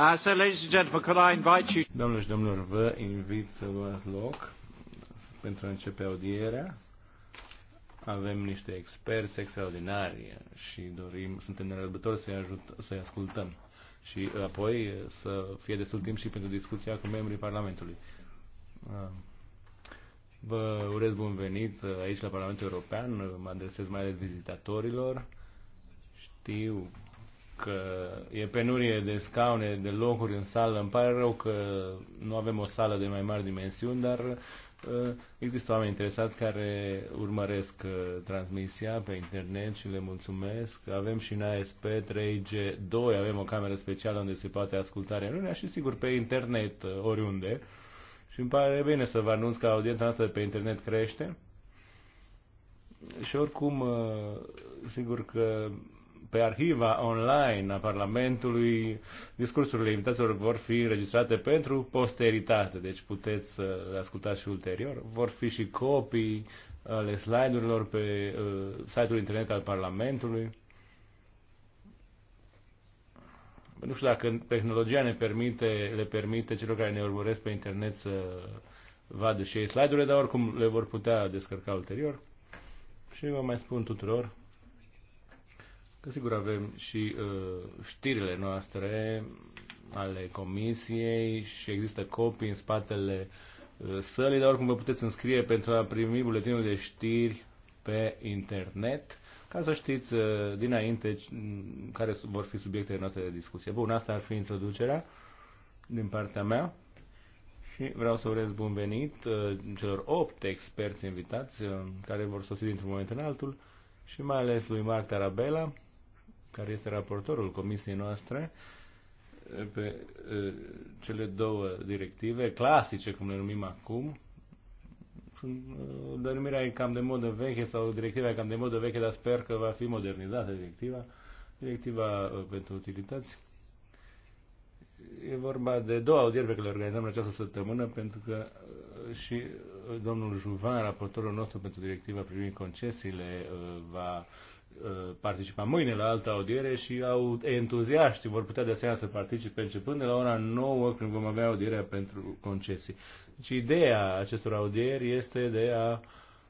Uh, so, ladies and gentlemen, could I invite you... domnule, și domnilor, vă invit să luați loc pentru a începe audierea. Avem niște experți extraordinari și dorim, suntem nerăbdători să-i, să ascultăm și apoi să fie destul timp și pentru discuția cu membrii Parlamentului. Uh, vă urez bun venit aici la Parlamentul European, mă adresez mai ales vizitatorilor. Știu că e penurie de scaune, de locuri în sală. Îmi pare rău că nu avem o sală de mai mari dimensiuni, dar uh, există oameni interesați care urmăresc uh, transmisia pe internet și le mulțumesc. Avem și în ASP 3G2, avem o cameră specială unde se poate asculta reuniunea și sigur pe internet uh, oriunde. Și îmi pare bine să vă anunț că audiența noastră pe internet crește. Și oricum, sigur că pe arhiva online a Parlamentului, discursurile invitaților vor fi înregistrate pentru posteritate, deci puteți să uh, le ascultați și ulterior. Vor fi și copii ale slide-urilor pe uh, site-ul internet al Parlamentului. Nu știu dacă tehnologia ne permite, le permite celor care ne urmăresc pe internet să vadă și ei slide-urile, dar oricum le vor putea descărca ulterior. Și vă mai spun tuturor Că sigur avem și uh, știrile noastre ale comisiei și există copii în spatele uh, sălii, dar oricum vă puteți înscrie pentru a primi buletinul de știri pe internet ca să știți uh, dinainte mm, care vor fi subiectele noastre de discuție. Bun, asta ar fi introducerea din partea mea și vreau să urez bun venit uh, celor opt experți invitați uh, care vor sosi dintr-un moment în altul și mai ales lui Marc Tarabella, care este raportorul comisiei noastre eh, pe eh, cele două directive clasice, cum le numim acum, eh, denumirea e cam de modă veche sau directiva e cam de modă veche, dar sper că va fi modernizată directiva, directiva pentru utilități. E vorba de două audieri pe care le organizăm în această săptămână, pentru că și domnul Juvan, raportorul nostru pentru directiva privind concesiile, va Uh, participa mâine la alta audiere și au entuziaști vor putea de asemenea să participe începând de la ora 9 când vom avea audierea pentru concesii. Deci ideea acestor audieri este de a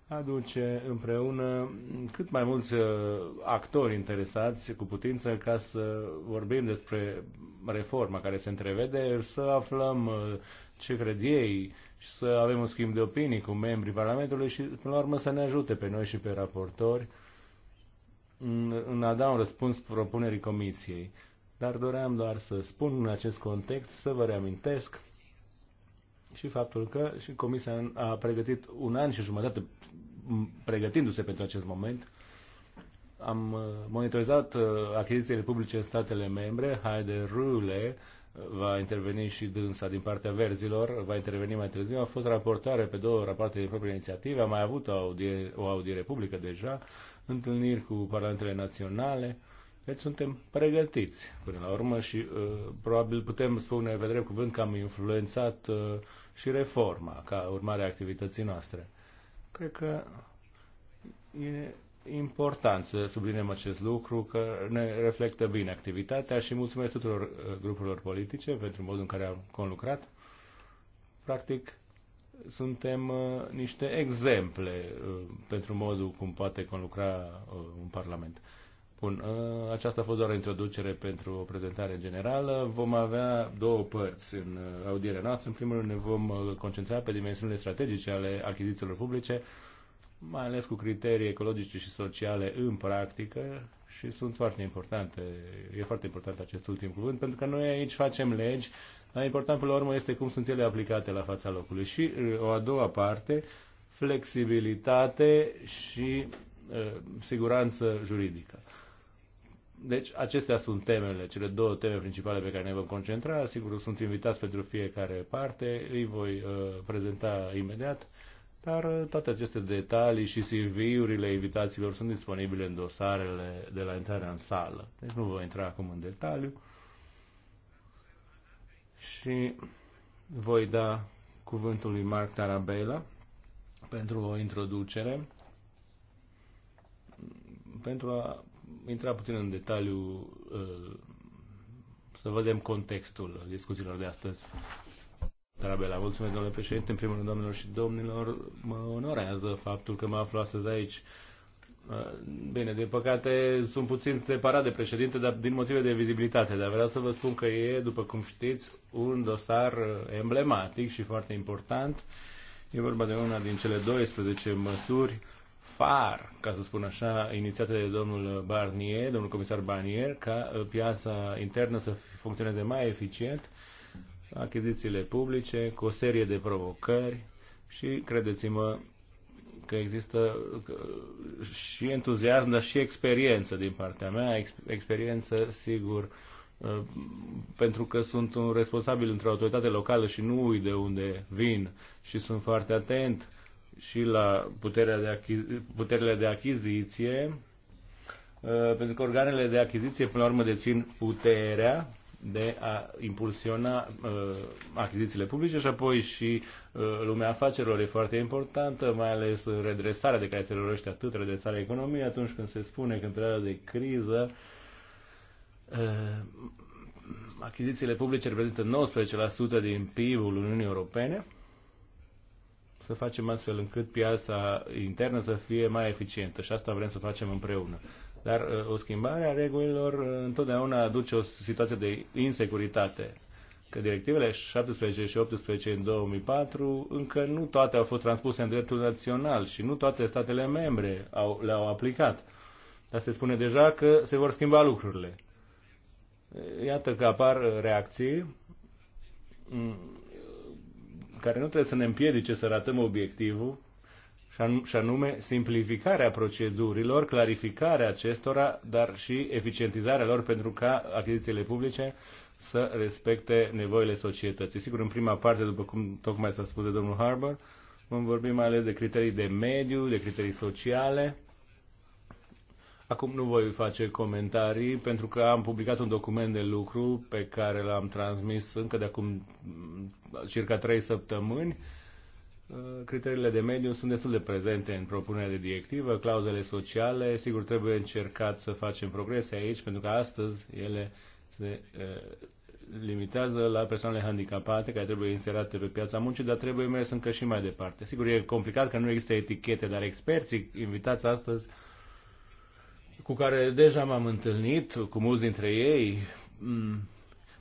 aduce împreună cât mai mulți uh, actori interesați cu putință ca să vorbim despre reforma care se întrevede, să aflăm uh, ce cred ei și să avem un schimb de opinii cu membrii Parlamentului și, până la urmă, să ne ajute pe noi și pe raportori în, a da un răspuns propunerii comisiei. Dar doream doar să spun în acest context, să vă reamintesc și faptul că și comisia a pregătit un an și jumătate pregătindu-se pentru acest moment. Am uh, monitorizat uh, achizițiile publice în statele membre, Haide Rule, uh, va interveni și dânsa din partea verzilor, va interveni mai târziu. A fost raportare pe două rapoarte din proprie inițiative, am mai avut o audiere, o audiere publică deja, întâlniri cu parlamentele naționale. Deci suntem pregătiți până la urmă și uh, probabil putem spune pe drept cuvânt că am influențat uh, și reforma ca urmare a activității noastre. Cred că e important să subliniem acest lucru, că ne reflectă bine activitatea și mulțumesc tuturor uh, grupurilor politice pentru modul în care am conlucrat. Practic, suntem uh, niște exemple uh, pentru modul cum poate conlucra uh, un Parlament. Bun, aceasta a fost doar o introducere pentru o prezentare generală. Vom avea două părți în audierea noastră. În primul rând ne vom concentra pe dimensiunile strategice ale achizițiilor publice, mai ales cu criterii ecologice și sociale în practică și sunt foarte importante. E foarte important acest ultim cuvânt pentru că noi aici facem legi dar important, până la urmă, este cum sunt ele aplicate la fața locului. Și uh, o a doua parte, flexibilitate și uh, siguranță juridică. Deci, acestea sunt temele, cele două teme principale pe care ne vom concentra. Sigur, sunt invitați pentru fiecare parte, îi voi uh, prezenta imediat, dar uh, toate aceste detalii și CV-urile invitațiilor sunt disponibile în dosarele de la intrarea în sală. Deci nu voi intra acum în detaliu și voi da cuvântul lui Mark Tarabella pentru o introducere, pentru a intra puțin în detaliu, uh, să vedem contextul discuțiilor de astăzi. Tarabella, mulțumesc, domnule președinte. În primul rând, domnilor și domnilor, mă onorează faptul că mă aflu astăzi aici Eh, bine, din păcate sunt puțin separat de președinte, dar din motive de vizibilitate, dar vreau să vă spun că e, după cum știți, un dosar eh, emblematic și foarte important. E vorba de una din cele 12 măsuri far, ca să spun așa, inițiate de domnul Barnier, domnul comisar Barnier, ca eh, piața internă să funcționeze mai eficient, achizițiile publice, cu o serie de provocări și, credeți-mă, că există și entuziasm, dar și experiență din partea mea, experiență, sigur, uh, pentru că sunt un responsabil într-o autoritate locală și nu uit de unde vin și sunt foarte atent și la puterea de achizi- puterile de achiziție, uh, pentru că organele de achiziție, până la urmă, dețin puterea de a impulsiona uh, achizițiile publice și apoi și uh, lumea afacerilor e foarte importantă, mai ales redresarea de care se lovește atât redresarea economiei atunci când se spune că în perioada de criză uh, achizițiile publice reprezintă 19% din PIB-ul Uniunii Europene să facem astfel încât piața internă să fie mai eficientă și asta vrem să facem împreună. Dar uh, o schimbare a regulilor uh, întotdeauna aduce o situație de insecuritate. Că directivele 17 și 18 în 2004 încă nu toate au fost transpuse în dreptul național și nu toate statele membre au, le-au aplicat. Dar se spune deja că se vor schimba lucrurile. Iată că apar uh, reacții mm, care nu trebuie să ne împiedice să ratăm obiectivul și anume simplificarea procedurilor, clarificarea acestora, dar și eficientizarea lor pentru ca achizițiile publice să respecte nevoile societății. Sigur, în prima parte, după cum tocmai s-a spus de domnul Harbour, vom vorbi mai ales de criterii de mediu, de criterii sociale. Acum nu voi face comentarii pentru că am publicat un document de lucru pe care l-am transmis încă de acum mm, circa trei săptămâni criteriile de mediu sunt destul de prezente în propunerea de directivă, clauzele sociale, sigur trebuie încercat să facem progrese aici, pentru că astăzi ele se limitează la persoanele handicapate care trebuie inserate pe piața muncii, dar trebuie mers încă și mai departe. Sigur, e complicat că nu există etichete, dar experții invitați astăzi cu care deja m-am întâlnit, cu mulți dintre ei,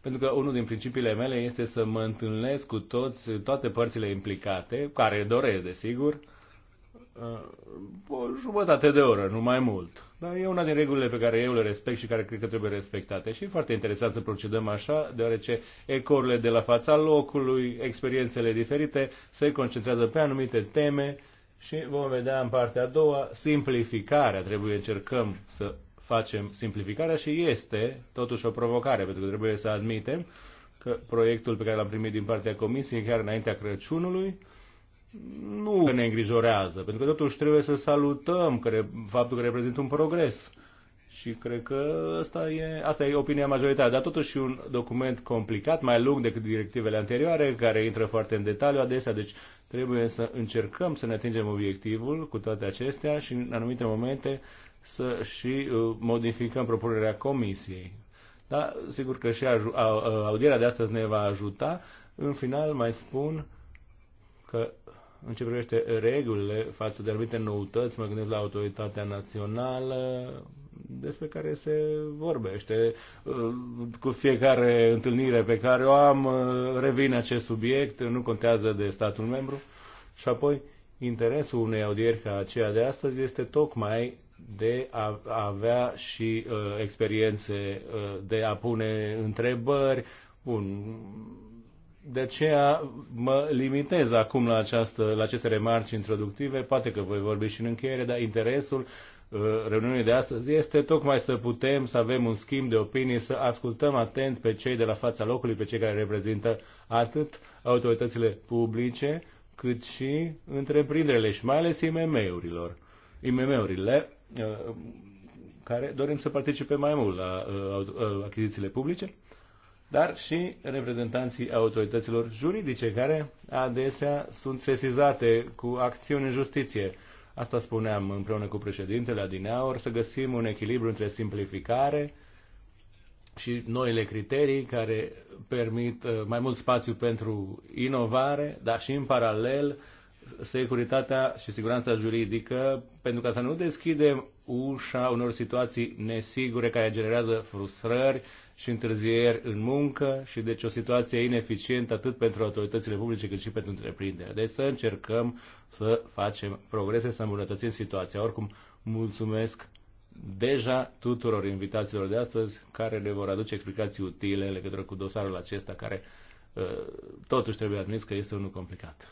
pentru că unul din principiile mele este să mă întâlnesc cu toți, toate părțile implicate, care doresc, desigur, uh, o jumătate de oră, nu mai mult. Dar e una din regulile pe care eu le respect și care cred că trebuie respectate. Și e foarte interesant să procedăm așa, deoarece ecourile de la fața locului, experiențele diferite, se concentrează pe anumite teme și vom vedea în partea a doua, simplificarea trebuie încercăm să facem simplificarea și este totuși o provocare, pentru că trebuie să admitem că proiectul pe care l-am primit din partea Comisiei chiar înaintea Crăciunului nu ne îngrijorează, pentru că totuși trebuie să salutăm că faptul că reprezintă un progres. Și cred că asta e, asta e opinia majoritară, dar totuși un document complicat, mai lung decât directivele anterioare, care intră foarte în detaliu adesea, deci trebuie să încercăm să ne atingem obiectivul cu toate acestea și în anumite momente să și uh, modificăm propunerea comisiei. Dar sigur că și uh, audierea de astăzi ne va ajuta. În final mai spun că în ce privește regulile față de anumite noutăți, mă gândesc la autoritatea națională despre care se vorbește. Uh, cu fiecare întâlnire pe care o am, revine acest subiect, nu contează de statul membru. Și apoi, interesul unei audieri ca aceea de astăzi este tocmai de a avea și uh, experiențe, uh, de a pune întrebări. Bun. De aceea mă limitez acum la, această, la aceste remarci introductive. Poate că voi vorbi și în încheiere, dar interesul uh, reuniunii de astăzi este tocmai să putem să avem un schimb de opinii, să ascultăm atent pe cei de la fața locului, pe cei care reprezintă atât autoritățile publice, cât și întreprinderile și mai ales IMM-urilor IMM-urile uh, care dorim să participe mai mult la uh, uh, achizițiile publice, dar și reprezentanții autorităților juridice care adesea sunt sesizate cu acțiuni în justiție. Asta spuneam împreună cu președintele Adineaur, să găsim un echilibru între simplificare și noile criterii care permit mai mult spațiu pentru inovare, dar și în paralel securitatea și siguranța juridică pentru ca să nu deschidem ușa unor situații nesigure care generează frustrări și întârzieri în muncă și deci o situație ineficientă atât pentru autoritățile publice cât și pentru întreprindere. Deci să încercăm să facem progrese, să îmbunătățim situația. Oricum, mulțumesc deja tuturor invitațiilor de astăzi care ne vor aduce explicații utile legătură cu dosarul acesta care uh, totuși trebuie admis că este unul complicat.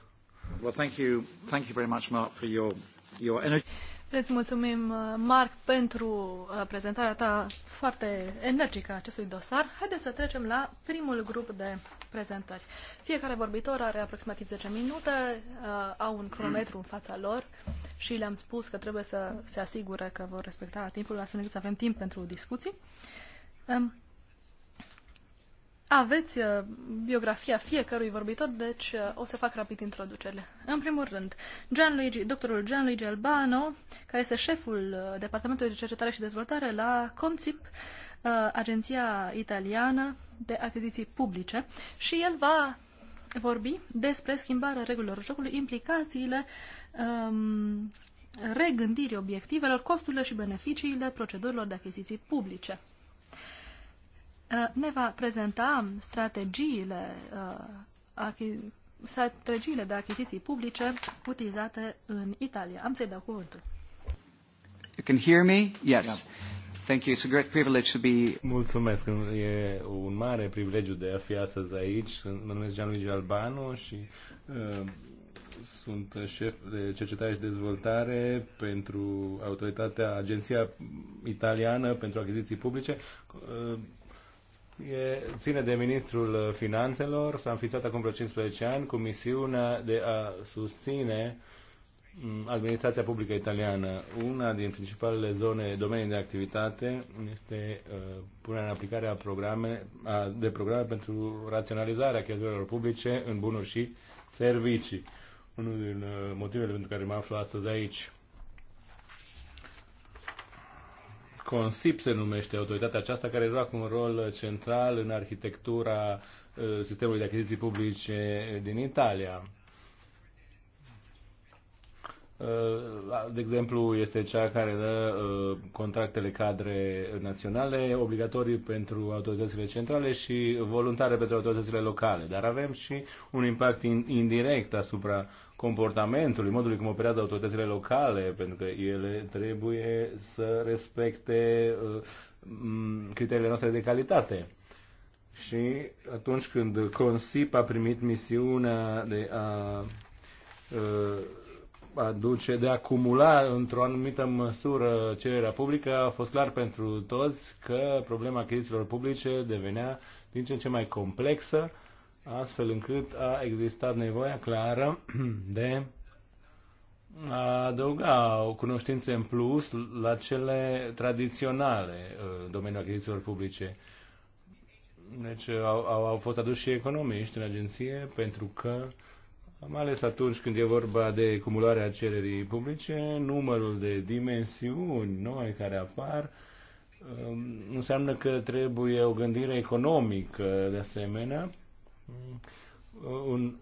Well, thank you. Thank you very much, Mark, for your, your energy. Îți mulțumim, uh, Marc, pentru uh, prezentarea ta foarte energică a acestui dosar. Haideți să trecem la primul grup de prezentări. Fiecare vorbitor are aproximativ 10 minute, uh, au un cronometru în fața lor și le-am spus că trebuie să se asigure că vor respecta timpul, astfel încât să avem timp pentru discuții. Aveți uh, biografia fiecărui vorbitor, deci uh, o să fac rapid introducerile. În primul rând, Gianluigi, doctorul Gianluigi Albano, care este șeful uh, Departamentului de Cercetare și Dezvoltare la CONSIP, Agenția Italiană de Achiziții Publice, și el va vorbi despre schimbarea regulilor jocului, implicațiile um, regândirii obiectivelor, costurile și beneficiile procedurilor de achiziții publice. Uh, ne va prezenta strategiile, uh, strategiile de achiziții publice utilizate în Italia. Am să-i dau cuvântul. You can hear me? Yes. Da. Thank you. It's a great privilege to be... Mulțumesc. E un mare privilegiu de a fi astăzi aici. Mă numesc Gianluigi Albano și uh, sunt șef de cercetare și dezvoltare pentru autoritatea, Agenția Italiană pentru Achiziții Publice. Uh, e, ține de Ministrul Finanțelor, s-a înființat acum vreo 15 ani cu misiunea de a susține administrația publică italiană. Una din principalele zone, domenii de activitate este uh, punerea în aplicare a programe, a, de programe pentru raționalizarea cheltuielor publice în bunuri și servicii. Unul din uh, motivele pentru care mă aflu astăzi aici. CONSIP se numește autoritatea aceasta care joacă un rol central în arhitectura uh, sistemului de achiziții publice din Italia. Uh, de exemplu, este cea care dă uh, contractele cadre naționale, obligatorii pentru autoritățile centrale și voluntare pentru autoritățile locale. Dar avem și un impact indirect asupra comportamentului, modului cum operează autoritățile locale, pentru că ele trebuie să respecte uh, criteriile noastre de calitate. Și atunci când CONSIP a primit misiunea de a uh, aduce, de a acumula într-o anumită măsură cererea publică, a fost clar pentru toți că problema achizițiilor publice devenea din ce în ce mai complexă astfel încât a existat nevoia clară de a adăuga cunoștință în plus la cele tradiționale în uh, domeniul achizițiilor publice. Deci uh, au, au, au fost aduși și economiști în agenție pentru că, mai ales atunci când e vorba de cumularea cererii publice, numărul de dimensiuni noi care apar um, înseamnă că trebuie o gândire economică de asemenea Mm. Uh, un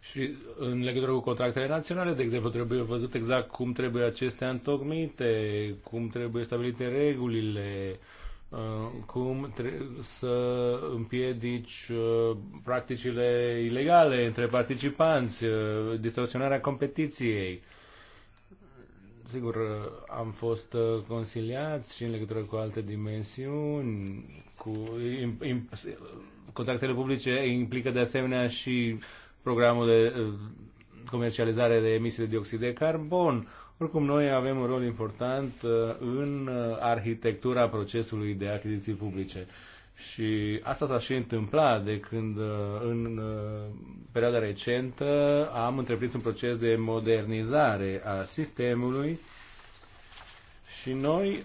și în legătură cu contractele naționale, de exemplu, trebuie văzut exact cum trebuie acestea întocmite, cum trebuie stabilite regulile, uh, cum să împiedici uh, practicile ilegale între participanți, distorsionarea competiției. Sigur, am fost consiliați și în legătură cu alte dimensiuni, cu contractele publice implică de asemenea și programul de uh, comercializare de emisii de dioxid de carbon. Oricum, noi avem un rol important uh, în uh, arhitectura procesului de achiziții publice. Și asta s-a și întâmplat de când în perioada recentă am întreprins un proces de modernizare a sistemului și noi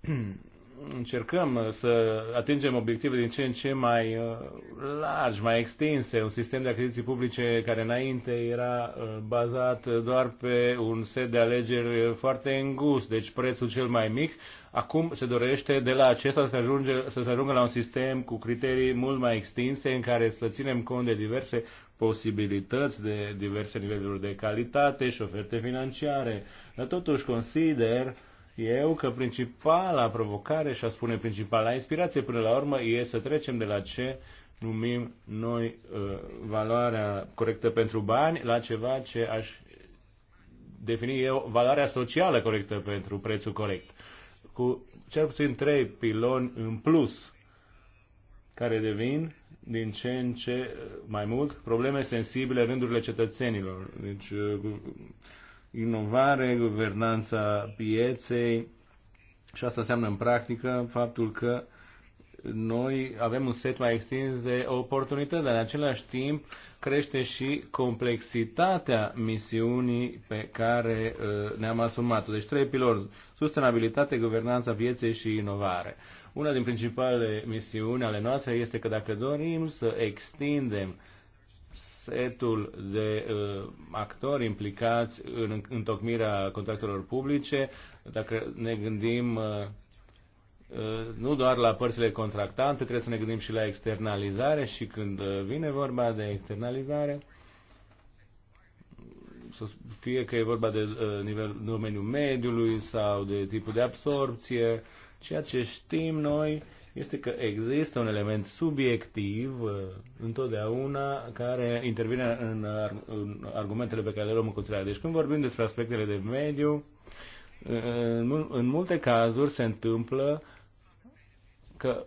încercăm uh, să atingem obiective din ce în ce mai uh, largi, mai extinse, un sistem de achiziții publice care înainte era uh, bazat doar pe un set de alegeri foarte îngust, deci prețul cel mai mic, acum se dorește de la acesta să, ajunge, să se ajungă la un sistem cu criterii mult mai extinse în care să ținem cont de diverse posibilități de diverse niveluri de calitate și oferte financiare. Dar totuși consider uh, eu că principala provocare, și a spune principala inspirație până la urmă, e să trecem de la ce numim noi uh, valoarea corectă pentru bani la ceva ce aș defini eu valoarea socială corectă pentru prețul corect. Cu cel puțin trei piloni în plus care devin din ce în ce mai mult probleme sensibile în rândurile cetățenilor. Deci, uh, inovare, guvernanța pieței și asta înseamnă în practică faptul că noi avem un set mai extins de oportunități, dar în același timp crește și complexitatea misiunii pe care uh, ne-am asumat-o. Deci trei pilori, sustenabilitate, guvernanța pieței și inovare. Una din principalele misiuni ale noastre este că dacă dorim să extindem uh, setul de uh, actori implicați în întocmirea contractelor publice, dacă ne gândim uh, uh, nu doar la părțile contractante, trebuie să ne gândim și la externalizare și când uh, vine vorba de externalizare, fie că e vorba de uh, nivel domeniul mediului sau de tipul de absorpție, ceea ce știm noi este că există un element subiectiv uh, întotdeauna care intervine în, în argumentele pe care le luăm în considerare. Deci când vorbim despre aspectele de mediu, uh, în, în multe cazuri se întâmplă că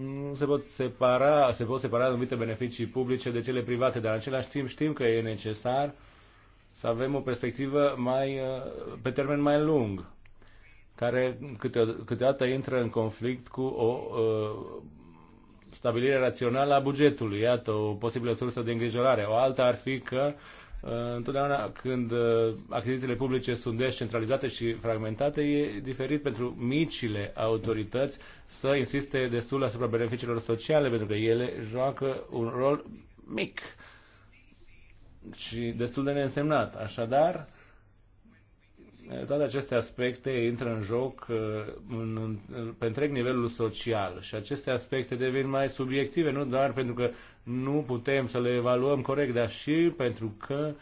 nu uh, se pot separa, se pot separa anumite beneficii publice de cele private, dar în același timp știm că e necesar să avem o perspectivă mai, pe termen mai lung care câteodată intră în conflict cu o uh, stabilire rațională a bugetului. Iată, o posibilă sursă de îngrijorare. O alta ar fi că uh, întotdeauna când uh, achizițiile publice sunt descentralizate și fragmentate, e diferit pentru micile autorități să insiste destul asupra beneficiilor sociale, pentru că ele joacă un rol mic și destul de neînsemnat. Așadar, toate aceste aspecte intră în joc uh, în, în, pe întreg nivelul social și aceste aspecte devin mai subiective, nu doar pentru că nu putem să le evaluăm corect, dar și pentru că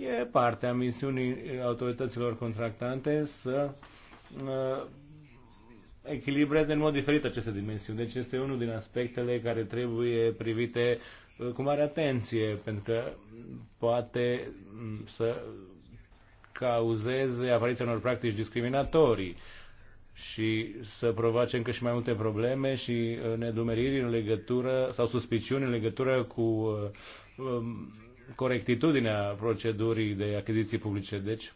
e partea misiunii autorităților contractante să uh, echilibreze în mod diferit aceste dimensiuni. Deci este unul din aspectele care trebuie privite uh, cu mare atenție, pentru că poate mm, să cauzeze apariția unor practici discriminatorii și să provoace încă și mai multe probleme și uh, nedumeriri în legătură sau suspiciuni în legătură cu uh, um, corectitudinea procedurii de achiziții publice. Deci,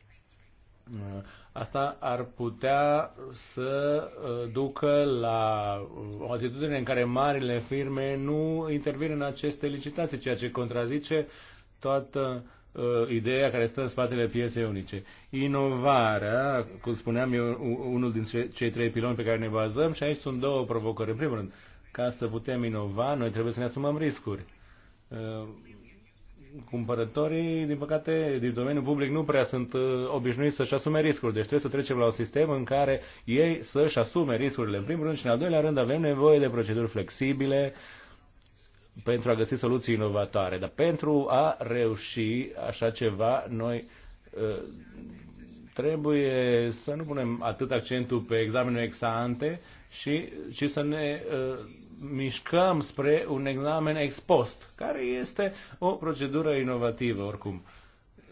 uh, Asta ar putea să ducă la o atitudine în care marile firme nu intervin în aceste licitații, ceea ce contrazice toată uh, ideea care stă în spatele pieței unice. Inovarea, cum spuneam, e unul din cei trei piloni pe care ne bazăm și aici sunt două provocări. În primul rând, ca să putem inova, noi trebuie să ne asumăm riscuri. Uh, cumpărătorii, din păcate, din domeniul public nu prea sunt uh, obișnuiți să-și asume riscuri. Deci trebuie să trecem la un sistem în care ei să-și asume riscurile, în primul rând, și în al doilea rând avem nevoie de proceduri flexibile, uh, pentru a găsi soluții inovatoare. Dar pentru a reuși așa ceva, noi ă, trebuie să nu punem atât accentul pe examenul ex-ante, și, să ne uh, mișcăm spre un examen ex post, care este o procedură inovativă oricum.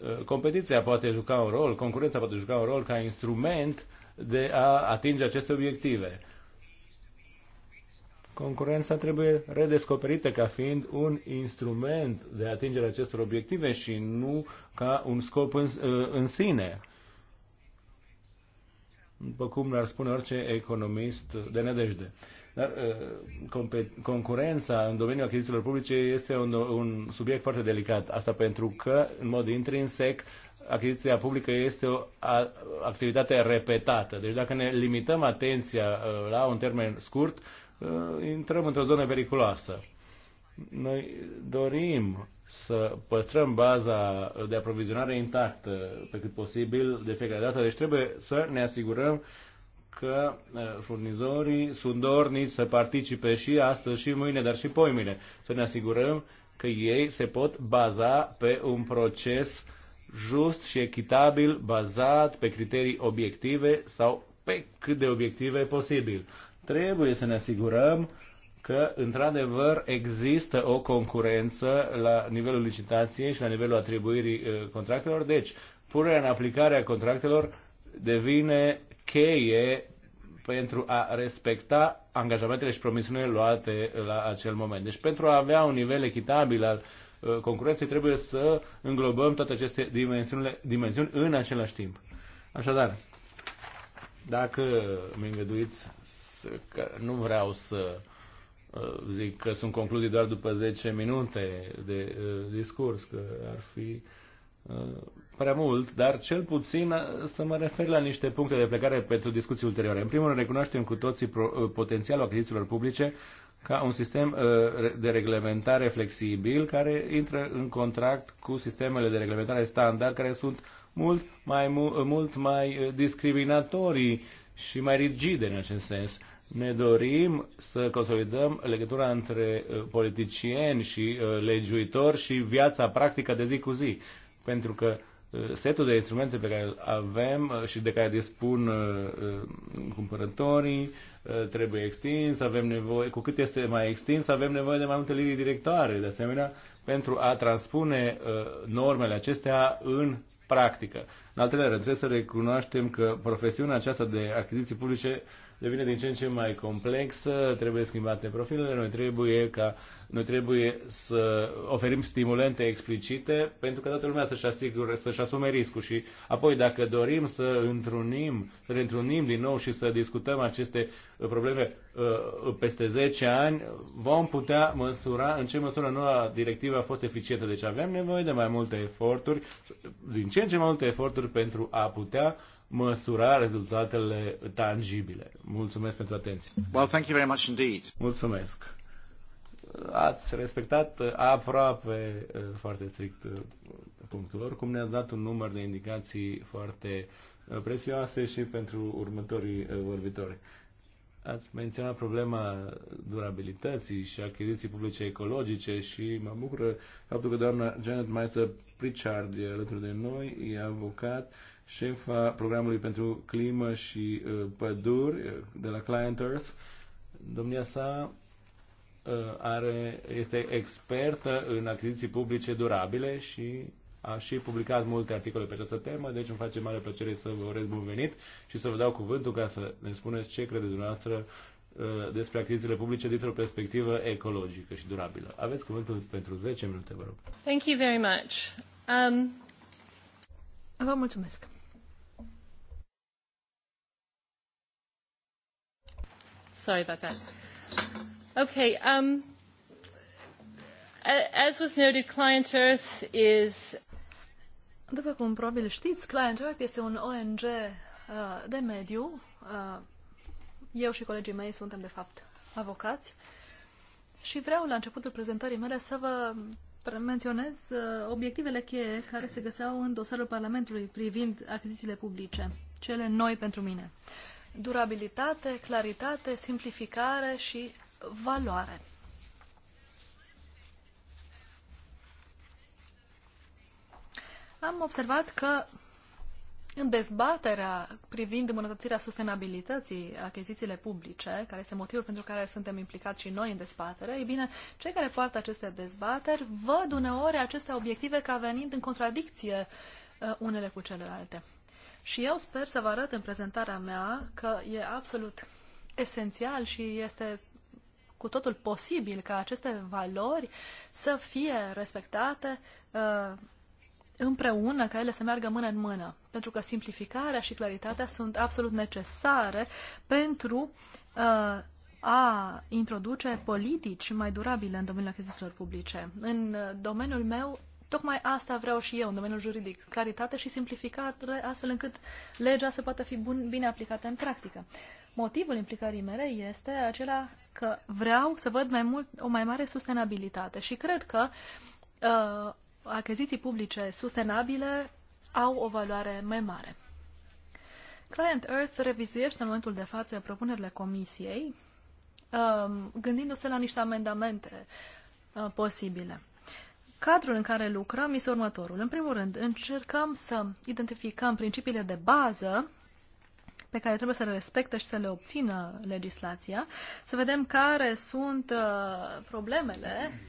Uh, competiția poate juca un rol, concurența poate juca un rol ca instrument de a atinge aceste obiective. Concurența trebuie redescoperită ca fiind un instrument de atingere acestor obiective și nu ca un scop în, uh, în sine. După cum ar spune orice economist de nedejde. Dar uh, concurența în domeniul achizițiilor publice este un, un subiect foarte delicat. Asta pentru că, în mod intrinsec, achiziția publică este o activitate repetată. Deci dacă ne limităm atenția uh, la un termen scurt, Uh, intrăm într-o zonă periculoasă. Noi dorim să păstrăm baza de aprovizionare intactă pe cât posibil de fiecare dată, deci trebuie să ne asigurăm că uh, furnizorii sunt dorniți să participe și astăzi și mâine, dar și poimine. Să ne asigurăm că ei se pot baza pe un proces just și echitabil, bazat pe criterii obiective sau pe cât de obiective posibil. Trebuie să ne asigurăm că, într-adevăr, există o concurență la nivelul licitației și la nivelul atribuirii uh, contractelor. Deci, punerea în aplicare a contractelor devine cheie pentru a respecta angajamentele și promisiunile luate la acel moment. Deci pentru a avea un nivel echitabil al uh, concurenței trebuie să înglobăm toate aceste dimensiuni, dimensiuni în același timp. Așadar, dacă mi îngăduiți că nu vreau să uh, zic că sunt concluzii doar după 10 minute de uh, discurs, că ar fi uh, prea mult, dar cel puțin să mă refer la niște puncte de plecare pentru discuții ulterioare. În primul rând, recunoaștem cu toții potențialul achizițiilor publice ca un sistem de reglementare flexibil care intră în contract cu sistemele de reglementare standard care sunt mult mai, mult mai discriminatorii și mai rigide în acest sens. Ne dorim să consolidăm legătura între uh, politicieni și uh, legiuitori și viața practică de zi cu zi. Pentru că uh, setul de instrumente pe care îl avem și de care dispun cumpărătorii trebuie extins, avem nevoie, cu cât este mai extins, avem nevoie de mai multe linii directoare, de asemenea, pentru a transpune normele acestea în practică. În al treilea rând, trebuie să recunoaștem că profesiunea aceasta de achiziții publice devine din ce în ce mai complexă, trebuie schimbate profilele, noi trebuie ca noi trebuie să oferim stimulente explicite pentru că toată lumea să-și asigure, să-și asume riscul și apoi dacă dorim să întrunim, să reîntrunim din nou și să discutăm aceste probleme uh, peste 10 ani, vom putea măsura în ce măsură noua directivă a fost eficientă. Deci avem nevoie de mai multe eforturi, din ce în ce mai multe eforturi pentru a putea măsura rezultatele tangibile. Mulțumesc pentru atenție. Well, thank you very much indeed. Mulțumesc ați respectat aproape eh, foarte strict eh, punctul. Oricum ne-ați dat un număr de indicații foarte eh, prețioase și pentru următorii vorbitori. Ați menționat problema durabilității și achiziții publice ecologice și mă bucură faptul că doamna Janet Meister Pritchard e alături de noi, e avocat, șefa programului pentru climă și păduri de la Client Earth. Domnia sa Uh, are, este expertă în achiziții publice durabile și a și publicat multe articole pe această temă, deci îmi face mare plăcere să vă urez bun venit și să vă dau cuvântul ca să ne spuneți ce credeți dumneavoastră uh, despre achizițiile publice dintr-o perspectivă ecologică și durabilă. Aveți cuvântul pentru 10 minute, vă rog. Thank you very much. Um... Vă mulțumesc. Sorry about that. Okay. Um, as was noted, Client Earth is... După cum probabil știți, Client Earth este un ONG uh, de mediu. Uh, eu și colegii mei suntem, de fapt, avocați. Și vreau, la începutul prezentării mele, să vă menționez uh, obiectivele cheie care se găseau în dosarul Parlamentului privind achizițiile publice, cele noi pentru mine. Durabilitate, claritate, simplificare și valoare. Am observat că în dezbaterea privind îmbunătățirea sustenabilității achizițiile publice, care este motivul pentru care suntem implicați și noi în dezbatere, ei bine, cei care poartă aceste dezbateri văd uneori aceste obiective ca venind în contradicție uh, unele cu celelalte. Și eu sper să vă arăt în prezentarea mea că e absolut esențial și este cu totul posibil ca aceste valori să fie respectate uh, împreună, ca ele să meargă mână în mână. Pentru că simplificarea și claritatea sunt absolut necesare pentru uh, a introduce politici mai durabile în domeniul achizițiilor publice. În uh, domeniul meu, tocmai asta vreau și eu, în domeniul juridic, claritate și simplificare, astfel încât legea să poată fi bun, bine aplicată în practică. Uh, Motivul implicării mele este acela că vreau să văd mai mult, o mai mare sustenabilitate și cred că uh, achiziții publice sustenabile au o valoare mai mare. Client Earth revizuiește în momentul de față propunerile comisiei, uh, gândindu-se la niște amendamente uh, posibile. Cadrul în care lucrăm este următorul. În primul rând, încercăm să identificăm principiile de bază pe care trebuie să le respecte și să le obțină legislația, să vedem care sunt uh, problemele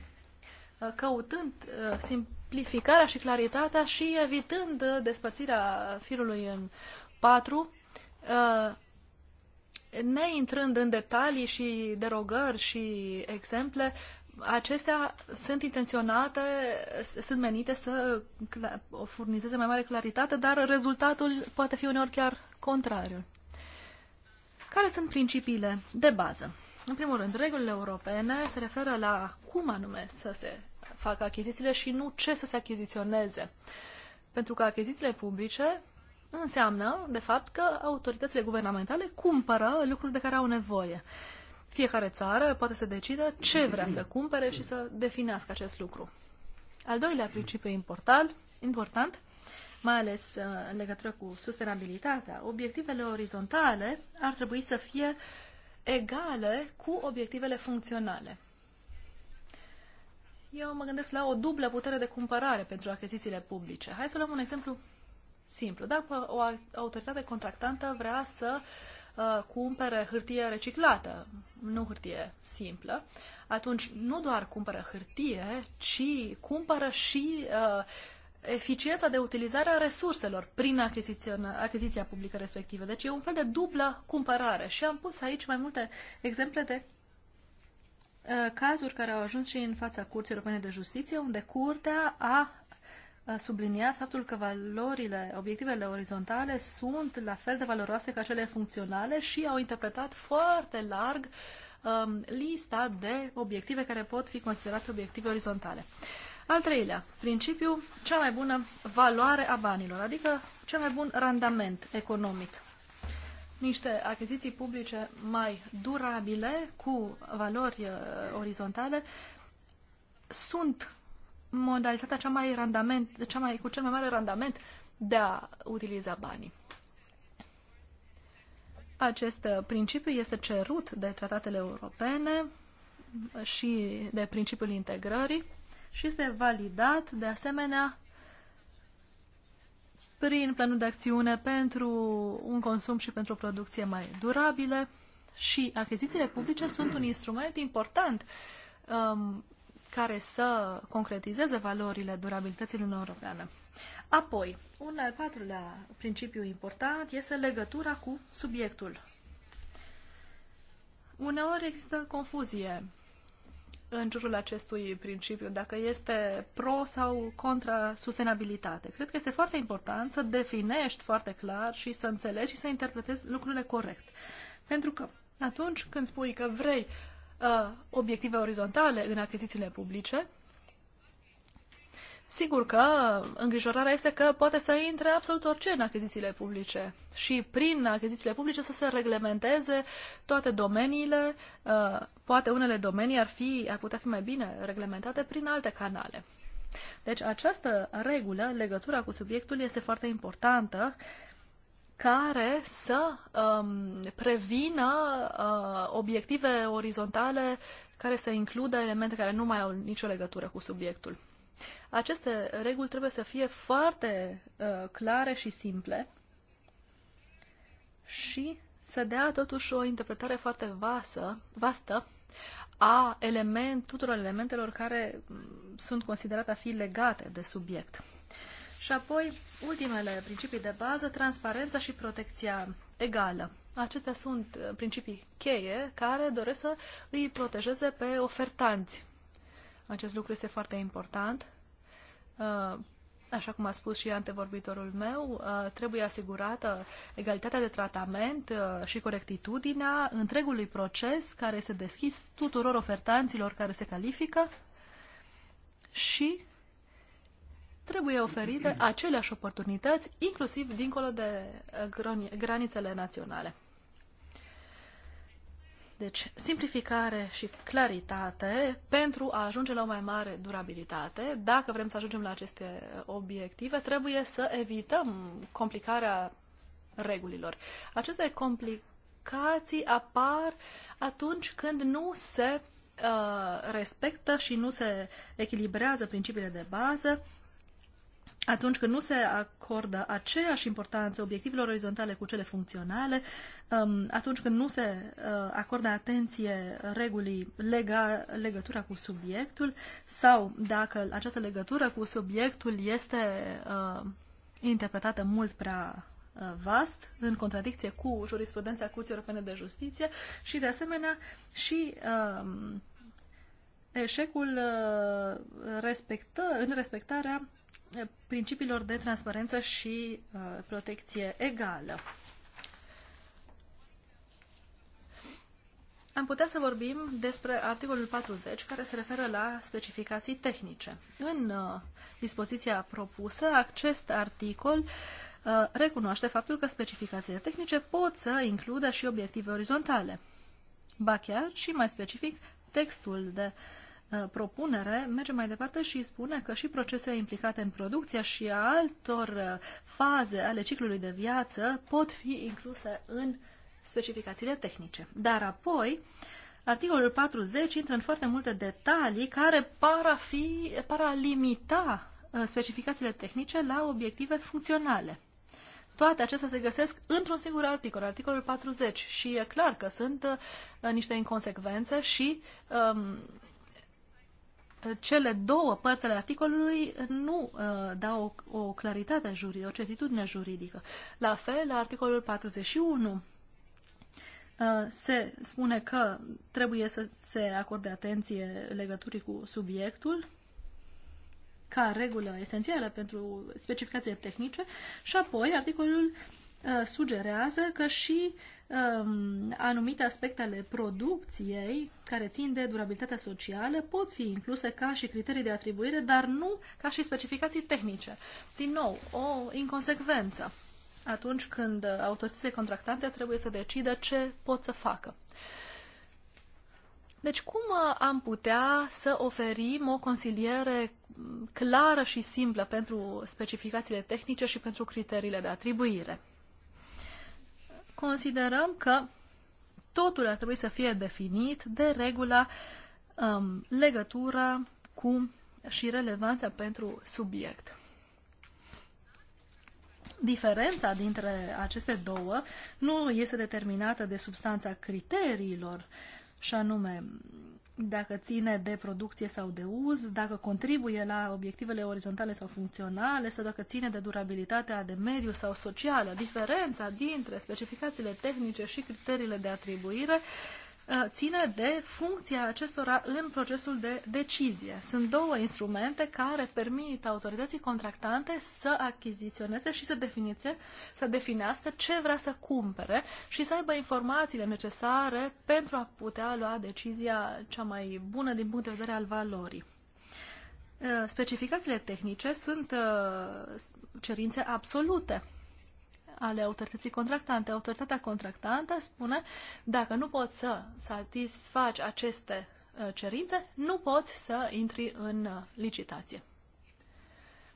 uh, căutând uh, simplificarea și claritatea și evitând despățirea firului în patru, ne intrând în detalii și derogări și exemple, acestea sunt intenționate, sunt menite să furnizeze mai mare claritate, dar rezultatul poate fi uneori chiar contrariul. Care sunt principiile de bază? În primul rând, regulile europene se referă la cum anume să se facă achizițiile și nu ce să se achiziționeze. Pentru că achizițiile publice înseamnă, de fapt, că autoritățile guvernamentale cumpără lucruri de care au nevoie. Fiecare țară poate să decidă ce vrea să cumpere și să definească acest lucru. Al doilea principiu important, important mai ales uh, în legătură cu sustenabilitatea, obiectivele orizontale ar trebui să fie egale cu obiectivele funcționale. Eu mă gândesc la o dublă putere de cumpărare pentru achizițiile publice. Hai să luăm un exemplu simplu. Dacă o autoritate contractantă vrea să uh, cumpere hârtie reciclată, nu hârtie simplă, atunci nu doar cumpără hârtie, ci cumpără și uh, eficiența de utilizare a resurselor prin achiziția publică respectivă. Deci e un fel de dublă cumpărare și am pus aici mai multe exemple de uh, cazuri care au ajuns și în fața Curții Europene de Justiție, unde Curtea a uh, subliniat faptul că valorile, obiectivele orizontale sunt la fel de valoroase ca cele funcționale și au interpretat foarte larg um, lista de obiective care pot fi considerate obiective orizontale. Uh, al treilea principiu, cea mai bună valoare a banilor, adică cel mai bun randament economic. Niște achiziții publice mai durabile, cu valori uh, orizontale, sunt modalitatea cea mai randament, cea mai, cu cel mai mare randament de a utiliza banii. Acest uh, principiu este cerut de tratatele europene și de principiul integrării și este validat de asemenea prin planul de acțiune pentru un consum și pentru o producție mai durabile și achizițiile publice sunt un instrument important um, care să concretizeze valorile durabilității în Europeană. Apoi, un al patrulea principiu important este legătura cu subiectul. Uneori există confuzie în jurul acestui principiu, dacă este pro sau contra sustenabilitate. Cred că este foarte important să definești foarte clar și să înțelegi și să interpretezi lucrurile corect. Pentru că atunci când spui că vrei uh, obiective orizontale în achizițiile publice, Sigur că îngrijorarea este că poate să intre absolut orice în achizițiile publice și prin achizițiile publice să se reglementeze toate domeniile. Uh, poate unele domenii ar, fi, ar putea fi mai bine reglementate prin alte canale. Deci această regulă, legătura cu subiectul, este foarte importantă care să um, prevină uh, obiective orizontale care să includă elemente care nu mai au nicio legătură cu subiectul. Aceste reguli trebuie să fie foarte uh, clare și simple și să dea totuși o interpretare foarte vasă, vastă a element, tuturor elementelor care mm, sunt considerate a fi legate de subiect. Și apoi, ultimele principii de bază, transparența și protecția egală. Acestea sunt uh, principii cheie care doresc să îi protejeze pe ofertanți. Acest lucru este foarte important Uh, așa cum a spus și antevorbitorul meu, uh, trebuie asigurată egalitatea de tratament uh, și corectitudinea întregului proces care este deschis tuturor ofertanților care se califică și trebuie oferite aceleași oportunități, inclusiv dincolo de granițele naționale. Deci, simplificare și claritate pentru a ajunge la o mai mare durabilitate. Dacă vrem să ajungem la aceste obiective, trebuie să evităm complicarea regulilor. Aceste complicații apar atunci când nu se uh, respectă și nu se echilibrează principiile de bază atunci când nu se acordă aceeași importanță obiectivelor orizontale cu cele funcționale, um, atunci când nu se uh, acordă atenție regulii lega, legătura cu subiectul sau dacă această legătură cu subiectul este uh, interpretată mult prea uh, vast, în contradicție cu jurisprudența Curții Europene de Justiție și, de asemenea, și um, eșecul respectă, în respectarea principiilor de transparență și uh, protecție egală. Am putea să vorbim despre articolul 40, care se referă la specificații tehnice. În uh, dispoziția propusă, acest articol uh, recunoaște faptul că specificațiile tehnice pot să includă și obiective orizontale. Ba chiar și mai specific, textul de uh, Uh, propunere merge mai departe și spune că și procesele implicate în producția și altor uh, faze ale ciclului de viață pot fi incluse în specificațiile tehnice. Dar apoi, articolul 40 intră în foarte multe detalii care par a, fi, par a limita uh, specificațiile tehnice la obiective funcționale. Toate acestea se găsesc într-un singur articol, articolul 40, și e clar că sunt uh, niște inconsecvențe și um, cele două părți ale articolului nu uh, dau o, o claritate juridică, o certitudine juridică. La fel, la articolul 41 uh, se spune că trebuie să se acorde atenție legăturii cu subiectul ca regulă esențială pentru specificații tehnice și apoi articolul uh, Uh, sugerează că și um, anumite aspecte ale producției care țin de durabilitatea socială pot fi incluse ca și criterii de atribuire, dar nu ca și specificații tehnice. Din nou, o inconsecvență atunci când autoritățile contractante trebuie să decidă ce pot să facă. Deci cum uh, am putea să oferim o consiliere clară și simplă pentru specificațiile tehnice și pentru criteriile de atribuire? considerăm că totul ar trebui să fie definit de regula um, legătura cu și relevanța pentru subiect. Diferența dintre aceste două nu este determinată de substanța criteriilor, și anume dacă ține de producție sau de uz, dacă contribuie la obiectivele orizontale sau funcționale, sau dacă ține de durabilitatea de mediu sau socială. Diferența dintre specificațiile tehnice și criteriile de atribuire Uh, ține de funcția acestora în procesul de decizie. Sunt două instrumente care permit autorității contractante să achiziționeze și să, definițe, să definească ce vrea să cumpere și să aibă informațiile necesare pentru a putea lua decizia cea mai bună din punct de vedere al valorii. Uh, specificațiile tehnice sunt uh, cerințe absolute ale autorității contractante. Autoritatea contractantă spune, dacă nu poți să satisfaci aceste uh, cerințe, nu poți să intri în uh, licitație.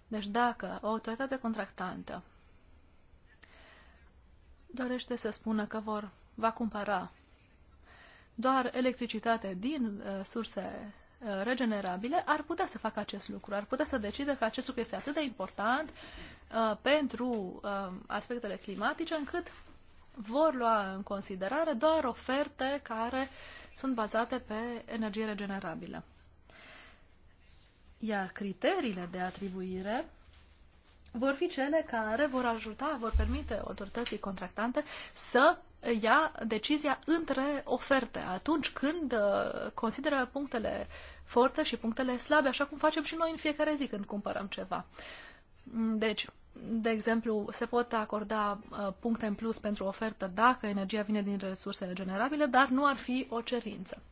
Deci dacă o autoritate contractantă dorește să spună că vor, va cumpăra doar electricitate din uh, surse Uh, regenerabile ar putea să facă acest lucru, ar putea să decidă că acest lucru este atât de important uh, pentru um, aspectele climatice încât vor lua în considerare doar oferte care sunt bazate pe energie regenerabilă. Iar criteriile de atribuire vor fi cele care vor ajuta, vor permite autorității contractante să ia decizia între oferte atunci când uh, consideră punctele forte și punctele slabe, așa cum facem și noi în fiecare zi când cumpărăm ceva. Mm, deci, de exemplu, se pot acorda uh, puncte în plus pentru ofertă dacă energia vine din resurse regenerabile, dar nu ar fi o cerință.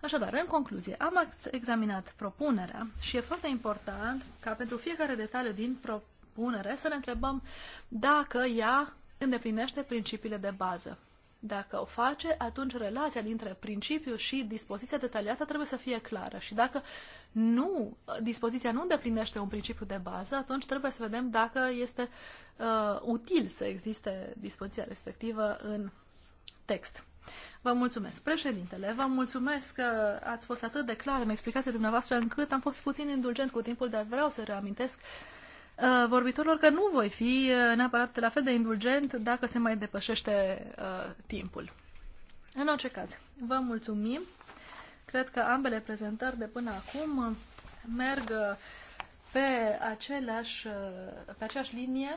Așadar, în concluzie, am examinat propunerea și e foarte important ca pentru fiecare detaliu din propunere să ne întrebăm dacă ea îndeplinește principiile de bază. Dacă o face, atunci relația dintre principiu și dispoziția detaliată trebuie să fie clară. Și dacă nu, dispoziția nu îndeplinește un principiu de bază, atunci trebuie să vedem dacă este uh, util să existe dispoziția respectivă în text. Vă mulțumesc, președintele, vă mulțumesc că ați fost atât de clar în explicația dumneavoastră încât am fost puțin indulgent cu timpul, dar vreau să reamintesc uh, Uh, vorbitorilor că nu voi fi uh, neapărat la fel de indulgent dacă se mai depășește uh, timpul. În orice caz, vă mulțumim. Cred că ambele prezentări de până acum merg pe aceleași, pe aceeași linie.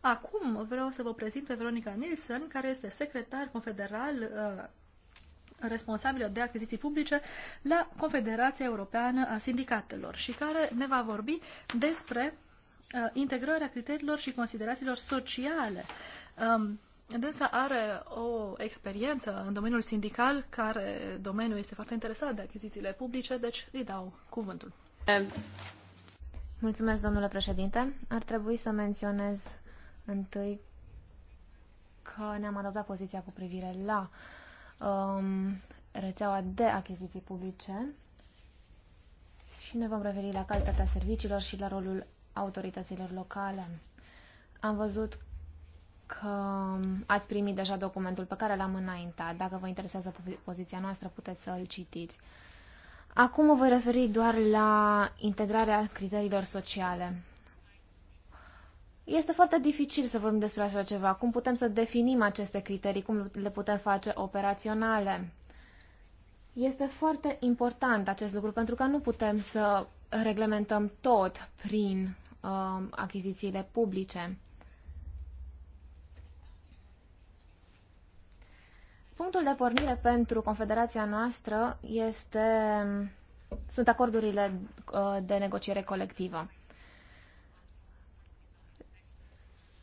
Acum vreau să vă prezint pe Veronica Nilsson, care este secretar confederal responsabilă de achiziții publice la Confederația Europeană a Sindicatelor și care ne va vorbi despre uh, integrarea criteriilor și considerațiilor sociale. Um, Dânsa are o experiență în domeniul sindical, care domeniul este foarte interesat de achizițiile publice, deci îi dau cuvântul. Um. Mulțumesc, domnule președinte. Ar trebui să menționez întâi că ne-am adoptat poziția cu privire la uh, um, rețeaua de achiziții publice și ne vom referi la calitatea serviciilor și la rolul autorităților locale. Am văzut că ați primit deja documentul pe care l-am înaintat. Dacă vă interesează poziția noastră, puteți să îl citiți. Acum mă voi referi doar la integrarea criteriilor sociale. Este foarte dificil să vorbim despre așa ceva. Cum putem să definim aceste criterii? Cum le putem face operaționale? Este foarte important acest lucru pentru că nu putem să reglementăm tot prin uh, achizițiile publice. Punctul de pornire pentru confederația noastră este, sunt acordurile uh, de negociere colectivă.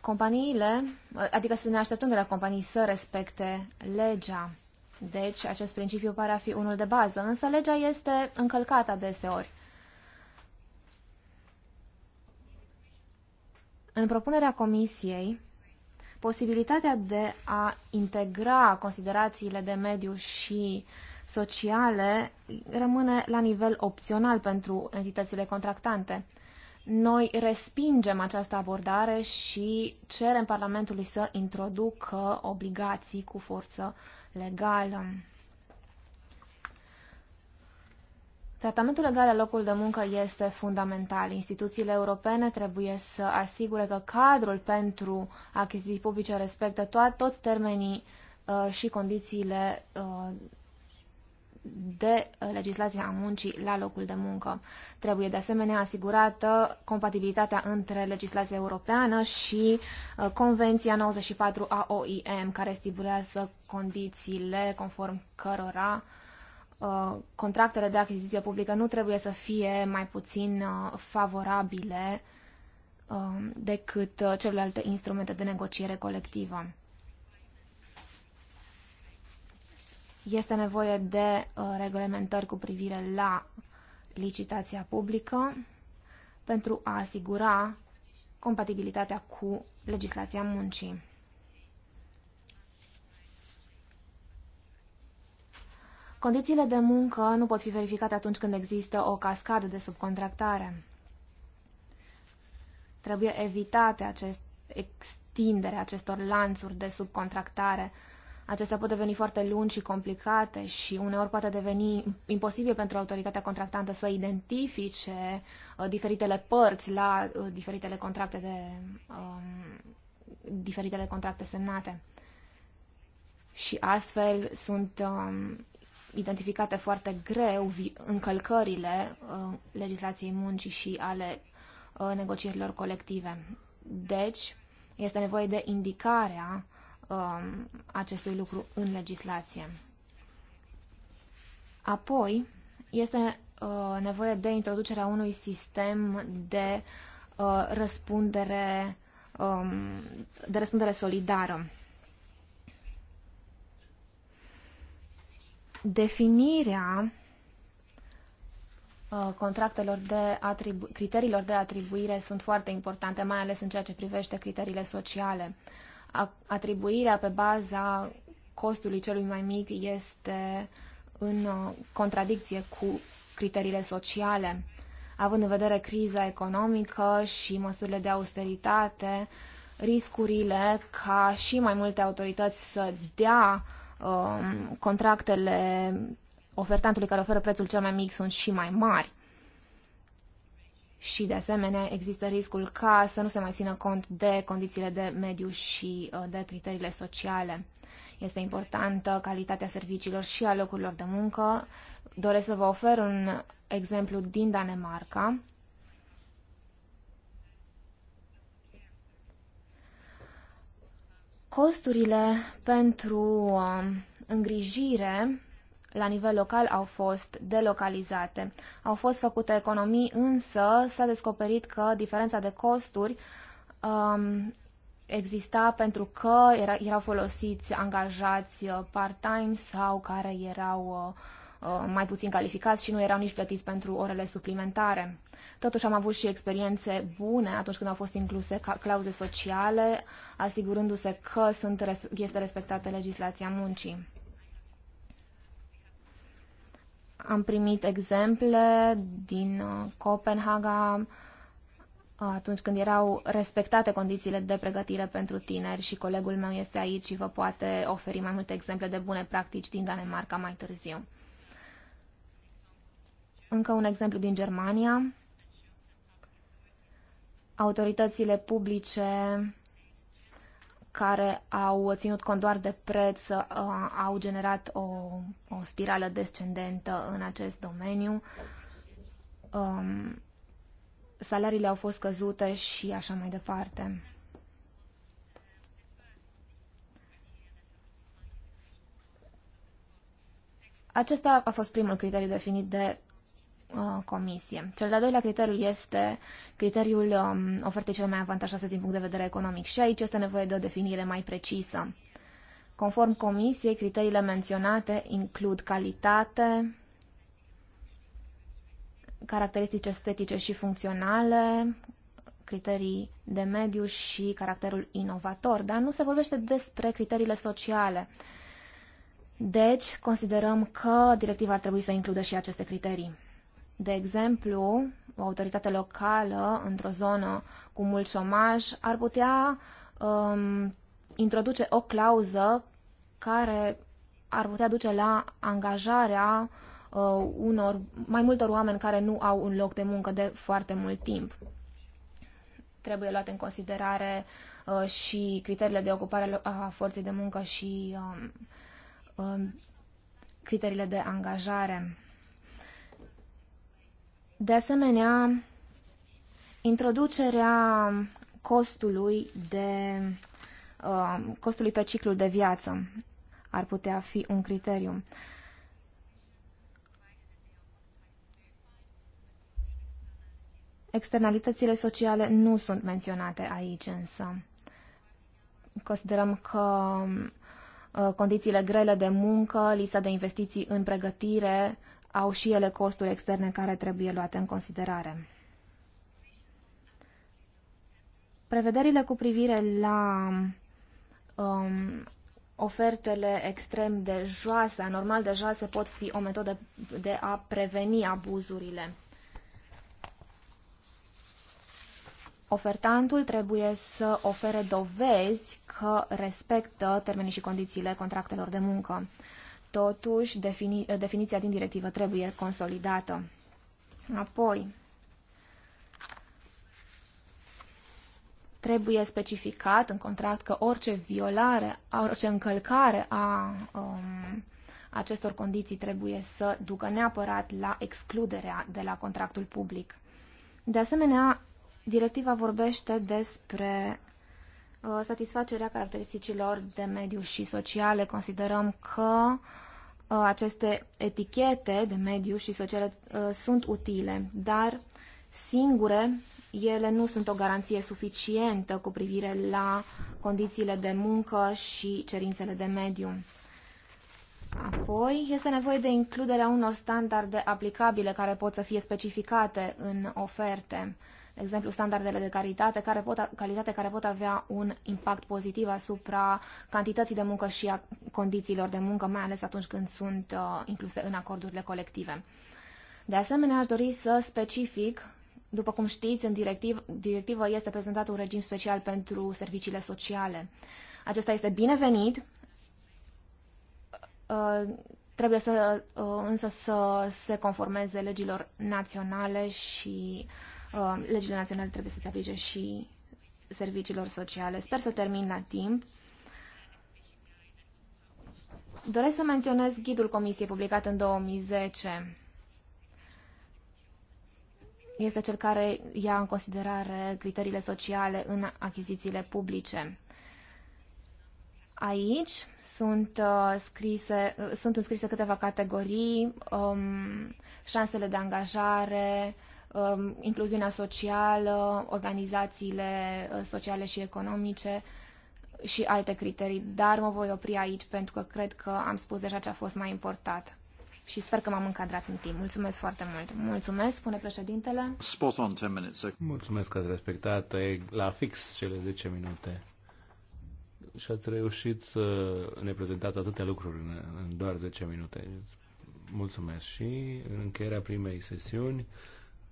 Companiile, adică să ne așteptăm de la companii să respecte legea. Deci, acest principiu pare a fi unul de bază, însă legea este încălcată adeseori. În propunerea comisiei, posibilitatea de a integra considerațiile de mediu și sociale rămâne la nivel opțional pentru entitățile contractante. Noi respingem această abordare și cerem Parlamentului să introducă obligații cu forță legală. Tratamentul legal al locului de muncă este fundamental. Instituțiile europene trebuie să asigure că cadrul pentru achiziții publice respectă to- toți termenii uh, și condițiile uh, de uh, legislația a muncii la locul de muncă. Trebuie de asemenea asigurată compatibilitatea între legislația europeană și uh, Convenția 94 a OIM, care stipulează condițiile conform cărora uh, contractele de achiziție publică nu trebuie să fie mai puțin favorabile decât celelalte instrumente de negociere colectivă. Este nevoie de uh, reglementări cu privire la licitația publică pentru a asigura compatibilitatea cu legislația muncii. Condițiile de muncă nu pot fi verificate atunci când există o cascadă de subcontractare. Trebuie evitate acest extindere acestor lanțuri de subcontractare uh, Acestea pot deveni foarte lungi și complicate și uneori poate deveni imposibil pentru autoritatea contractantă să identifice uh, diferitele părți la uh, diferitele contracte de um, diferitele contracte semnate. Și astfel sunt um, identificate foarte greu încălcările uh, legislației muncii și ale uh, negocierilor colective. Deci, este nevoie de indicarea um, acestui lucru în legislație. Apoi, este uh, nevoie de introducerea unui sistem de uh, răspundere um, de răspundere solidară. Definirea uh, contractelor de atribu- criteriilor de atribuire sunt foarte importante, mai ales în ceea ce privește criteriile sociale. Uh, atribuirea pe baza costului celui mai mic este în uh, contradicție cu criteriile sociale. Având în vedere criza economică și măsurile de austeritate, riscurile ca și mai multe autorități să dea um, contractele ofertantului care oferă prețul cel mai mic sunt și mai mari și, de asemenea, există riscul ca să nu se mai țină cont de condițiile de mediu și uh, de criteriile sociale. Este importantă calitatea serviciilor și a locurilor de muncă. Doresc să vă ofer un exemplu din Danemarca. Costurile pentru uh, îngrijire la nivel local au fost delocalizate. Au fost făcute economii, însă s-a descoperit că diferența de costuri um, exista pentru că era, erau folosiți angajați uh, part-time sau care erau uh, uh, mai puțin calificați și nu erau nici plătiți pentru orele suplimentare. Totuși am avut și experiențe bune atunci când au fost incluse clauze sociale, asigurându-se că sunt, este respectată legislația muncii. Am primit exemple din uh, Copenhaga uh, atunci când erau respectate condițiile de pregătire pentru tineri și colegul meu este aici și vă poate oferi mai multe exemple de bune practici din Danemarca mai târziu. Încă un exemplu din Germania. Autoritățile publice care au ținut cont doar de preț uh, au generat o, o spirală descendentă în acest domeniu. Um, salariile au fost căzute și așa mai departe. Acesta a fost primul criteriu definit de Uh, comisie. Cel de-al doilea criteriu este criteriul um, ofertei cele mai avantajoase din punct de vedere economic și aici este nevoie de o definire mai precisă. Conform comisiei, criteriile menționate includ calitate, caracteristici estetice și funcționale, criterii de mediu și caracterul inovator, dar nu se vorbește despre criteriile sociale. Deci, considerăm că directiva ar trebui să includă și aceste criterii. De exemplu, o autoritate locală într-o zonă cu mult șomaj ar putea um, introduce o clauză care ar putea duce la angajarea uh, unor mai multor oameni care nu au un loc de muncă de foarte mult timp. Trebuie luate în considerare uh, și criteriile de ocupare a forței de muncă și um, um, criteriile de angajare. De asemenea, introducerea costului de uh, costului pe ciclul de viață ar putea fi un criteriu. Externalitățile sociale nu sunt menționate aici însă. Considerăm că uh, condițiile grele de muncă, lipsa de investiții în pregătire au și ele costuri externe care trebuie luate în considerare. Prevederile cu privire la um, ofertele extrem de joase, anormal de joase, pot fi o metodă de a preveni abuzurile. Ofertantul trebuie să ofere dovezi că respectă termenii și condițiile contractelor de muncă. Totuși, defini, definiția din directivă trebuie consolidată. Apoi, trebuie specificat în contract că orice violare, orice încălcare a um, acestor condiții trebuie să ducă neapărat la excluderea de la contractul public. De asemenea, directiva vorbește despre Uh, satisfacerea caracteristicilor de mediu și sociale. Considerăm că uh, aceste etichete de mediu și sociale uh, sunt utile, dar singure ele nu sunt o garanție suficientă cu privire la condițiile de muncă și cerințele de mediu. Apoi, este nevoie de includerea unor standarde aplicabile care pot să fie specificate în oferte exemplu, standardele de calitate care, pot, calitate care pot avea un impact pozitiv asupra cantității de muncă și a condițiilor de muncă, mai ales atunci când sunt uh, incluse în acordurile colective. De asemenea, aș dori să specific, după cum știți, în directiv, directivă este prezentat un regim special pentru serviciile sociale. Acesta este binevenit, uh, trebuie să, uh, însă să se conformeze legilor naționale și uh, Um, legile naționale trebuie să se aplice și serviciilor sociale. Sper să termin la timp. Doresc să menționez ghidul Comisiei publicat în 2010. Este cel care ia în considerare criteriile sociale în achizițiile publice. Aici sunt, uh, scrise, uh, sunt înscrise câteva categorii, um, șansele de angajare, uh, Um, incluziunea socială, organizațiile uh, sociale și economice și alte criterii, dar mă voi opri aici pentru că cred că am spus deja ce a fost mai important. Și sper că m-am încadrat în timp. Mulțumesc foarte mult. Mulțumesc, spune președintele. Spot on 10 minutes. Mulțumesc că ați respectat la fix cele 10 minute. Și ați reușit să ne prezentați atâtea lucruri în doar 10 minute. Mulțumesc și în încheierea primei sesiuni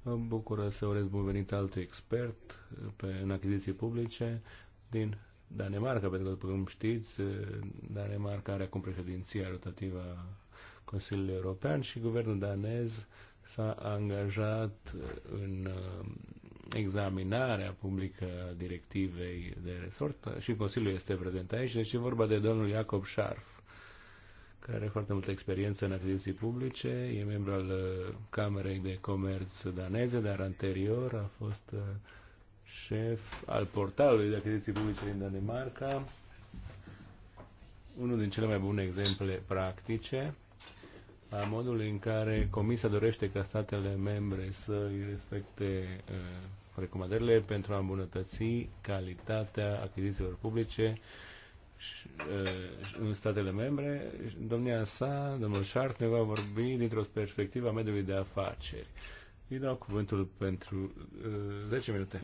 Mă bucură să urez bun venit altui expert pe, în achiziții publice din Danemarca, pentru că, după cum știți, Danemarca are acum președinția rotativă a Consiliului European și guvernul danez s-a angajat în uh, examinarea publică a directivei de resort și Consiliul este prezent aici, deci e vorba de domnul Iacob Șarf care are foarte multă experiență în achiziții publice, e membru al uh, Camerei de Comerț daneze, dar anterior a fost uh, șef al portalului de achiziții publice din Danemarca, unul din cele mai bune exemple practice a modului în care Comisia dorește ca statele membre să îi respecte uh, recomandările pentru a îmbunătăți calitatea achizițiilor publice Uh, în statele membre, domnia sa, domnul Chart ne va vorbi dintr-o perspectivă a mediului de afaceri. Îi dau cuvântul pentru uh, 10 minute.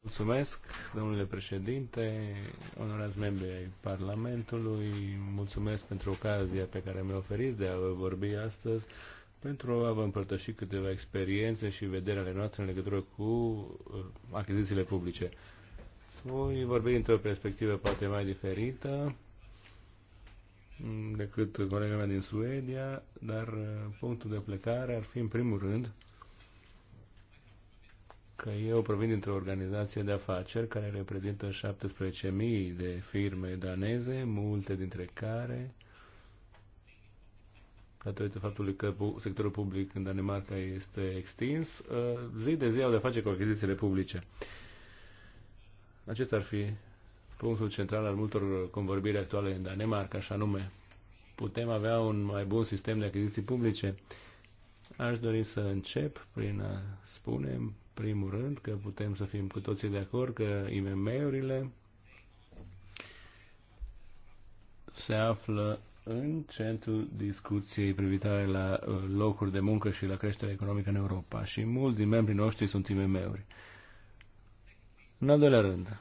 Mulțumesc, domnule președinte, onorați membri ai Parlamentului, mulțumesc pentru ocazia pe care mi-a oferit de a vă vorbi astăzi pentru a vă împărtăși câteva experiențe și vederi ale noastre în legătură cu uh, achizițiile publice voi vorbi într-o perspectivă poate mai diferită decât colega mea din Suedia, dar uh, punctul de plecare ar fi în primul rând că eu provin dintr-o organizație de afaceri care reprezintă 17.000 de firme daneze, multe dintre care, datorită faptului că sectorul public în Danemarca este extins, uh, zi de zi au de face cu achizițiile publice. Uh, acesta ar fi punctul central al multor convorbiri actuale în Danemarca, așa nume. Putem avea un mai bun sistem de achiziții publice? Aș dori să încep prin a spune, în primul rând, că putem să fim cu toții de acord că IMM-urile se află în centrul discuției privitoare la uh, locuri de muncă și la creșterea economică în Europa și mulți din membrii noștri sunt IMM-uri. Uh, în al doilea rând,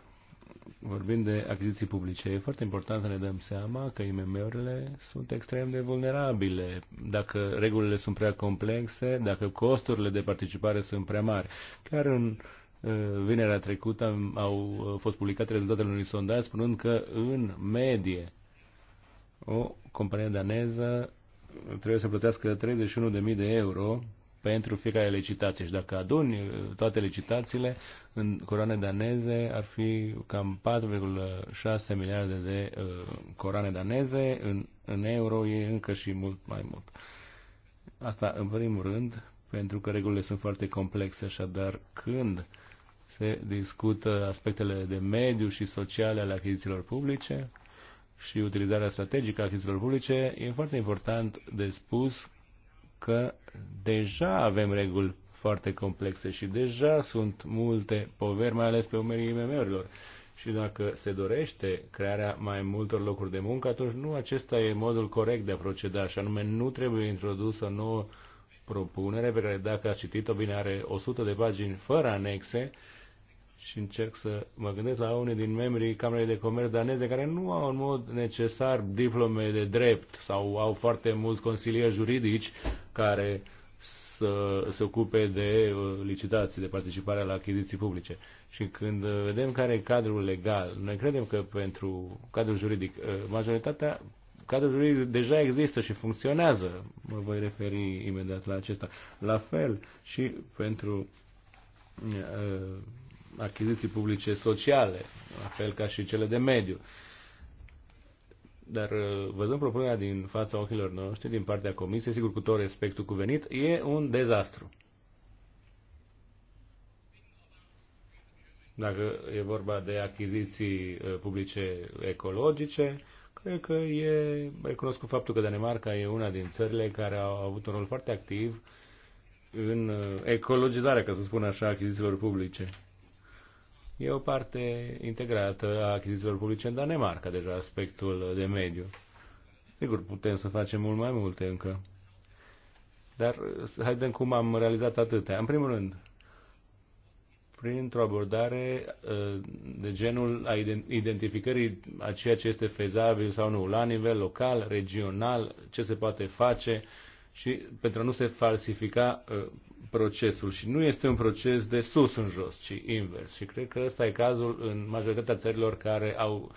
vorbind de achiziții publice, e foarte important să ne dăm seama că IMM-urile sunt extrem de vulnerabile. Dacă regulile sunt prea complexe, dacă costurile de participare sunt prea mari. Chiar în uh, vinerea trecută am, au uh, fost publicate rezultatele unui sondaj spunând că în medie o companie daneză trebuie să plătească 31.000 de euro pentru fiecare licitație și dacă aduni uh, toate licitațiile în coroane daneze ar fi cam 4,6 miliarde de uh, coroane daneze, în, în euro e încă și mult mai mult. Asta în primul rând pentru că regulile sunt foarte complexe, așadar când se discută aspectele de mediu și sociale ale achizițiilor publice și utilizarea strategică a achizițiilor publice, e foarte important de spus că deja avem reguli foarte complexe și deja sunt multe poveri, mai ales pe umerii IMM-urilor. Și dacă se dorește crearea mai multor locuri de muncă, atunci nu acesta e modul corect de a proceda, și anume nu trebuie introdusă nouă propunere pe care dacă a citit-o bine are 100 de pagini fără anexe și încerc să mă gândesc la unii din membrii Camerei de Comerț daneze care nu au în mod necesar diplome de drept sau au foarte mulți consilieri juridici care să se ocupe de uh, licitații, de participare la achiziții publice. Și când uh, vedem care e cadrul legal, noi credem că pentru cadrul juridic, uh, majoritatea cadrul juridic deja există și funcționează. Mă voi referi imediat la acesta. La fel și pentru achiziții publice sociale, la fel ca și cele de mediu. Dar uh, văzând propunerea din fața ochilor noștri, din partea Comisiei, sigur cu tot respectul cuvenit, e un dezastru. Dacă e vorba de achiziții uh, publice ecologice, cred că e recunoscut faptul că Danemarca e una din țările care au avut un rol foarte activ în uh, ecologizarea, ca să spun așa, achizițiilor publice. E o parte integrată a achizițiilor publice în Danemarca, deja aspectul de mediu. Sigur, putem să facem mult mai multe încă. Dar haidem cum am realizat atâtea. În primul rând, printr-o abordare uh, de genul a identificării a ceea ce este fezabil sau nu, la nivel local, regional, ce se poate face și pentru a nu se falsifica uh, procesul și nu este un proces de sus în jos, ci invers. Și cred că ăsta e cazul în majoritatea țărilor care au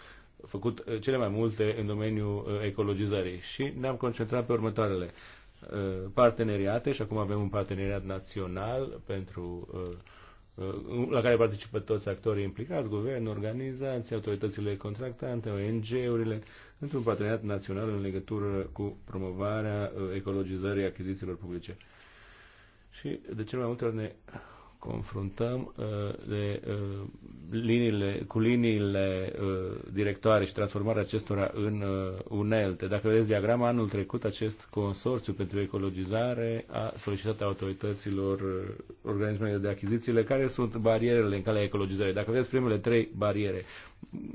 făcut uh, cele mai multe în domeniul uh, ecologizării. Și ne-am concentrat pe următoarele uh, parteneriate și acum avem un parteneriat național pentru la care participă toți actorii implicați, guvern, organizații, autoritățile contractante, ONG-urile, într-un parteneriat național în legătură cu promovarea ecologizării achizițiilor publice și de cel mai multe ori ne confruntăm uh, de, uh, liniile, cu liniile uh, directoare și transformarea acestora în uh, unelte. Dacă vedeți diagrama, anul trecut acest consorțiu pentru ecologizare a solicitat autorităților uh, organismele de achizițiile care sunt barierele în calea ecologizării. Dacă vedeți primele trei bariere,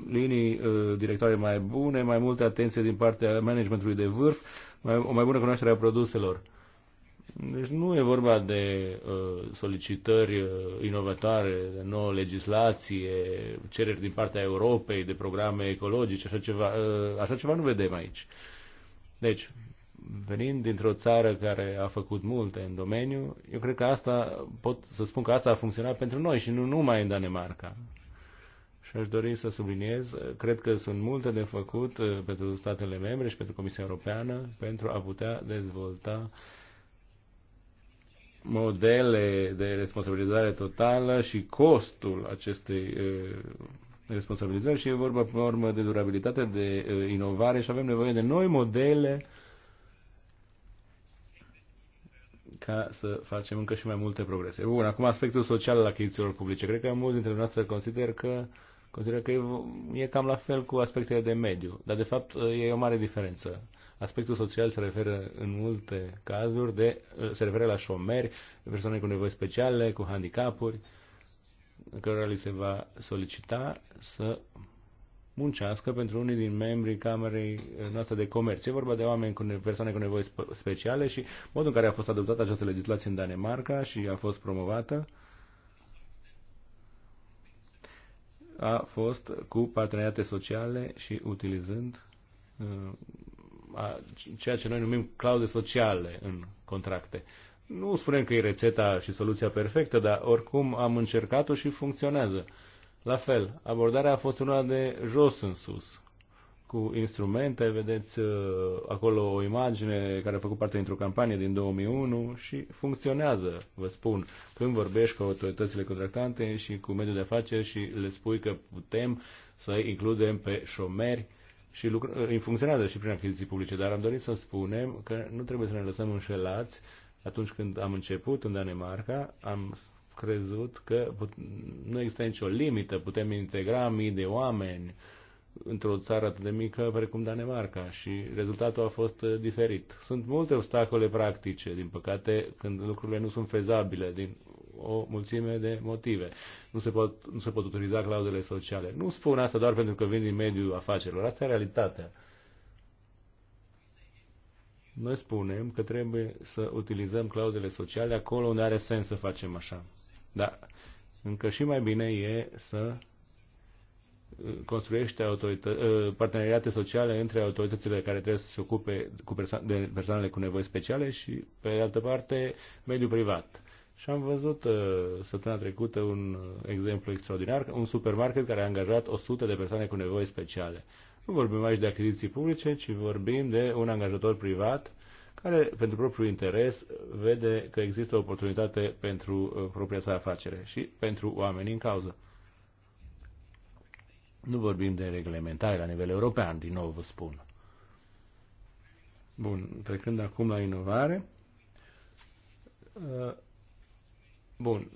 linii uh, directoare mai bune, mai multă atenție din partea managementului de vârf, mai, o mai bună cunoaștere a produselor. Uh, deci nu e vorba de uh, solicitări uh, inovatoare, de nouă legislație, cereri din partea Europei de programe ecologice, așa ceva, uh, așa ceva nu vedem aici. Deci, venind dintr-o țară care a făcut multe în domeniu, eu cred că asta, pot să spun că asta a funcționat pentru noi și nu numai în Danemarca. Și aș dori să subliniez, cred că sunt multe de făcut uh, pentru statele membre și pentru Comisia Europeană pentru a putea dezvolta uh, modele de responsabilizare totală și costul acestei responsabilizări și e vorba pe urmă de durabilitate, de inovare și avem nevoie de noi modele ca să facem încă și mai multe progrese. Bun, acum aspectul social al achizițiilor publice. Cred că mulți dintre noastre consider că consider că e, e cam la fel cu aspectele de mediu, dar de fapt e o mare diferență. Aspectul social se referă în multe cazuri de, se referă la șomeri, persoane cu nevoi speciale, cu handicapuri, cărora li se va solicita să muncească pentru unii din membrii Camerei noastre de Comerț. E vorba de oameni cu persoane cu nevoi speciale și modul în care a fost adoptată această legislație în Danemarca și a fost promovată a fost cu parteneriate sociale și utilizând uh, ceea ce noi numim clauze sociale în contracte. Nu spunem că e rețeta și soluția perfectă, dar oricum am încercat-o și funcționează. La fel, abordarea a fost una de jos în sus, cu instrumente, vedeți uh, acolo o imagine care a făcut parte dintr-o campanie din 2001 și funcționează, vă spun, când vorbești cu autoritățile contractante și cu mediul de afaceri și le spui că putem să includem pe șomeri și lucr- uh, funcționează și prin achiziții publice, dar am dorit să spunem că nu trebuie să ne lăsăm înșelați. Atunci când am început în Danemarca, am crezut că nu există nicio limită, putem integra mii de oameni într-o țară atât de mică precum Danemarca și rezultatul a fost uh, diferit. Sunt multe obstacole practice, din păcate, când lucrurile nu sunt fezabile din o mulțime de motive. Nu se pot, nu se pot utiliza clauzele sociale. Nu spun asta doar pentru că vin din mediul afacerilor. Asta e realitatea. Noi spunem că trebuie să utilizăm clauzele sociale acolo unde are sens să facem așa. Dar încă și mai bine e să uh, construiește uh, parteneriate sociale între autoritățile care trebuie să se ocupe cu perso- de persoanele cu nevoi speciale și, pe de altă parte, mediul privat. Și am văzut uh, săptămâna trecută un uh, exemplu extraordinar, un supermarket care a angajat 100 de persoane cu nevoi speciale. Nu vorbim aici de achiziții publice, ci vorbim de un angajator privat care, pentru propriul interes, vede că există oportunitate pentru uh, propria sa afacere și pentru oamenii în cauză. Nu vorbim de reglementare la nivel european, din nou vă spun. Bun, trecând acum la inovare, Bun.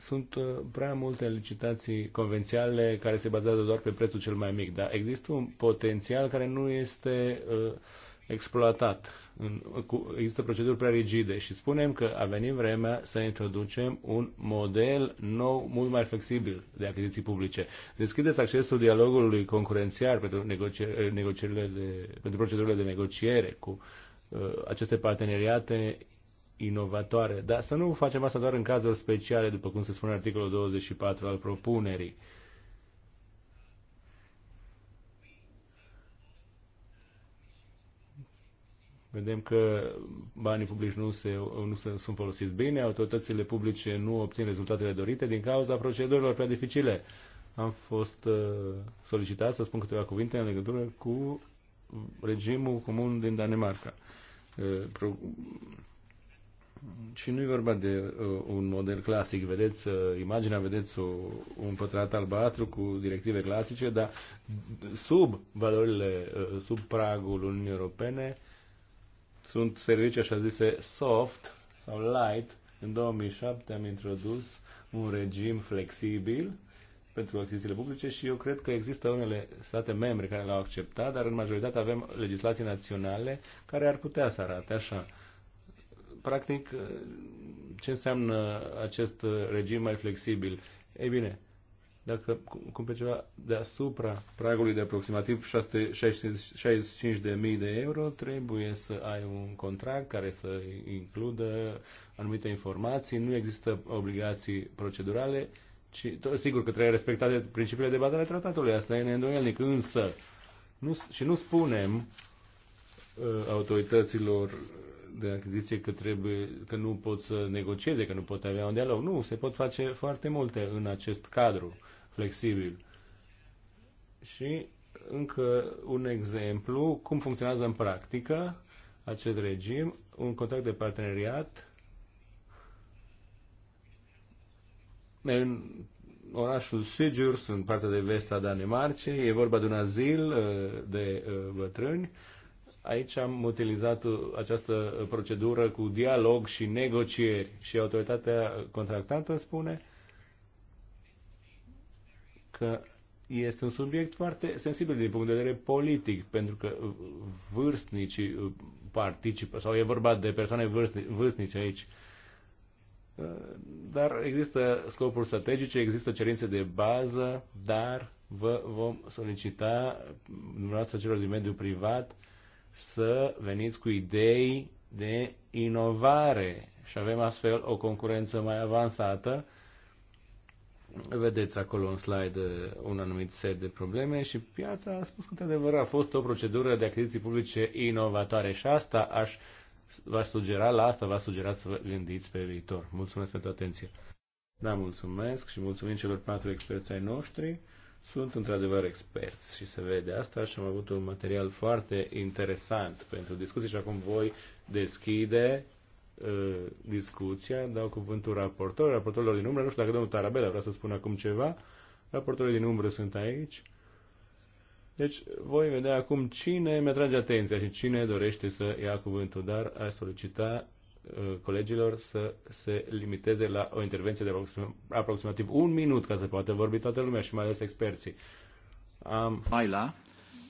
Sunt uh, prea multe licitații convenționale care se bazează doar pe prețul cel mai mic, dar există un potențial care nu este uh, exploatat. În, cu, există proceduri prea rigide și spunem că a venit vremea să introducem un model nou, mult mai flexibil de achiziții publice. Deschideți accesul dialogului concurențial pentru, negocier, uh, negocierile de, pentru procedurile de negociere cu uh, aceste parteneriate inovatoare, dar să nu facem asta doar în cazuri speciale, după cum se spune articolul 24 al propunerii. Vedem că banii publici nu, se, nu se, sunt folosiți bine, autoritățile publice nu obțin rezultatele dorite din cauza procedurilor prea dificile. Am fost uh, solicitat să spun câteva cuvinte în legătură cu regimul comun din Danemarca uh, și nu e vorba de uh, un model clasic. Vedeți uh, imaginea, vedeți o, un pătrat albastru cu directive clasice, dar sub valorile, uh, sub pragul Uniunii Europene, sunt servicii așa zise soft sau light. În 2007 am introdus un regim flexibil pentru achizițiile publice și eu cred că există unele state membre care l-au acceptat, dar în majoritate avem legislații naționale care ar putea să arate așa practic, ce înseamnă acest regim mai flexibil? Ei bine, dacă cumperi ceva deasupra pragului de aproximativ 65.000 de de euro, trebuie să ai un contract care să includă anumite informații, nu există obligații procedurale, ci, to- sigur că trebuie respectate principiile de bază ale tratatului, asta e neîndoielnic, însă, nu, și nu spunem uh, autorităților de achiziție că, trebuie, că nu pot să negocieze, că nu pot avea un dialog. Nu, se pot face foarte multe în acest cadru flexibil. Și încă un exemplu, cum funcționează în practică acest regim, un contract de parteneriat în orașul Sigurs, în partea de vest a Danemarcei, e vorba de un azil uh, de uh, bătrâni Aici am utilizat uh, această uh, procedură cu dialog și negocieri și autoritatea contractantă spune că este un subiect foarte sensibil din punct de vedere politic, pentru că uh, vârstnicii participă, sau e vorba de persoane vârstnice aici, dar există scopuri strategice, există cerințe de bază, dar vă vom solicita, dumneavoastră celor din mediul privat, să veniți cu idei de inovare și avem astfel o concurență mai avansată. Vedeți acolo în slide un anumit set de probleme și piața a spus că, într-adevăr, a fost o procedură de achiziții publice inovatoare și asta aș v sugera, la asta v-aș sugera să vă gândiți pe viitor. Mulțumesc pentru atenție. Da, mulțumesc și mulțumim celor patru experți ai noștri sunt într-adevăr experți și se vede asta și am avut un material foarte interesant pentru discuții și acum voi deschide uh, discuția, dau cuvântul raportor, raportorilor din umbră, nu știu dacă domnul Tarabela vrea să spună acum ceva, raportorii din umbră sunt aici. Deci voi vedea acum cine mi atrage atenția și cine dorește să ia cuvântul, dar aș solicita Uh, colegilor să se limiteze la o intervenție de aproximativ un minut ca să poată vorbi toată lumea și mai ales experții. Am... Baila.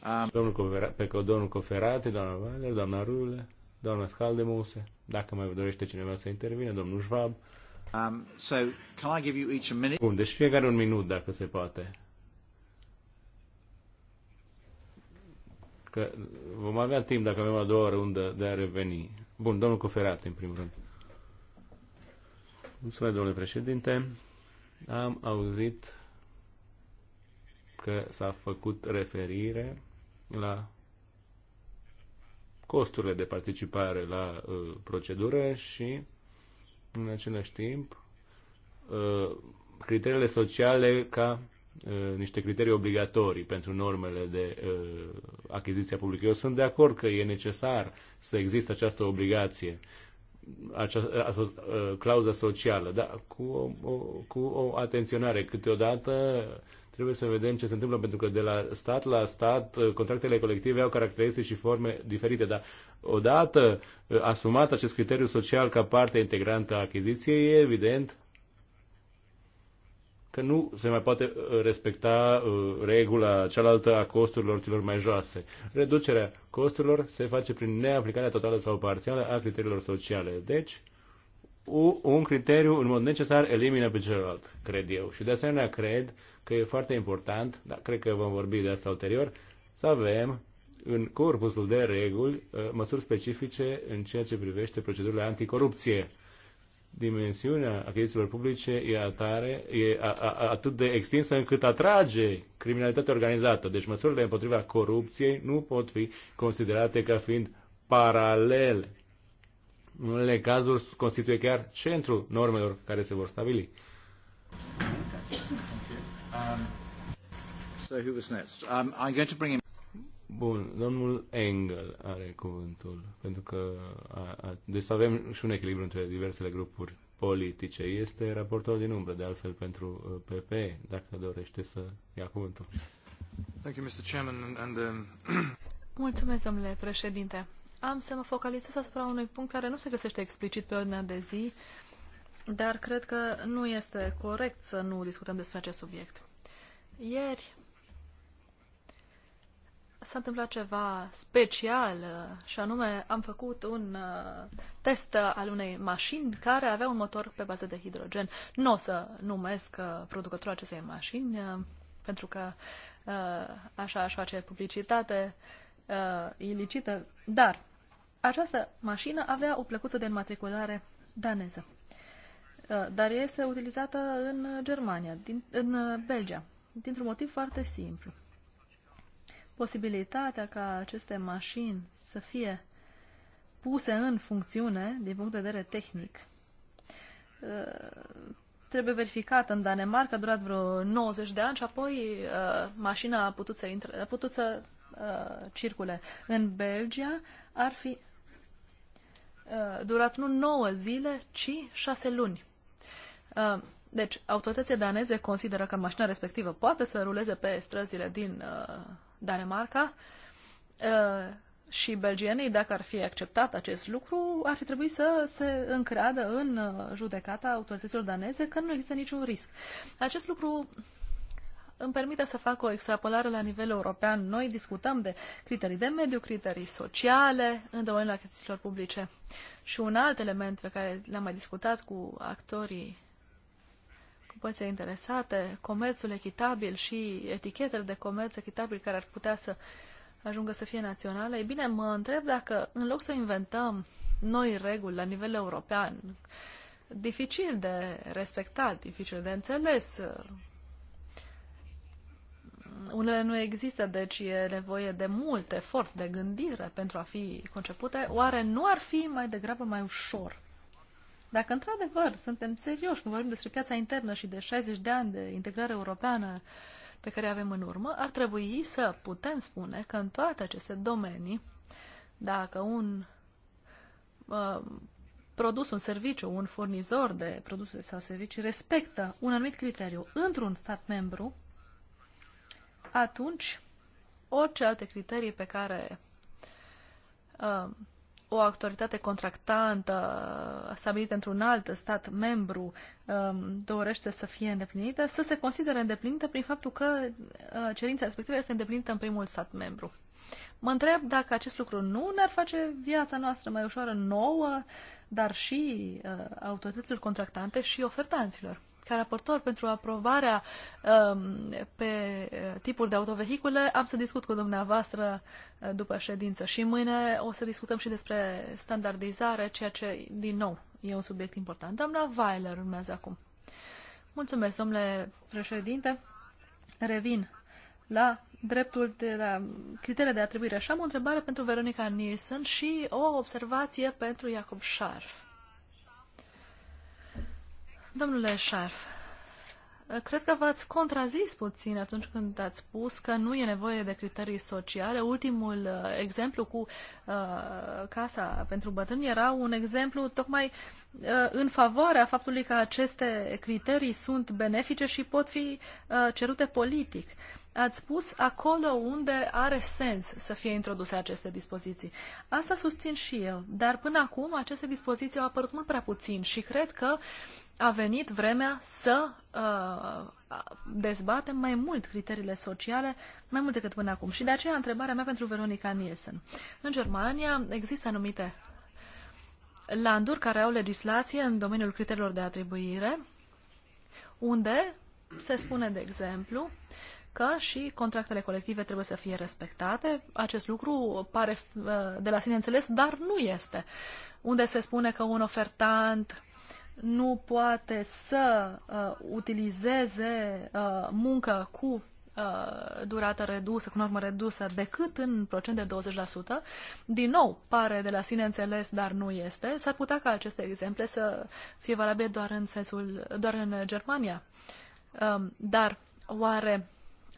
Am... Domnul Cofera... pe domnul Coferate, doamna Valer, doamna Rule, doamna Scaldemuse, dacă mai dorește cineva să intervine, domnul Schwab. Um, so, can I give you each a minute? Bun, deci fiecare un minut, dacă se poate. Că vom avea timp, dacă avem a doua rundă, de a reveni Bun, domnul Coferat, în primul rând. Mulțumesc, domnule președinte. Am auzit că s-a făcut referire la costurile de participare la uh, procedură și, în același timp, uh, criteriile sociale ca Uh, niște criterii obligatorii pentru normele de uh, achiziție publică. Eu sunt de acord că e necesar să existe această obligație, această uh, uh, clauză socială, dar cu o, o, cu o atenționare. Câteodată trebuie să vedem ce se întâmplă, pentru că de la stat la stat uh, contractele colective au caracteristici și forme diferite, dar odată asumat acest criteriu social ca parte integrantă a achiziției, e evident că nu se mai poate uh, respecta uh, regula cealaltă a costurilor celor mai joase. Reducerea costurilor se face prin neaplicarea totală sau parțială a criteriilor sociale. Deci, un criteriu în mod necesar elimină pe celălalt, cred eu. Și de asemenea cred că e foarte important, dar cred că vom vorbi de asta ulterior, să avem în corpusul de reguli uh, măsuri specifice în ceea ce privește procedurile anticorupție dimensiunea achizițiilor publice e, atare, e a, a, atât de extinsă încât atrage criminalitatea organizată. Deci măsurile împotriva corupției nu pot fi considerate ca fiind paralele. În unele cazuri constituie chiar centrul normelor care se vor stabili. So who was next? Um, I'm going to bring in Bun, domnul Engel are cuvântul, pentru că a, a, deci avem și un echilibru între diversele grupuri politice. Este raportor din umbră, de altfel, pentru PP, uh, dacă dorește să ia cuvântul. Thank you, Mr. Chairman, and, um... Mulțumesc, domnule președinte. Am să mă focalizez asupra unui punct care nu se găsește explicit pe ordinea de zi, dar cred că nu este corect să nu discutăm despre acest subiect. Ieri s-a întâmplat ceva special uh, și anume am făcut un uh, test al unei mașini care avea un motor pe bază de hidrogen. Nu o să numesc uh, producătorul acestei mașini pentru că așa aș face publicitate ilicită, dar această mașină avea o plăcuță de înmatriculare daneză, dar este utilizată în Germania, din, în Belgia, dintr-un motiv foarte simplu posibilitatea ca aceste mașini să fie puse în funcțiune din punct de vedere tehnic uh, trebuie verificată în Danemarca, a durat vreo 90 de ani și apoi uh, mașina a putut să, intre, a putut să uh, circule. În Belgia ar fi uh, durat nu 9 zile, ci 6 luni. Uh, deci, autoritățile daneze consideră că mașina respectivă poate să ruleze pe străzile din uh, Danemarca uh, și belgienii, dacă ar fi acceptat acest lucru, ar fi trebuit să se încreadă în uh, judecata autorităților daneze că nu există niciun risc. Acest lucru îmi permite să fac o extrapolare la nivel european. Noi discutăm de criterii de mediu, criterii sociale în domeniul achizițiilor publice. Și un alt element pe care l-am mai discutat cu actorii părțile interesate, comerțul echitabil și etichetele de comerț echitabil care ar putea să ajungă să fie naționale, e bine, mă întreb dacă în loc să inventăm noi reguli la nivel european, dificil de respectat, dificil de înțeles, unele nu există, deci e nevoie de mult efort de gândire pentru a fi concepute, oare nu ar fi mai degrabă mai ușor dacă într-adevăr suntem serioși când vorbim despre piața internă și de 60 de ani de integrare europeană pe care avem în urmă, ar trebui să putem spune că în toate aceste domenii, dacă un uh, produs, un serviciu, un furnizor de produse sau servicii respectă un anumit criteriu într-un stat membru, atunci orice alte criterii pe care uh, o autoritate contractantă stabilită într-un alt stat membru um, dorește să fie îndeplinită, să se considere îndeplinită prin faptul că uh, cerința respectivă este îndeplinită în primul stat membru. Mă întreb dacă acest lucru nu ne-ar face viața noastră mai ușoară nouă, dar și uh, autorităților contractante și ofertanților ca raportor pentru aprobarea um, pe uh, tipuri de autovehicule, am să discut cu dumneavoastră uh, după ședință și mâine o să discutăm și despre standardizare, ceea ce, din nou, e un subiect important. Doamna Weiler urmează acum. Mulțumesc, domnule președinte. Revin la dreptul de la criteriile de atribuire. Și am o întrebare pentru Veronica Nielsen și o observație pentru Iacob Scharf. Domnule Șarf, cred că v-ați contrazis puțin atunci când ați spus că nu e nevoie de criterii sociale. Ultimul uh, exemplu cu uh, Casa pentru Bătrâni era un exemplu tocmai uh, în favoarea faptului că aceste criterii sunt benefice și pot fi uh, cerute politic. Uh, ați spus acolo unde are sens să fie introduse aceste dispoziții. Asta susțin și eu, dar până acum aceste dispoziții au apărut mult prea puțin și cred că a venit vremea să uh, dezbatem mai mult criteriile sociale, mai mult decât până acum. Și de aceea întrebarea mea pentru Veronica Nielsen. În Germania există anumite landuri care au legislație în domeniul criteriilor de atribuire, unde se spune, de exemplu, că și contractele colective trebuie să fie respectate. Acest lucru pare uh, de la sine înțeles, dar nu este. Unde se spune că un ofertant nu poate să uh, utilizeze uh, muncă cu uh, durată redusă, cu normă redusă, decât în procent de 20%, din nou, pare de la sine înțeles, dar nu este, s-ar putea ca aceste exemple să fie valabile doar în sensul, doar în Germania. Um, dar oare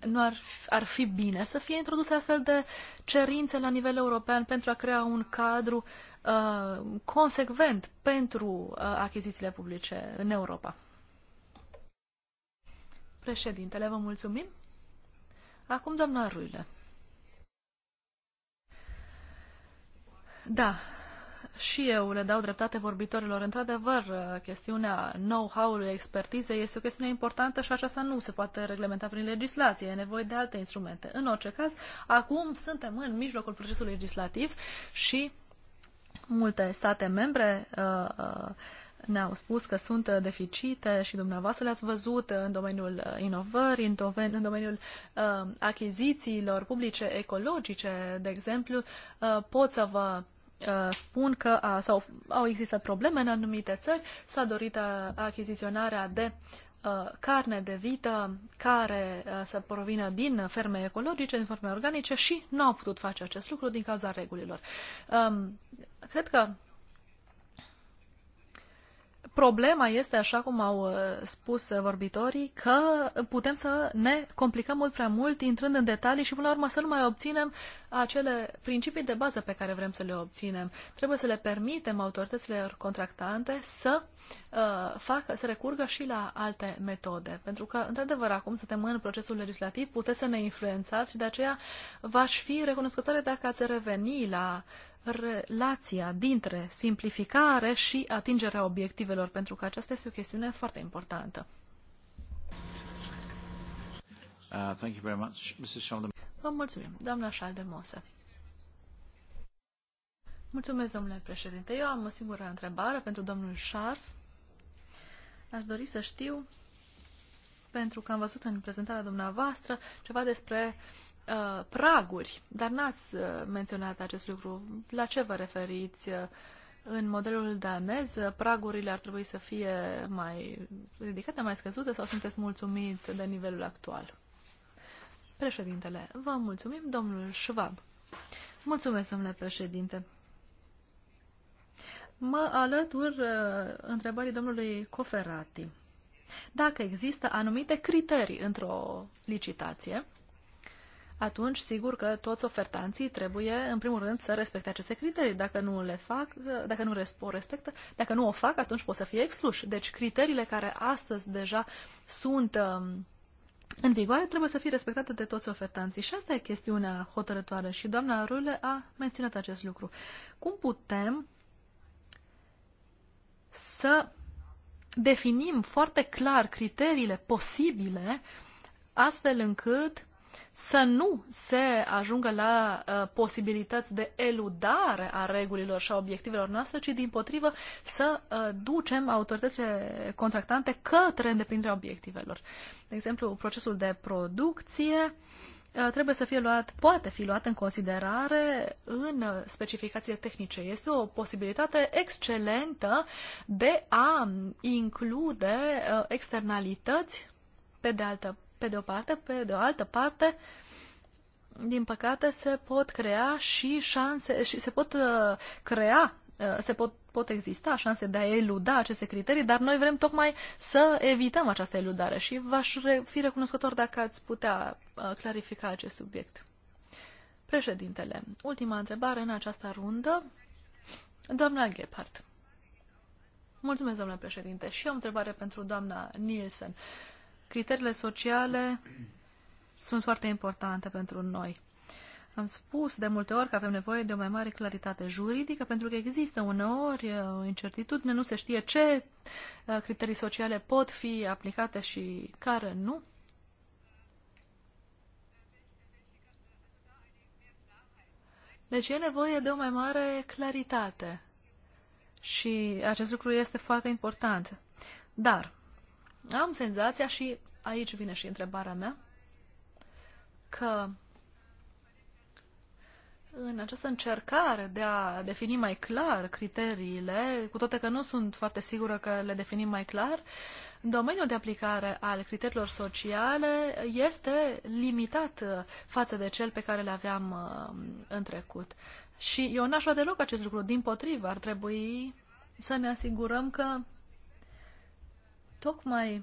nu ar, ar fi bine să fie introduse astfel de cerințe la nivel european pentru a crea un cadru uh, consecvent pentru uh, achizițiile publice în Europa. Președintele, vă mulțumim. Acum, doamna Ruile. Da, și eu le dau dreptate vorbitorilor. Într-adevăr, chestiunea know-how-ului, expertizei, este o chestiune importantă și aceasta nu se poate reglementa prin legislație. E nevoie de alte instrumente. În orice caz, acum suntem în mijlocul procesului legislativ și multe state membre uh, uh, ne-au spus că sunt deficite și dumneavoastră le-ați văzut în domeniul inovării, în, domen- în domeniul uh, achizițiilor publice ecologice, de exemplu, uh, pot să vă Uh, spun că a, uh, sau, au existat probleme în anumite țări, s-a dorit a, uh, achiziționarea de a, carne de vită care a, să provină din ferme ecologice, din ferme organice și nu au putut face acest lucru din cauza regulilor. A, um, cred că Problema este, așa cum au uh, spus vorbitorii, că putem să ne complicăm mult prea mult intrând în detalii și până la urmă să nu mai obținem acele principii de bază pe care vrem să le obținem. Trebuie să le permitem autorităților contractante să uh, facă, să recurgă și la alte metode. Pentru că, într-adevăr, acum suntem în procesul legislativ, puteți să ne influențați și de aceea v-aș fi recunoscătoare dacă ați reveni la uh, relația dintre simplificare și atingerea obiectivelor, pentru că aceasta este o chestiune foarte importantă. Uh, thank you very much, Mrs. Vă mulțumim, doamna Schaldemose. Mulțumesc, domnule președinte. Eu am o singură întrebare pentru domnul Șarf. Aș dori să știu, pentru că am văzut în prezentarea dumneavoastră ceva despre Uh, praguri, dar n-ați uh, menționat acest lucru. La ce vă referiți? Uh, în modelul danez, pragurile ar trebui să fie mai ridicate, mai scăzute sau sunteți mulțumit de nivelul actual? Președintele, vă mulțumim, domnul Schwab. Mulțumesc, domnule președinte. Mă alătur uh, întrebării domnului Coferati. Dacă există anumite criterii într-o licitație, atunci sigur că toți ofertanții trebuie, în primul rând, să respecte aceste criterii. Dacă nu le fac, dacă nu o respectă, dacă nu o fac, atunci pot să fie excluși. Deci criteriile care astăzi deja sunt um, în vigoare trebuie să fie respectate de toți ofertanții. Și asta e chestiunea hotărătoare și doamna Rule a menționat acest lucru. Cum putem să definim foarte clar criteriile posibile astfel încât să nu se ajungă la uh, posibilități de eludare a regulilor și a obiectivelor noastre, ci din potrivă să uh, ducem autoritățile contractante către îndeplinirea obiectivelor. De exemplu, procesul de producție uh, trebuie să fie luat, poate fi luat în considerare în specificațiile tehnice. Este o posibilitate excelentă de a include uh, externalități pe de altă pe de o parte, pe de o altă parte, din păcate, se pot crea și șanse, și se pot uh, crea, uh, se pot, pot exista șanse de a eluda aceste criterii, dar noi vrem tocmai să evităm această eludare și v-aș fi recunoscător dacă ați putea uh, clarifica acest subiect. Președintele, ultima întrebare în această rundă. Doamna Gephardt. Mulțumesc, domnule președinte. Și o întrebare pentru doamna Nielsen. Uh, criteriile sociale sunt foarte importante pentru noi. Am spus de multe ori că avem nevoie de o mai mare claritate juridică, pentru că există uneori uh, o incertitudine, nu se știe ce uh, criterii sociale pot fi aplicate și care nu. Deci e nevoie de o mai mare claritate. Și acest lucru este foarte important. Dar am senzația și aici vine și întrebarea mea, că în această încercare de a defini mai clar criteriile, cu toate că nu sunt foarte sigură că le definim mai clar, domeniul de aplicare al criteriilor sociale este limitat față de cel pe care le aveam uh, în trecut. Și eu n-aș vrea deloc acest lucru. Din potrivă, ar trebui să ne asigurăm că tocmai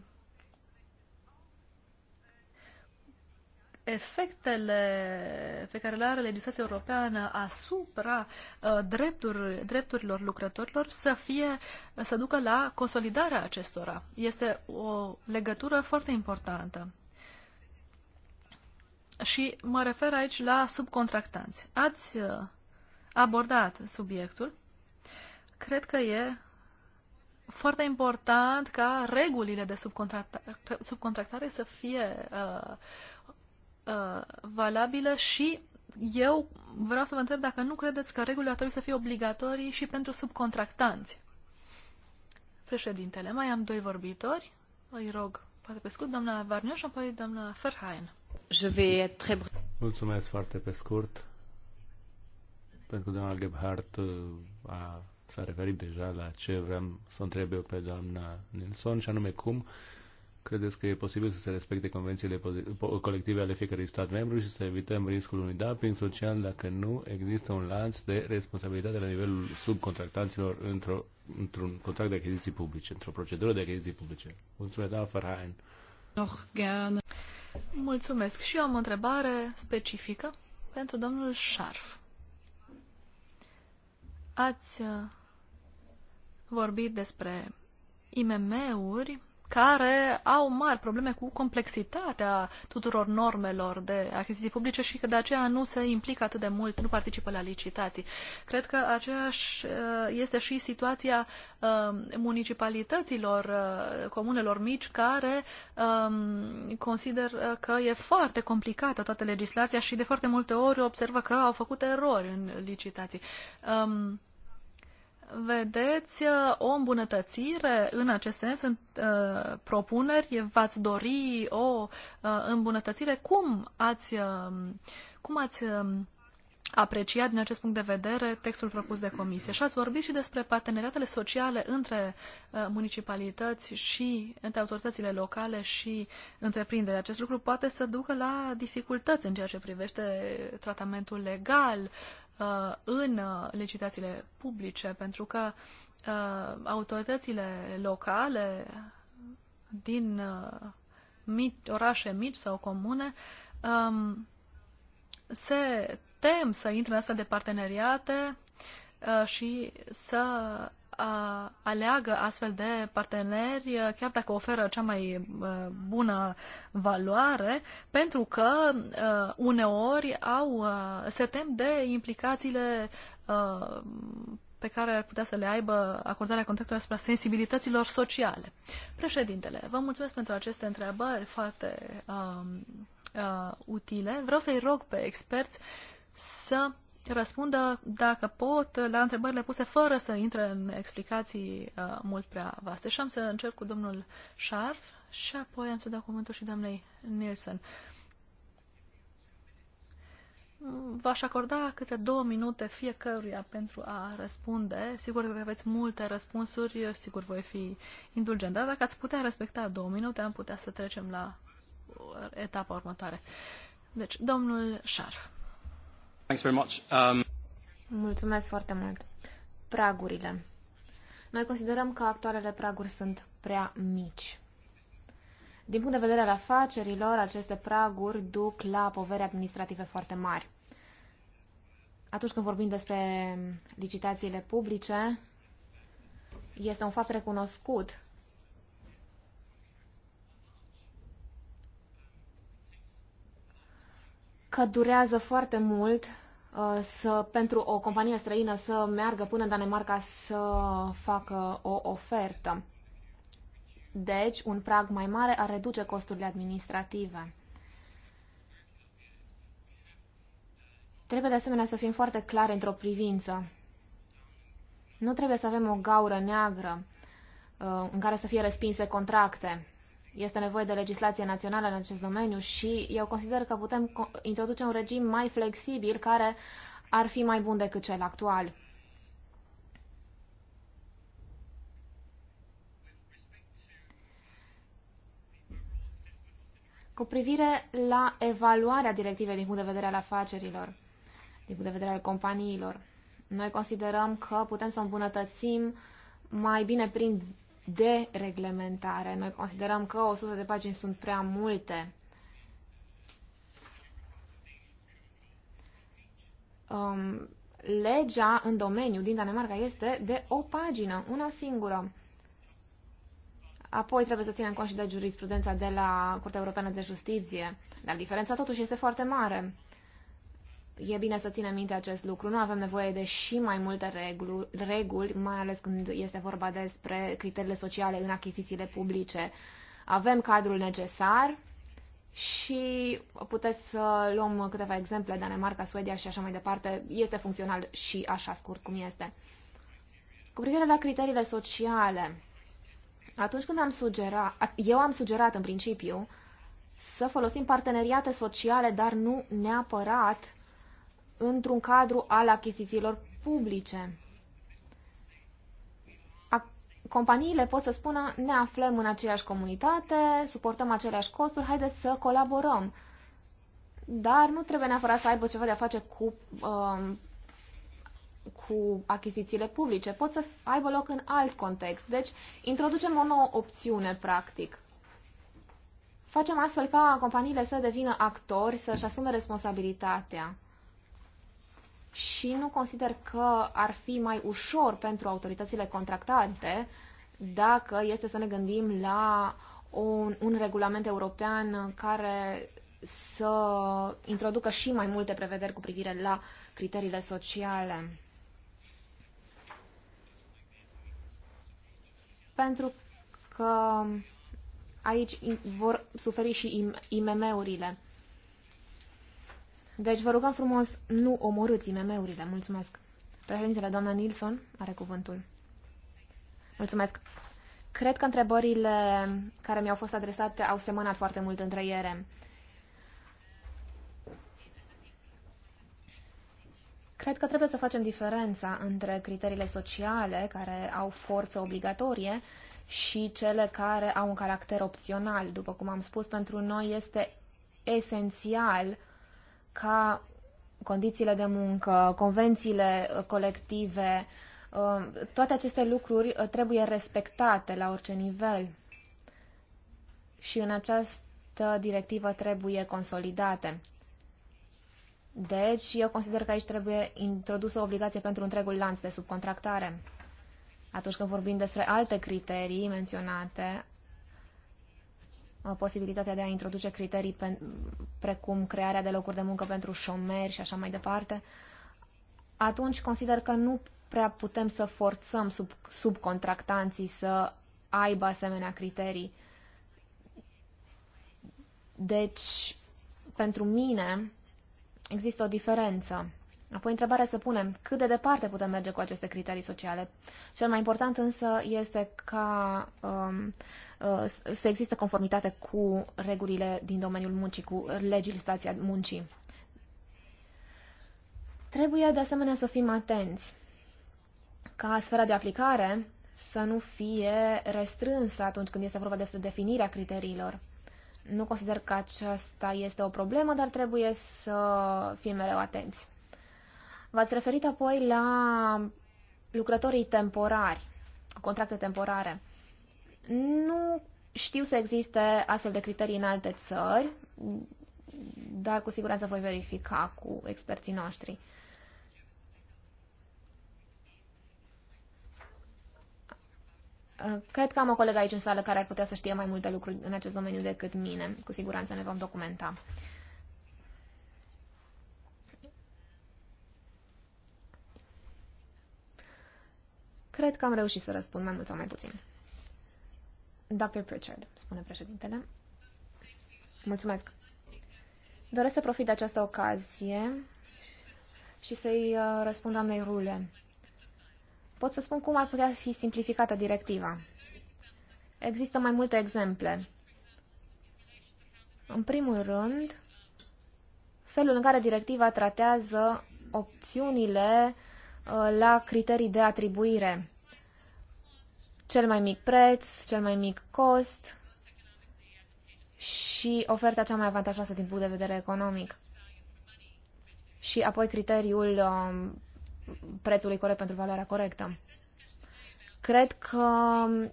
efectele pe care le are legislația europeană asupra uh, drepturi, drepturilor lucrătorilor să fie, să ducă la consolidarea acestora. Este o legătură foarte importantă. Și mă refer aici la subcontractanți. Ați uh, abordat subiectul. Cred că e foarte important ca regulile de subcontractare, subcontractare să fie uh, uh, valabile și eu vreau să vă întreb dacă nu credeți că regulile ar trebui să fie obligatorii și pentru subcontractanți. Președintele, mai am doi vorbitori. Îi rog, poate pe scurt, doamna Varnio și apoi doamna Ferhain. Je vais très... Mulțumesc foarte pe scurt, pentru că doamna Gebhardt uh, a s-a referit deja la ce vreau să întreb eu pe doamna Nilsson și anume cum credeți că e posibil să se respecte convențiile colective ale fiecărui stat membru și să evităm riscul unui dumping social dacă nu există un lanț de responsabilitate la nivelul subcontractanților într-o, într-un contract de achiziții publice, într-o procedură de achiziții publice. Mulțumesc, doamna Ferhain. Oh, Mulțumesc. Și eu am o întrebare specifică pentru domnul Șarf. Ați uh, vorbit despre IMM-uri care au mari probleme cu complexitatea tuturor normelor de achiziții publice și că de aceea nu se implică atât de mult, nu participă la licitații. Cred că aceeași uh, este și situația uh, municipalităților, uh, comunelor mici, care um, consider că e foarte complicată toată legislația și de foarte multe ori observă că au făcut erori în licitații. Um, vedeți uh, o îmbunătățire în acest sens în uh, propuneri? V-ați dori o uh, îmbunătățire? Cum ați, uh, cum ați um, apreciat din acest punct de vedere textul propus de comisie? Și ați vorbit și despre parteneriatele sociale între uh, municipalități și între autoritățile locale și întreprindere. Acest lucru poate să ducă la dificultăți în ceea ce privește tratamentul legal, Uh, în uh, licitațiile publice, pentru că uh, autoritățile locale din orașe mici sau comune um, se tem să intre în astfel de parteneriate și să aleagă astfel de parteneri, chiar dacă oferă cea mai bună valoare, pentru că uneori au, se tem de implicațiile pe care ar putea să le aibă acordarea contactului asupra sensibilităților sociale. Președintele, vă mulțumesc pentru aceste întrebări foarte uh, uh, utile. Vreau să-i rog pe experți să răspundă, dacă pot, la întrebările puse fără să intre în explicații uh, mult prea vaste. Și am să încep cu domnul Șarf și apoi am să dau cuvântul și doamnei Nielsen. V-aș acorda câte două minute fiecăruia pentru a răspunde. Sigur că aveți multe răspunsuri, sigur voi fi indulgent, dar dacă ați putea respecta două minute, am putea să trecem la etapa următoare. Deci, domnul Șarf. Um, Mulțumesc foarte mult. Pragurile. Noi considerăm că actualele praguri sunt prea mici. Din punct de vedere al afacerilor, aceste praguri duc la povere administrative foarte mari. Atunci când vorbim despre licitațiile publice, este un fapt recunoscut că durează foarte mult Uh, să, pentru o companie străină să meargă până în Danemarca să facă o ofertă. Deci, un prag mai mare ar reduce costurile administrative. Trebuie de asemenea să fim foarte clari într-o privință. Nu trebuie să avem o gaură neagră uh, în care să fie respinse contracte este nevoie de legislație națională în acest domeniu și eu consider că putem introduce un regim mai flexibil care ar fi mai bun decât cel actual. Cu privire la evaluarea directivei din punct de vedere al afacerilor, din punct de vedere al companiilor, noi considerăm că putem să îmbunătățim mai bine prin de reglementare. Noi considerăm că 100 de pagini sunt prea multe. Um, legea în domeniu din Danemarca este de o pagină, una singură. Apoi trebuie să ținem cont și de jurisprudența de la Curtea Europeană de Justiție, dar diferența totuși este foarte mare e bine să ținem minte acest lucru. Nu avem nevoie de și mai multe reguli, reguli mai ales când este vorba despre criteriile sociale în achizițiile publice. Avem cadrul necesar și puteți să luăm câteva exemple, Danemarca, Suedia și așa mai departe. Este funcțional și așa scurt cum este. Cu privire la criteriile sociale, atunci când am sugerat, eu am sugerat în principiu să folosim parteneriate sociale, dar nu neapărat într-un cadru al achizițiilor publice. companiile pot să spună ne aflăm în aceeași comunitate, suportăm aceleași costuri, haideți să colaborăm. Dar nu trebuie neapărat să aibă ceva de a face cu, um, cu achizițiile publice. Pot să aibă loc în alt context. Deci introducem o nouă opțiune, practic. Facem astfel ca companiile să devină actori, să-și asume responsabilitatea și nu consider că ar fi mai ușor pentru autoritățile contractante dacă este să ne gândim la un, un regulament european care să introducă și mai multe prevederi cu privire la criteriile sociale. Pentru că aici vor suferi și IMM-urile. Deci vă rugăm frumos, nu omorâți IMM-urile. Mulțumesc. Președintele, doamna Nilsson, are cuvântul. Mulțumesc. Cred că întrebările care mi-au fost adresate au semănat foarte mult între ele. Cred că trebuie să facem diferența între criteriile sociale, care au forță obligatorie, și cele care au un caracter opțional. După cum am spus, pentru noi este esențial ca condițiile de muncă, convențiile colective, uh, toate aceste lucruri uh, trebuie respectate la orice nivel. Și în această directivă trebuie consolidate. Deci, eu consider că aici trebuie introdusă o obligație pentru întregul lanț de subcontractare. Atunci când vorbim despre alte criterii menționate, Uh, posibilitatea de a introduce criterii pe, precum crearea de locuri de muncă pentru șomeri și așa mai departe, atunci consider că nu prea putem să forțăm sub, subcontractanții să aibă asemenea criterii. Deci, pentru mine, există o diferență. Apoi întrebarea să punem cât de departe putem merge cu aceste criterii sociale. Cel mai important însă este ca um, Uh, să existe conformitate cu regulile din domeniul muncii, cu legislația muncii. Trebuie de asemenea să fim atenți ca sfera de aplicare să nu fie restrânsă atunci când este vorba despre definirea criteriilor. Nu consider că aceasta este o problemă, dar trebuie să fim mereu atenți. V-ați referit apoi la lucrătorii temporari, contracte temporare. Nu știu să existe astfel de criterii în alte țări, dar cu siguranță voi verifica cu experții noștri. Cred că am o colegă aici în sală care ar putea să știe mai multe lucruri în acest domeniu decât mine. Cu siguranță ne vom documenta. Cred că am reușit să răspund mai mult sau mai puțin. Dr. Pritchard, spune președintele. Mulțumesc. Doresc să profit de această ocazie și să-i uh, răspund doamnei Rule. Pot să spun cum ar putea fi simplificată directiva. Există mai multe exemple. În primul rând, felul în care directiva tratează opțiunile uh, la criterii de atribuire cel mai mic preț, cel mai mic cost și oferta cea mai avantajoasă din punct de vedere economic. Și apoi criteriul um, prețului corect pentru valoarea corectă. Cred că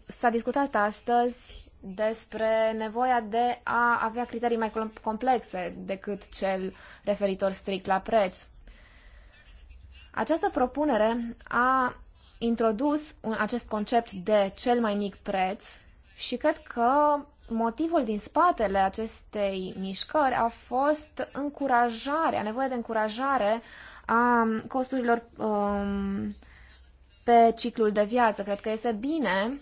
s-a discutat astăzi despre nevoia de a avea criterii mai complexe decât cel referitor strict la preț. Această propunere a introdus un, acest concept de cel mai mic preț și cred că motivul din spatele acestei mișcări a fost încurajarea, nevoia de încurajare a costurilor um, pe ciclul de viață. Cred că este bine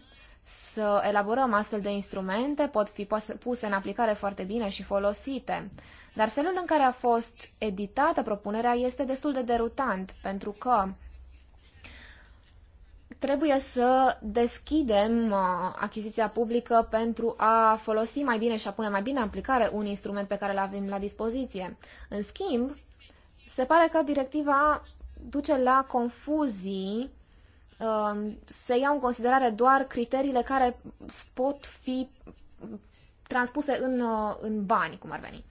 să elaborăm astfel de instrumente, pot fi puse în aplicare foarte bine și folosite. Dar felul în care a fost editată propunerea este destul de derutant, pentru că trebuie să deschidem uh, achiziția publică pentru a folosi mai bine și a pune mai bine în aplicare un instrument pe care îl avem la dispoziție. În schimb, se pare că directiva duce la confuzii, uh, se iau în considerare doar criteriile care pot fi transpuse în, uh, în bani, cum ar veni.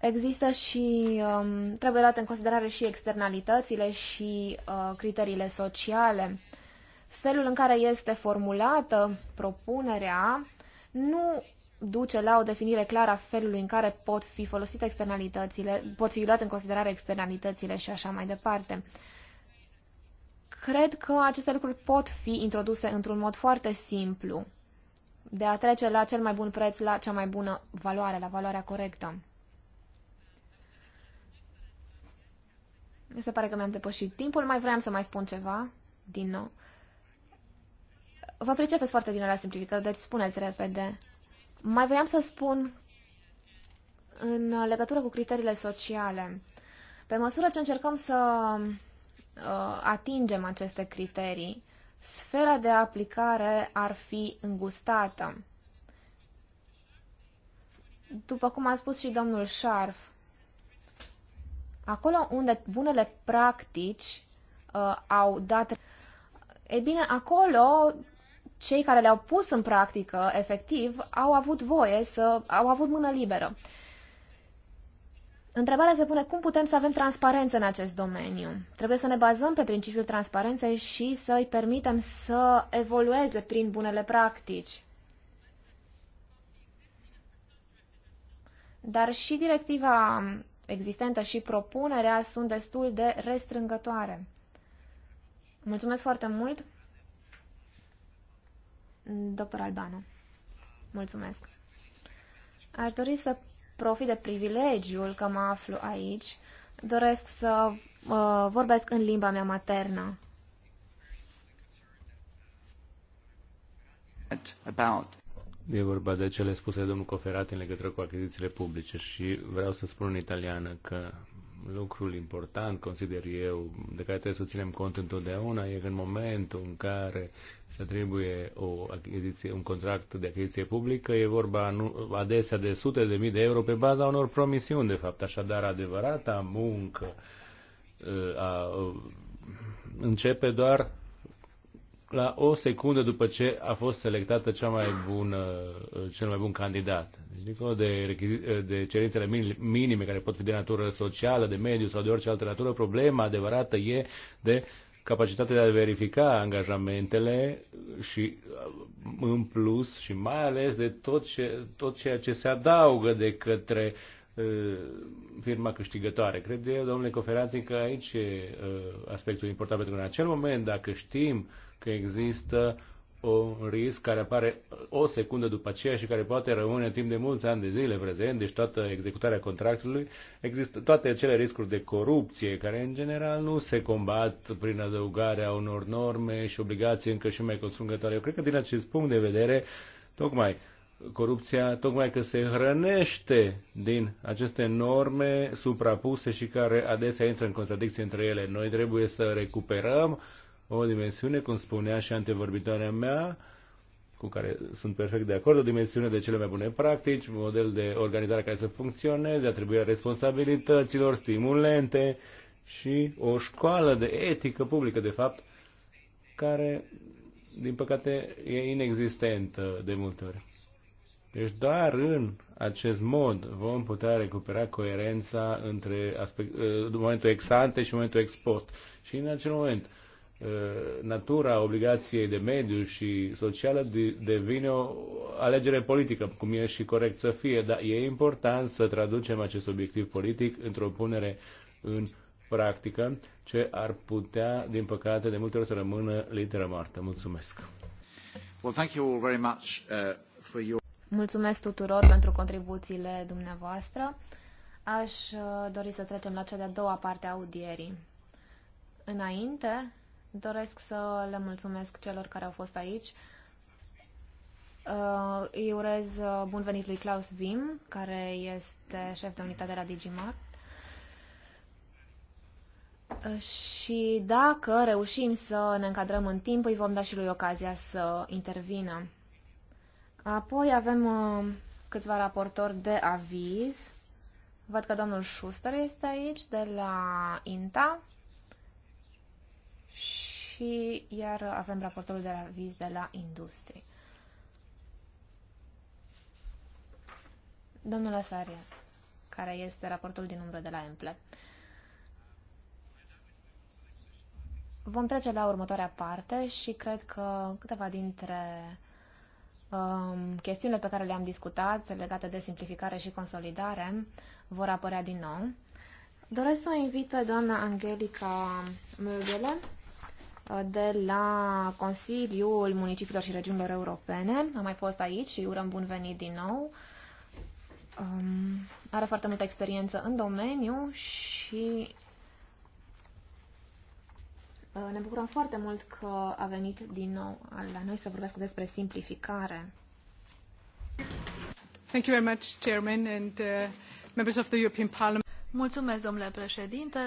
Există și, um, trebuie luate în considerare și externalitățile și uh, criteriile sociale. Felul în care este formulată propunerea nu duce la o definire clară a felului în care pot fi folosite externalitățile, pot fi luate în considerare externalitățile și așa mai departe. Cred că aceste lucruri pot fi introduse într-un mod foarte simplu de a trece la cel mai bun preț, la cea mai bună valoare, la valoarea corectă. Mi se pare că mi-am depășit timpul, mai vreau să mai spun ceva, din nou. Vă pricepeți foarte bine la simplificări, deci spuneți repede. Mai voiam să spun în legătură cu criteriile sociale. Pe măsură ce încercăm să uh, atingem aceste criterii, sfera de aplicare ar fi îngustată. După cum a spus și domnul Șarf, Acolo unde bunele practici uh, au dat. E bine, acolo cei care le-au pus în practică, efectiv, au avut voie să. au avut mână liberă. Întrebarea se pune cum putem să avem transparență în acest domeniu. Trebuie să ne bazăm pe principiul transparenței și să îi permitem să evolueze prin bunele practici. Dar și directiva existentă și propunerea sunt destul de restrângătoare. Mulțumesc foarte mult, doctor Albano. Mulțumesc. Aș dori să profit de privilegiul că mă aflu aici. Doresc să uh, vorbesc în limba mea maternă. About E vorba de cele spuse de domnul Coferat în legătură cu achizițiile publice și vreau să spun în italiană că lucrul important, consider eu, de care trebuie să ținem cont întotdeauna, e că în momentul în care se atribuie o achiziție, un contract de achiziție publică, e vorba nu, adesea de sute de mii de euro pe baza unor promisiuni, de fapt. Așadar, adevărata muncă uh, a, a uh, începe doar la o secundă după ce a fost selectată cea mai bună, uh, cel mai bun candidat. Deci, dincolo de, uh, de cerințele minime care pot fi de natură socială, de mediu sau de orice altă natură, problema adevărată e de capacitatea de a verifica angajamentele și uh, în plus și mai ales de tot, ce, tot ceea ce se adaugă de către uh, firma câștigătoare. Cred eu, domnule Coferati, că aici e uh, aspectul important, pentru că în acel moment, dacă știm uh, că există un risc care apare o secundă după aceea și care poate rămâne timp de mulți ani de zile prezent, deci toată executarea contractului, există toate acele riscuri de corupție care în general nu se combat prin adăugarea unor norme și obligații încă și mai consumătoare. Eu cred că din acest punct de vedere, tocmai corupția, tocmai că se hrănește din aceste norme suprapuse și care adesea intră în contradicție între ele. Noi trebuie să recuperăm uh, o dimensiune, cum spunea și antevorbitoarea mea, cu care sunt perfect de acord, o dimensiune de cele mai bune practici, model de organizare care să funcționeze, atribuirea responsabilităților, stimulente și o școală de etică publică, de fapt, care, din păcate, e inexistentă de multe ori. Deci doar în acest mod vom putea recupera coerența între aspect, momentul ex ante și momentul ex post. Și în acel moment Eh, natura obligației de mediu și socială devine o alegere politică, cum e și corect să fie, dar e important să traducem acest obiectiv politic într-o punere în practică, ce ar putea, din păcate, de multe ori să rămână literă moartă. Mulțumesc! Well, thank you all very much, uh, for your... Mulțumesc tuturor pentru contribuțiile dumneavoastră. Aș uh, dori să trecem la cea de-a doua parte a audierii. Înainte, Doresc să le mulțumesc celor care au fost aici. Uh, îi urez uh, bun venit lui Klaus Wim, care este șef de unitate la Uh, Și dacă reușim să ne încadrăm în timp, îi vom da și lui ocazia să intervină. Apoi avem uh, câțiva raportori de aviz. Văd că domnul Schuster este aici, de la INTA și iar avem raportorul de la viz de la industrie. Domnul Asarias, care este raportorul din umbră de la Emple. Vom trece la următoarea parte și cred că câteva dintre um, chestiunile pe care le-am discutat legate de simplificare și consolidare vor apărea din nou. Doresc să o invit pe doamna Angelica Mögele, Uh, de la Consiliul Municipiilor și Regiunilor Europene. Am mai fost aici și urăm bun venit din nou. Um, are foarte multă experiență în domeniu și uh, ne bucurăm foarte mult că a venit din nou la noi să vorbească despre simplificare. Thank you very much, Chairman and uh, members of the European Parliament. Mulțumesc, domnule președinte.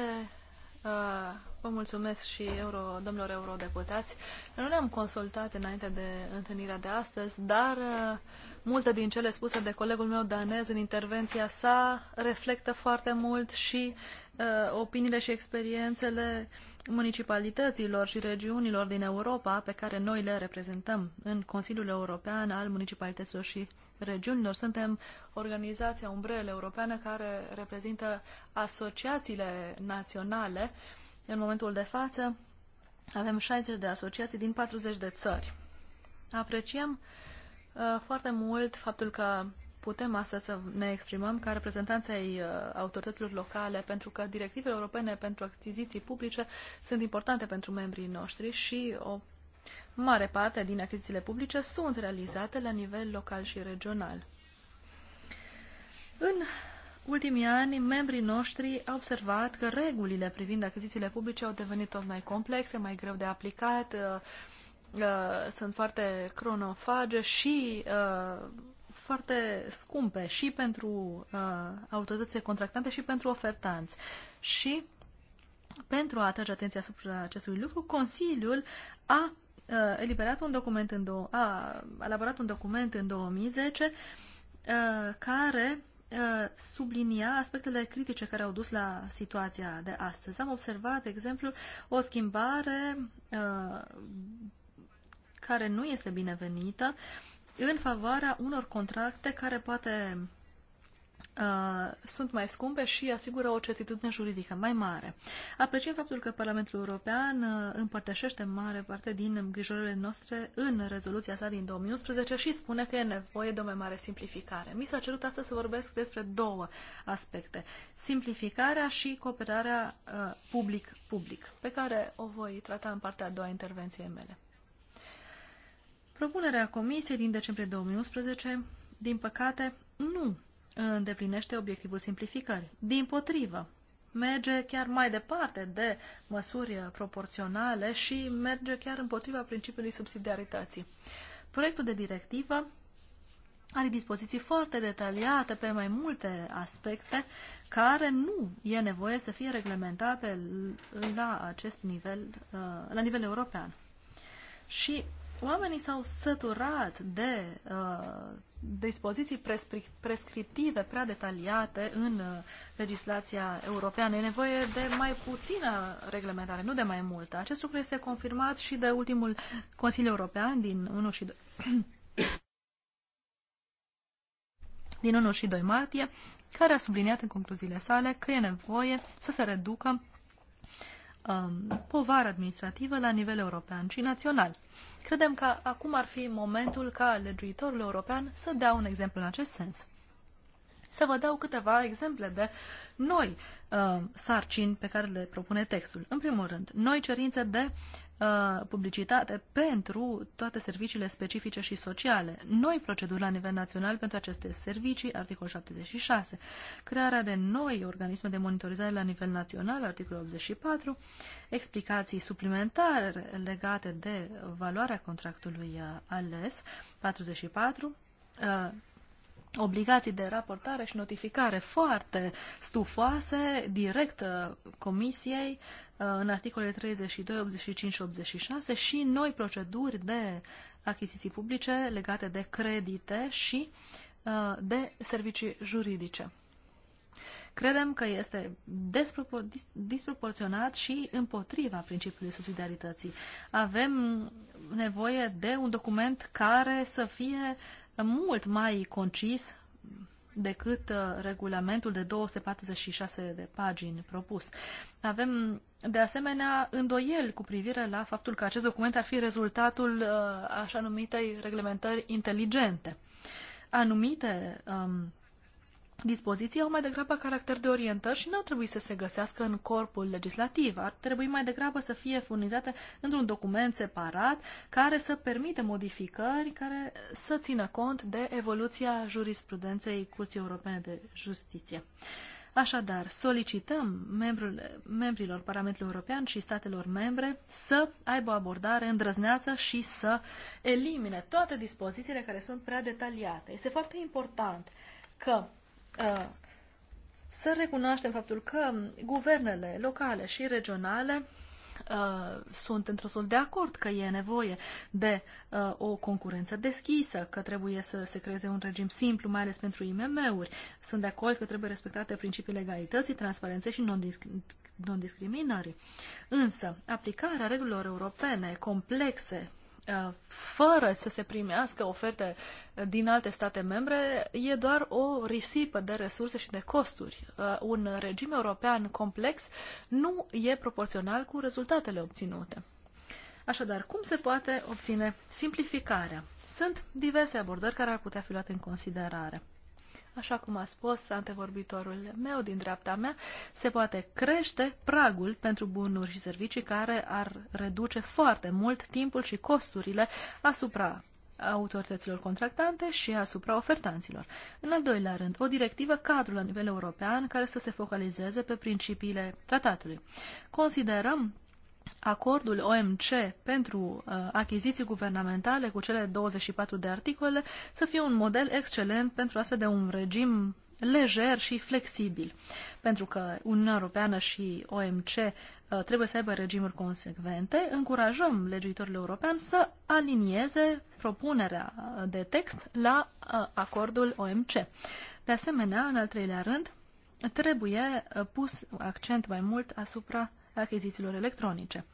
Uh, Vă mulțumesc și euro, domnilor eurodeputați. Nu ne-am consultat înainte de întâlnirea de astăzi, dar uh, multe din cele spuse de colegul meu danez în intervenția sa reflectă foarte mult și uh, opiniile și experiențele municipalităților și regiunilor din Europa pe care noi le reprezentăm în Consiliul European al Municipalităților și Regiunilor. Suntem organizația Umbrele Europeană care reprezintă asociațiile naționale uh, în momentul de față avem 60 de asociații din 40 de țări. Apreciem uh, foarte mult faptul că putem astăzi să ne exprimăm ca reprezentanții uh, autorităților locale, pentru că directivele europene pentru achiziții publice sunt importante pentru membrii noștri și o mare parte din achizițiile publice sunt realizate la nivel local și regional. În ultimii ani, membrii noștri au observat că regulile privind achizițiile publice au devenit tot mai complexe, mai greu de aplicat, uh, uh, sunt foarte cronofage și uh, foarte scumpe și pentru autoritățile contractante și pentru ofertanți. Și pentru a atrage atenția asupra acestui lucru, Consiliul a eliberat un document în două, a elaborat un document în 2010 care Uh, sublinia aspectele critice care au dus la situația de astăzi. Am observat, de exemplu, o schimbare uh, care nu este binevenită în favoarea unor contracte care poate Uh, sunt mai scumpe și asigură o certitudine juridică mai mare. Apreciem faptul că Parlamentul European uh, împărtășește mare parte din îngrijorările noastre în rezoluția sa din 2011 și spune că e nevoie de o mai mare simplificare. Mi s-a cerut astăzi să vorbesc despre două aspecte. Simplificarea și cooperarea uh, public-public, pe care o voi trata în partea a doua intervenției mele. Propunerea Comisiei din decembrie 2011, din păcate, nu îndeplinește obiectivul simplificării. Din potrivă, merge chiar mai departe de măsuri proporționale și merge chiar împotriva principiului subsidiarității. Proiectul de directivă are dispoziții foarte detaliate pe mai multe aspecte care nu e nevoie să fie reglementate la acest nivel, uh, la nivel european. Și oamenii s-au săturat de uh, dispoziții prescriptive prea detaliate în uh, legislația europeană. E nevoie de mai puțină reglementare, nu de mai multă. Acest lucru este confirmat și de ultimul Consiliu European din 1 și 2 din 1 și 2 martie, care a subliniat în concluziile sale că e nevoie să se reducă um, povară administrativă la nivel european și național. Credem că acum ar fi momentul ca legiuitorul european să dea un exemplu în acest sens. Să vă dau câteva exemple de noi uh, sarcini pe care le propune textul. În primul rând, noi cerințe de Uh, publicitate pentru toate serviciile specifice și sociale. Noi proceduri la nivel național pentru aceste servicii, articol 76. Crearea de noi organisme de monitorizare la nivel național, articol 84. Explicații suplimentare legate de valoarea contractului uh, ales, 44 obligații de raportare și notificare foarte stufoase direct uh, comisiei uh, în articolele 32, 85 și 86 și noi proceduri de achiziții publice legate de credite și uh, de servicii juridice. Credem că este despropor disproporționat și împotriva principiului subsidiarității. Avem nevoie de un document care să fie uh, mult mai concis decât uh, regulamentul de 246 de pagini propus. Avem, de asemenea, îndoieli cu privire la faptul că acest document ar fi rezultatul uh, așa numitei reglementări inteligente. Anumite um, dispoziții au mai degrabă caracter de orientări și nu ar trebui să se găsească în corpul legislativ. Ar trebui mai degrabă să fie furnizate într-un document separat care să permite modificări care să țină cont de evoluția jurisprudenței Curții Europene de Justiție. Așadar, solicităm membrul, membrilor Parlamentului European și statelor membre să aibă o abordare îndrăzneață și să elimine toate dispozițiile care sunt prea detaliate. Este foarte important că să recunoaștem faptul că guvernele locale și regionale sunt într o sol de acord că e nevoie de uh, o concurență deschisă, că trebuie să se creeze un regim simplu, mai ales pentru IMM-uri. Sunt de acord că trebuie respectate principiile egalității, transparenței și non-discriminării. Însă, aplicarea regulilor europene complexe Uh, fără să se primească oferte din alte state membre, e doar o risipă de resurse și de costuri. Uh, un regim european complex nu e proporțional cu rezultatele obținute. Așadar, cum se poate obține simplificarea? Sunt diverse abordări care ar putea fi luate în considerare. Așa cum a spus antevorbitorul meu din dreapta mea, se poate crește pragul pentru bunuri și servicii care ar reduce foarte mult timpul și costurile asupra autorităților contractante și asupra ofertanților. În al doilea rând, o directivă cadru la nivel european care să se focalizeze pe principiile tratatului. Considerăm acordul OMC pentru uh, achiziții guvernamentale cu cele 24 de articole să fie un model excelent pentru astfel de un regim lejer și flexibil, pentru că Uniunea Europeană și OMC uh, trebuie să aibă regimuri consecvente, încurajăm legiuitorul european să alinieze propunerea de text la uh, acordul OMC. De asemenea, în al treilea rând, trebuie uh, pus accent mai mult asupra achizițiilor electronice.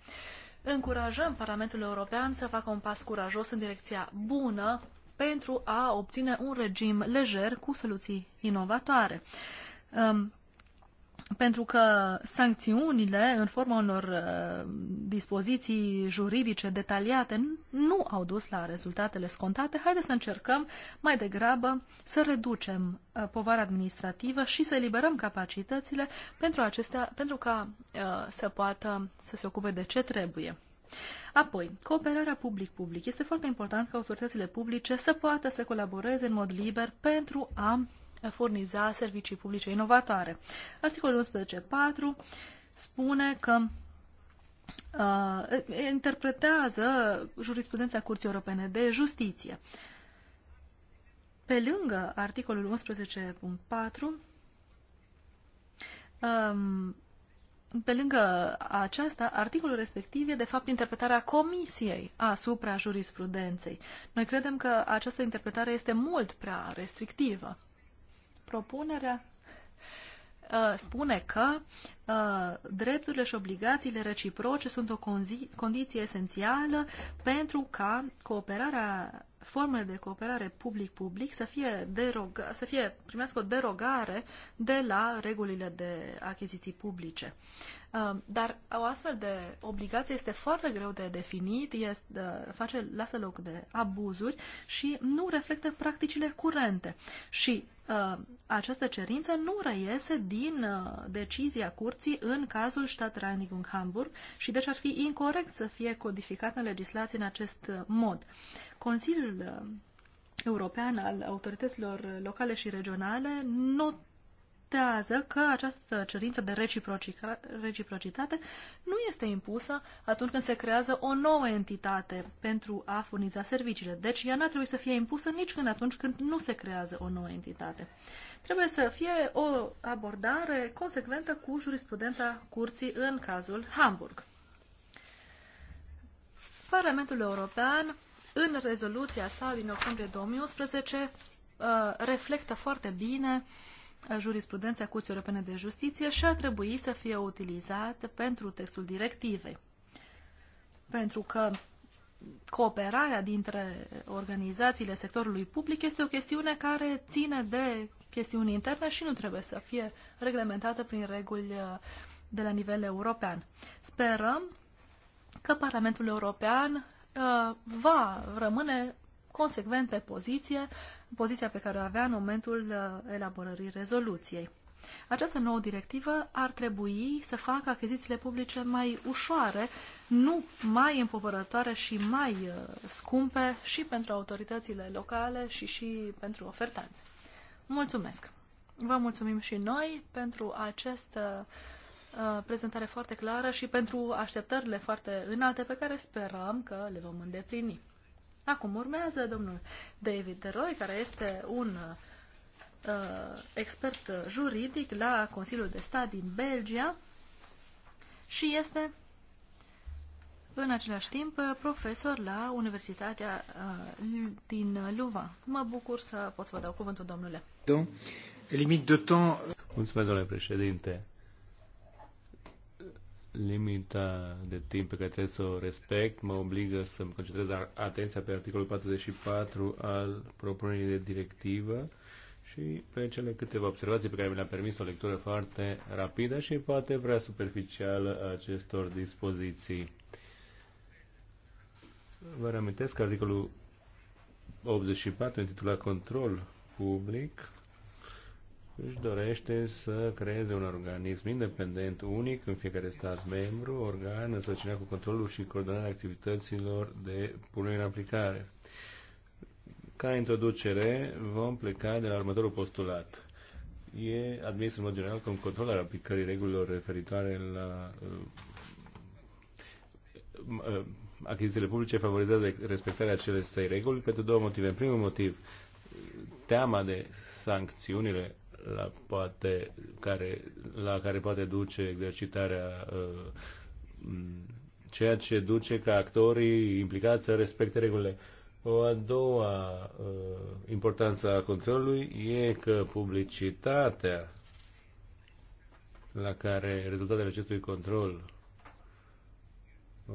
Încurajăm Parlamentul European să facă un pas curajos în direcția bună pentru a obține un regim lejer cu soluții inovatoare pentru că sancțiunile, în forma unor uh, dispoziții juridice detaliate, nu au dus la rezultatele scontate, haideți să încercăm mai degrabă să reducem uh, povara administrativă și să eliberăm capacitățile pentru, acestea, pentru ca uh, să poată să se ocupe de ce trebuie. Apoi, cooperarea public-public. Este foarte important ca autoritățile publice să poată să colaboreze în mod liber pentru a a furniza servicii publice inovatoare. Articolul 11.4 spune că uh, interpretează jurisprudența Curții Europene de Justiție. Pe lângă articolul 11.4, um, pe lângă aceasta, articolul respectiv e de fapt interpretarea Comisiei asupra jurisprudenței. Noi credem că această interpretare este mult prea restrictivă propunerea uh, spune că uh, drepturile și obligațiile reciproce sunt o condiție esențială pentru ca cooperarea formele de cooperare public-public să fie, deroga, să fie primească o derogare de la regulile de achiziții publice. Um, dar o astfel de obligație este foarte greu de definit, este, face, lasă loc de abuzuri și nu reflectă practicile curente. Și um, această cerință nu răiese din uh, decizia curții în cazul Stadtreinigung Hamburg și deci ar fi incorrect să fie codificat în legislație în acest uh, mod. Consiliul uh, european al autorităților locale și regionale not, notează că această cerință de reciprocitate nu este impusă atunci când se creează o nouă entitate pentru a furniza serviciile. Deci ea nu ar trebui să fie impusă nici când atunci când nu se creează o nouă entitate. Trebuie să fie o abordare consecventă cu jurisprudența curții în cazul Hamburg. Parlamentul European, în rezoluția sa din octombrie 2011, uh, reflectă foarte bine uh, jurisprudența Curții Europene de Justiție și ar trebui să fie utilizat pentru textul directivei. Pentru că cooperarea dintre organizațiile sectorului public este o chestiune care ține de chestiuni interne și nu trebuie să fie reglementată prin reguli uh, de la nivel european. Sperăm că Parlamentul European uh, va rămâne consecvent pe poziție poziția pe care o avea în momentul uh, elaborării rezoluției. Această nouă directivă ar trebui să facă achizițiile publice mai ușoare, nu mai împovărătoare și mai uh, scumpe și pentru autoritățile locale și și pentru ofertanți. Mulțumesc! Vă mulțumim și noi pentru această uh, prezentare foarte clară și pentru așteptările foarte înalte pe care sperăm că le vom îndeplini. Acum urmează domnul David de Roy, care este un uh, expert juridic la Consiliul de Stat din Belgia și este în același timp profesor la Universitatea uh, din Louvain. Mă bucur să pot să vă dau cuvântul, domnule. Limit de temps. Mulțumesc, domnule președinte limita de timp pe care trebuie să o respect mă obligă să-mi concentrez atenția pe articolul 44 al propunerii de directivă și pe cele câteva observații pe care mi le-a permis o lectură foarte rapidă și poate prea superficială a acestor dispoziții. Vă reamintesc că articolul 84 intitulat Control public își dorește să creeze un organism independent unic în fiecare stat membru, organ însăcinat cu controlul și coordonarea activităților de punere în aplicare. Ca introducere, vom pleca de la următorul postulat. E admis în mod general că un control al aplicării regulilor referitoare la uh, uh achizițiile publice favorizează respectarea acelei reguli pentru două motive. În primul motiv, teama de sancțiunile la, poate, care, la care poate duce exercitarea uh, ceea ce duce ca actorii implicați să respecte regulile. O a doua uh, importanță a controlului e că publicitatea la care rezultatele acestui control uh,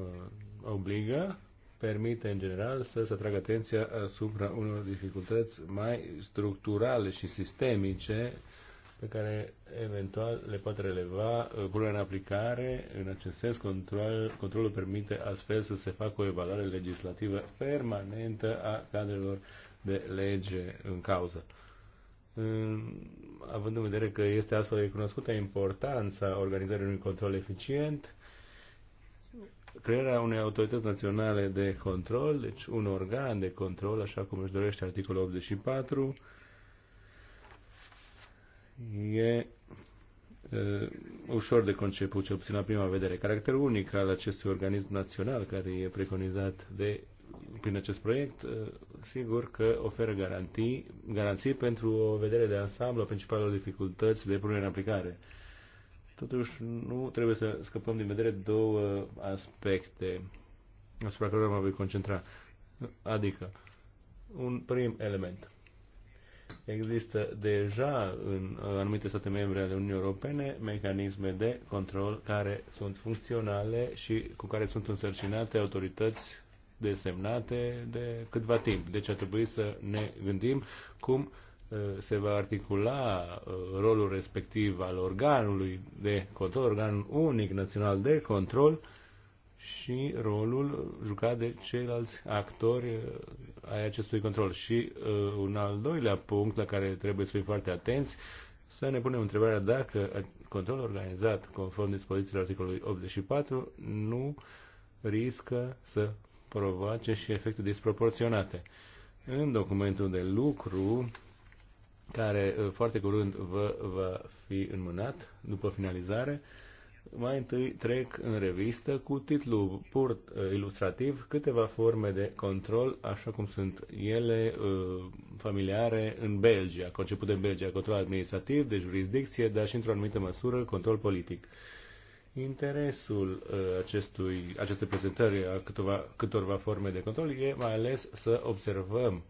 obligă permite în general să se atragă atenția asupra unor dificultăți mai structurale și sistemice pe care eventual le poate releva uh, punerea în aplicare. În acest sens, control, controlul permite astfel să se facă o evaluare legislativă permanentă a cadrelor de lege în cauză. Având în vedere că este astfel recunoscută importanța organizării unui control eficient, crearea unei autorități naționale de control, deci un organ de control, așa cum își dorește articolul 84, e uh, ușor de conceput, cel puțin la prima vedere. Caracterul unic al acestui organism național care e preconizat de prin acest proiect, sigur că oferă garantii, garanții pentru o vedere de ansamblu a principalelor dificultăți de punere în aplicare Totuși, nu trebuie să scăpăm din vedere două aspecte asupra cărora mă voi concentra. Adică, un prim element. Există deja în anumite state membre ale Uniunii Europene mecanisme de control care sunt funcționale și cu care sunt însărcinate autorități desemnate de câtva timp. Deci ar trebui să ne gândim cum Uh, se va articula uh, rolul respectiv al organului de control, organul unic național de control și rolul jucat de ceilalți actori uh, ai acestui control. Și un al doilea punct la care trebuie să fim foarte atenți, să ne punem întrebarea dacă controlul organizat conform dispozițiilor articolului 84 nu riscă să provoace și efecte disproporționate. În documentul de lucru care uh, foarte curând vă va fi înmânat după finalizare. Mai întâi trec în revistă cu titlu pur uh, ilustrativ câteva forme de control, așa cum sunt ele uh, familiare în Belgia, conceput de Belgia, control administrativ, de jurisdicție, dar și într-o anumită măsură control politic. Interesul acestui, acestei prezentări a câtorva, câtorva forme de control e mai ales să observăm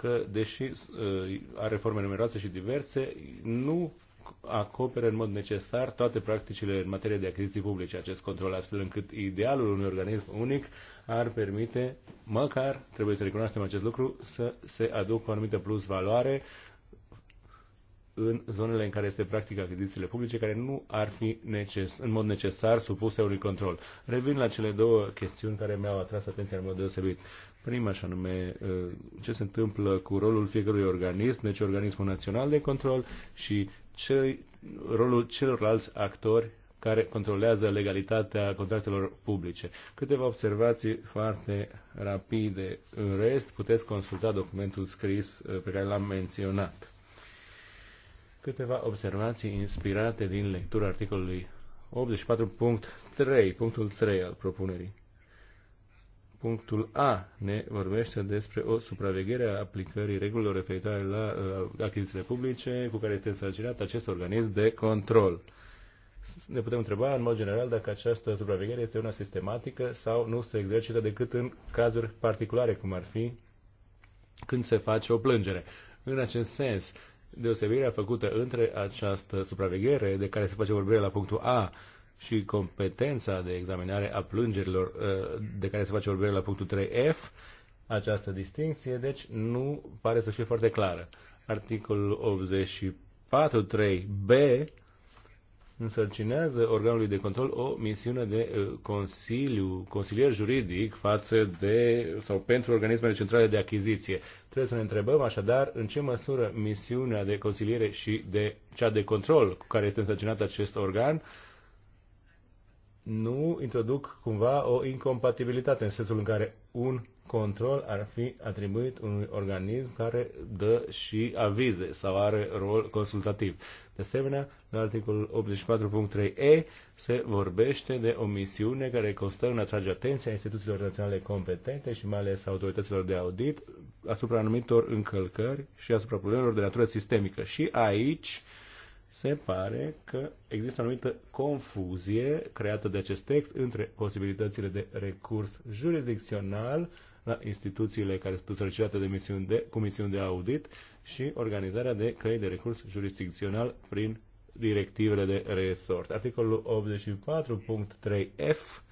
că, deși uh, are forme numeroase și diverse, nu acopere în mod necesar toate practicile în materie de achiziții publice acest control, astfel încât idealul unui organism unic ar permite, măcar, trebuie să recunoaștem acest lucru, să se aducă o anumită plus valoare în zonele în care se practică achizițiile publice, care nu ar fi neces- în mod necesar supuse unui control. Revin la cele două chestiuni care mi-au atras atenția în mod deosebit. Prima, așa nume ă, ce se întâmplă cu rolul fiecărui organism, deci organismul național de control și ce, rolul celorlalți actori care controlează legalitatea contractelor publice. Câteva observații foarte rapide. În rest, puteți consulta documentul scris ă, pe care l-am menționat. Câteva observații inspirate din lectura articolului 84.3, punctul 3 al propunerii. Punctul A ne vorbește despre o supraveghere a aplicării regulilor referitoare la uh, achizițiile publice cu care este însărcinat acest organism de control. Ne putem întreba, în mod general, dacă această supraveghere este una sistematică sau nu se exercită decât în cazuri particulare, cum ar fi când se face o plângere. În acest sens, deosebirea făcută între această supraveghere de care se face vorbire la punctul A și competența de examinare a plângerilor uh, de care se face vorbire la punctul 3F, această distinție, deci nu pare să fie foarte clară. Articolul 84.3b însărcinează organului de control o misiune de uh, consiliu, consilier juridic față de sau pentru organismele centrale de achiziție. Trebuie să ne întrebăm așadar în ce măsură misiunea de consiliere și de cea de control cu care este însărcinat acest organ uh, nu introduc cumva o incompatibilitate în sensul în care un control ar fi atribuit unui organism care dă și avize sau are rol consultativ. De asemenea, la articolul 84.3e se vorbește de o misiune care constă în atrage atenția instituțiilor naționale competente și mai ales autorităților de audit asupra anumitor încălcări și asupra problemelor de natură sistemică. Și aici, uh, se pare că există o anumită confuzie creată de acest text între posibilitățile de recurs jurisdicțional la instituțiile care sunt solicitate de misiuni de, cu misiuni de audit și organizarea de căi de recurs jurisdicțional prin directivele de resort. Articolul 84.3f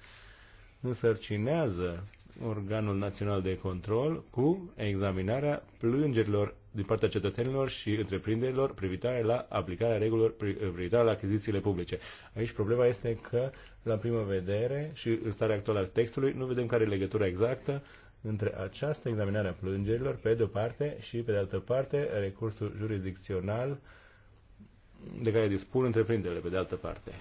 însărcinează organul național de control cu examinarea plângerilor din partea cetățenilor și întreprinderilor privitoare la aplicarea regulilor eh, privitoare la achizițiile publice. Aici problema este că, la prima vedere și în starea actuală a textului, nu vedem care e legătura exactă între această examinare a plângerilor, pe de o parte, și pe de altă parte, recursul jurisdicțional de care dispun întreprinderile, pe de altă parte.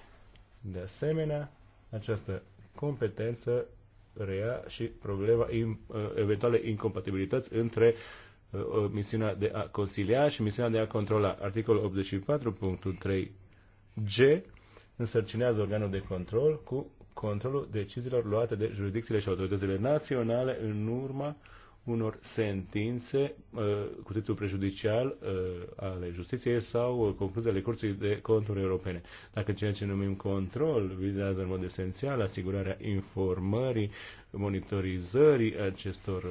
De asemenea, această competență rea și problema eh, eventuale incompatibilități între uh, Uh, uh, misiunea de a consilia și misiunea de a controla. Articolul 84.3g însărcinează organul de control cu controlul deciziilor luate de jurisdicțiile și autoritățile naționale în urma uh, unor sentințe uh, cu titlul prejudicial uh, ale justiției sau uh, concluzii ale Curții de Conturi Europene. Dacă ceea ce numim control vizează în mod esențial asigurarea informării, monitorizării acestor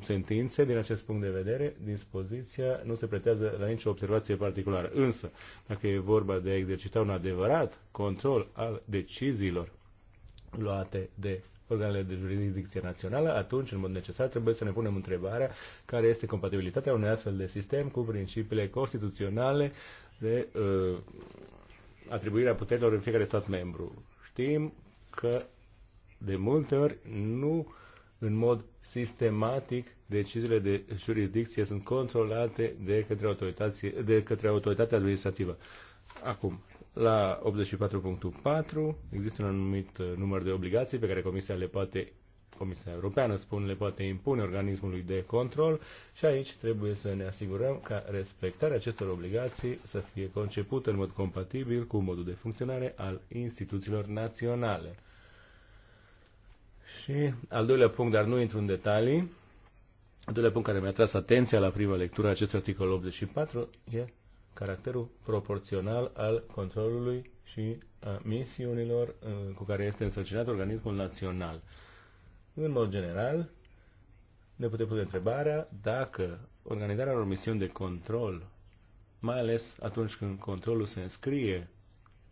sentințe, din acest punct de vedere, dispoziția nu se pretează la nicio observație particulară. Însă, dacă e vorba de a exercita un adevărat control al deciziilor luate de organele de jurisdicție națională, atunci, în mod necesar, trebuie să ne punem întrebarea care este compatibilitatea unui astfel de sistem cu principiile constituționale de uh, atribuirea puterilor în fiecare stat membru. Știm că de multe ori nu în mod sistematic deciziile de jurisdicție sunt controlate de către, autorități, de către autoritatea administrativă. Acum, la 84.4 există un anumit uh, număr de obligații pe care Comisia le poate Comisia Europeană, spun, le poate impune organismului de control și aici trebuie să ne asigurăm ca respectarea acestor obligații să fie concepută în mod compatibil cu modul de funcționare al instituțiilor naționale. Și al doilea punct, dar nu intru în detalii, al doilea punct care mi-a tras atenția la prima lectură a acestui articol 84 e caracterul proporțional al controlului și a misiunilor uh, cu care este însărcinat organismul național. În mod general, ne putem pune întrebarea dacă organizarea unor misiuni de control, mai ales atunci când controlul se înscrie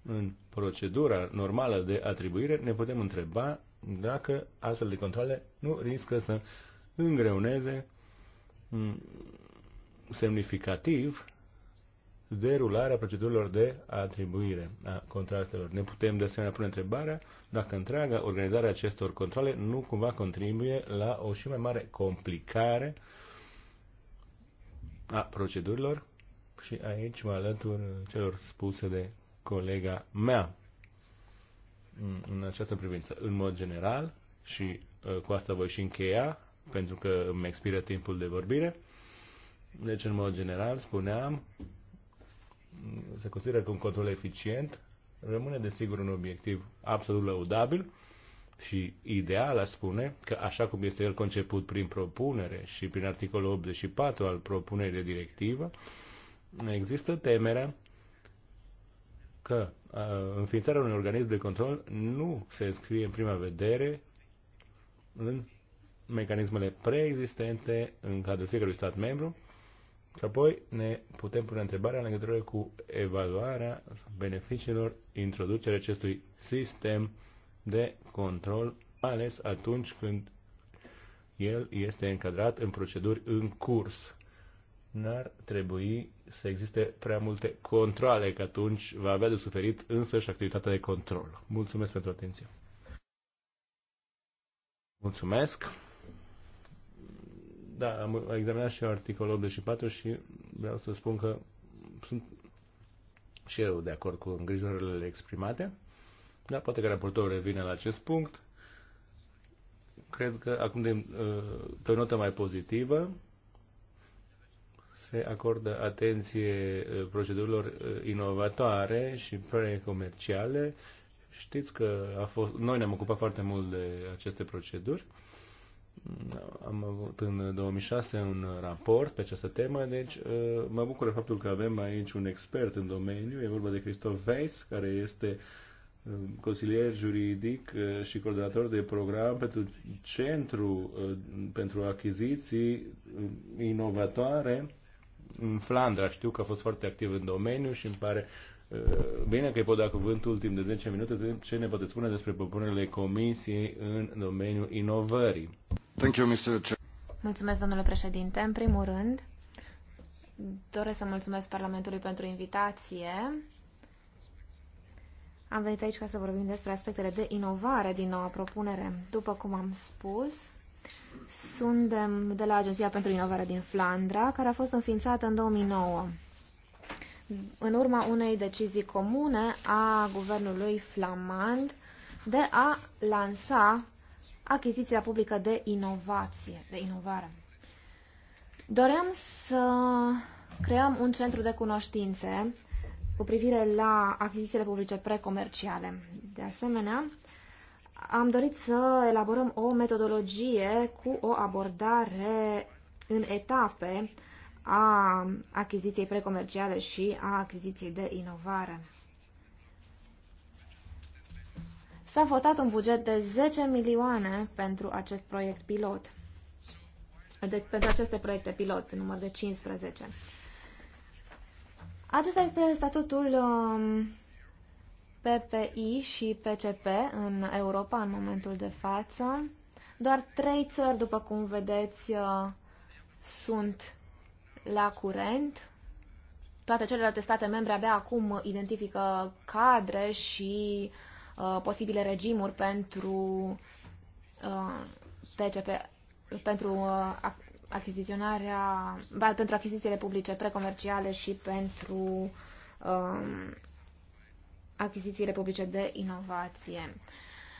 în procedura normală de atribuire, ne putem întreba dacă astfel de controle nu riscă să îngreuneze mm, semnificativ derularea procedurilor de atribuire a contractelor. Ne putem de asemenea pune întrebarea dacă întreaga organizarea acestor controle nu cumva contribuie la o și mai mare complicare a procedurilor și aici mă alătur celor spuse de colega mea în această privință. În mod general, și uh, cu asta voi și încheia, pentru că îmi expiră timpul de vorbire, deci în mod general spuneam se consideră că un control eficient rămâne desigur un obiectiv absolut lăudabil și ideal, a spune, că așa cum este el conceput prin propunere și prin articolul 84 al propunerii de directivă, există temerea că uh, înființarea unui organism de control nu se înscrie în prima vedere în mecanismele preexistente în cadrul fiecărui stat membru și apoi ne putem pune întrebarea în legătură cu evaluarea beneficiilor introducerea acestui sistem de control, ales atunci când el este încadrat în proceduri în curs. N-ar trebui să existe prea multe controle, că atunci va avea de suferit însă și activitatea de control. Mulțumesc pentru atenție! Mulțumesc! Da, am examinat și articolul 84 și vreau să spun că sunt și eu de acord cu îngrijorările exprimate, dar poate că raportorul revine la acest punct. Cred că acum, de, uh, pe o notă mai pozitivă, se acordă atenție uh, procedurilor uh, inovatoare și precomerciale. Știți că a fost, noi ne-am ocupat foarte mult de aceste proceduri am avut în 2006 un raport pe această temă, deci uh, mă bucură faptul că avem aici un expert în domeniu, e vorba de Christoph Weiss, care este uh, consilier juridic uh, și coordonator de program pentru Centru pentru Achiziții Inovatoare în Flandra. Știu că a fost foarte activ în domeniu și îmi pare Bine că îi pot da cuvântul timp de 10 minute. De ce ne poate spune despre propunerile Comisiei în domeniul inovării? Mulțumesc, În primul rând, doresc să mulțumesc Parlamentului pentru invitație. Am venit aici ca să vorbim despre aspectele de inovare din noua propunere. După cum am spus, suntem de la Agenția pentru Inovare din Flandra, care a fost înființată în 2009, în urma unei decizii comune a guvernului flamand de a lansa achiziția publică de inovație, de inovare. Doream să creăm un centru de cunoștințe cu privire la achizițiile publice precomerciale. De asemenea, am dorit să elaborăm o metodologie cu o abordare în etape a achiziției precomerciale și a achiziției de inovare. S-a votat un buget de 10 milioane pentru acest proiect pilot. Deci, pentru aceste proiecte pilot, număr de 15. Acesta este statutul um, PPI și PCP în Europa în momentul de față. Doar trei țări, după cum vedeți, uh, sunt la curent. Toate celelalte state membre abia acum identifică cadre și uh, Uh, posibile regimuri pentru uh, PCP, pentru uh, achiziționarea, ba, pentru achizițiile publice precomerciale și pentru uh, achizițiile publice de inovație.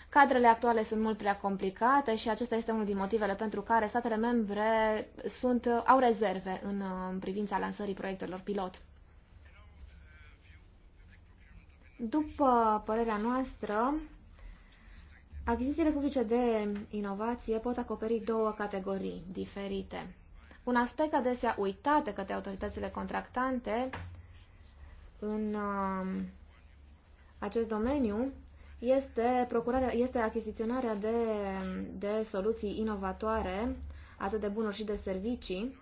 Cadrele actuale sunt mult prea complicate și acesta este unul din motivele pentru care statele membre sunt, au rezerve în uh, privința lansării proiectelor pilot. După părerea noastră, achizițiile publice de inovație pot acoperi două categorii diferite. Un aspect adesea uitat de către autoritățile contractante în um, acest domeniu este, procurarea, este achiziționarea de, de soluții inovatoare, atât de bunuri și de servicii.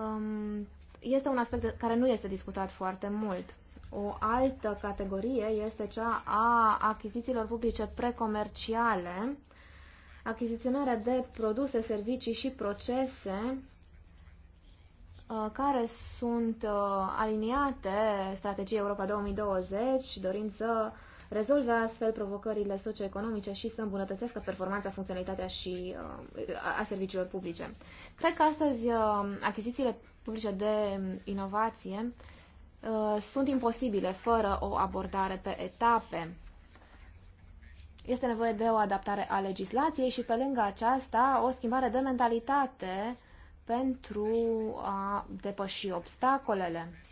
Um, este un aspect care nu este discutat foarte mult. O altă categorie este cea a achizițiilor publice precomerciale, achiziționarea de produse, servicii și procese uh, care sunt uh, aliniate strategiei Europa 2020, dorind să rezolve astfel provocările socioeconomice și să îmbunătățească performanța, funcționalitatea și uh, a serviciilor publice. Cred că astăzi achizițiile publice de inovație Uh, sunt imposibile fără o abordare pe etape. Este nevoie de o adaptare a legislației și pe lângă aceasta o schimbare de mentalitate pentru a depăși obstacolele.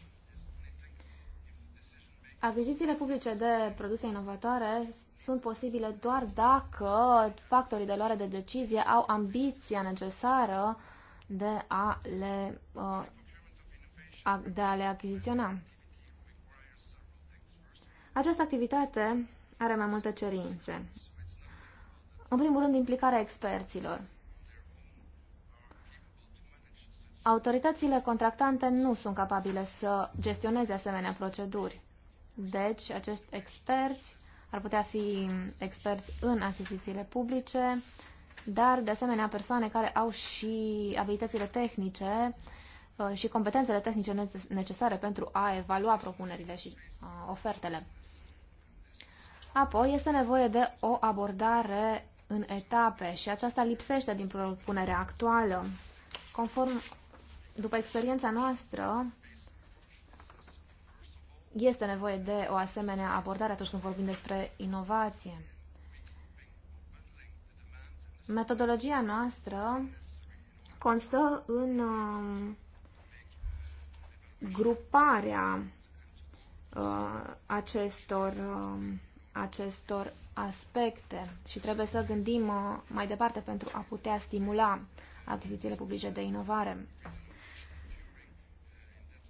Achizițiile publice de produse inovatoare sunt posibile doar dacă factorii de luare de decizie au ambiția necesară de a le uh, de a le achiziționa. Această activitate are mai multe cerințe. În primul rând, implicarea experților. Autoritățile contractante nu sunt capabile să gestioneze asemenea proceduri. Deci, acești experți ar putea fi experți în achizițiile publice, dar, de asemenea, persoane care au și abilitățile tehnice Uh, și competențele tehnice necesare pentru a evalua propunerile și uh, ofertele. Apoi, este nevoie de o abordare în etape și aceasta lipsește din propunerea actuală. Conform, după experiența noastră, este nevoie de o asemenea abordare atunci când vorbim despre inovație. Metodologia noastră constă în um, gruparea uh, acestor, uh, acestor aspecte și trebuie să gândim uh, mai departe pentru a putea stimula achizițiile publice de inovare.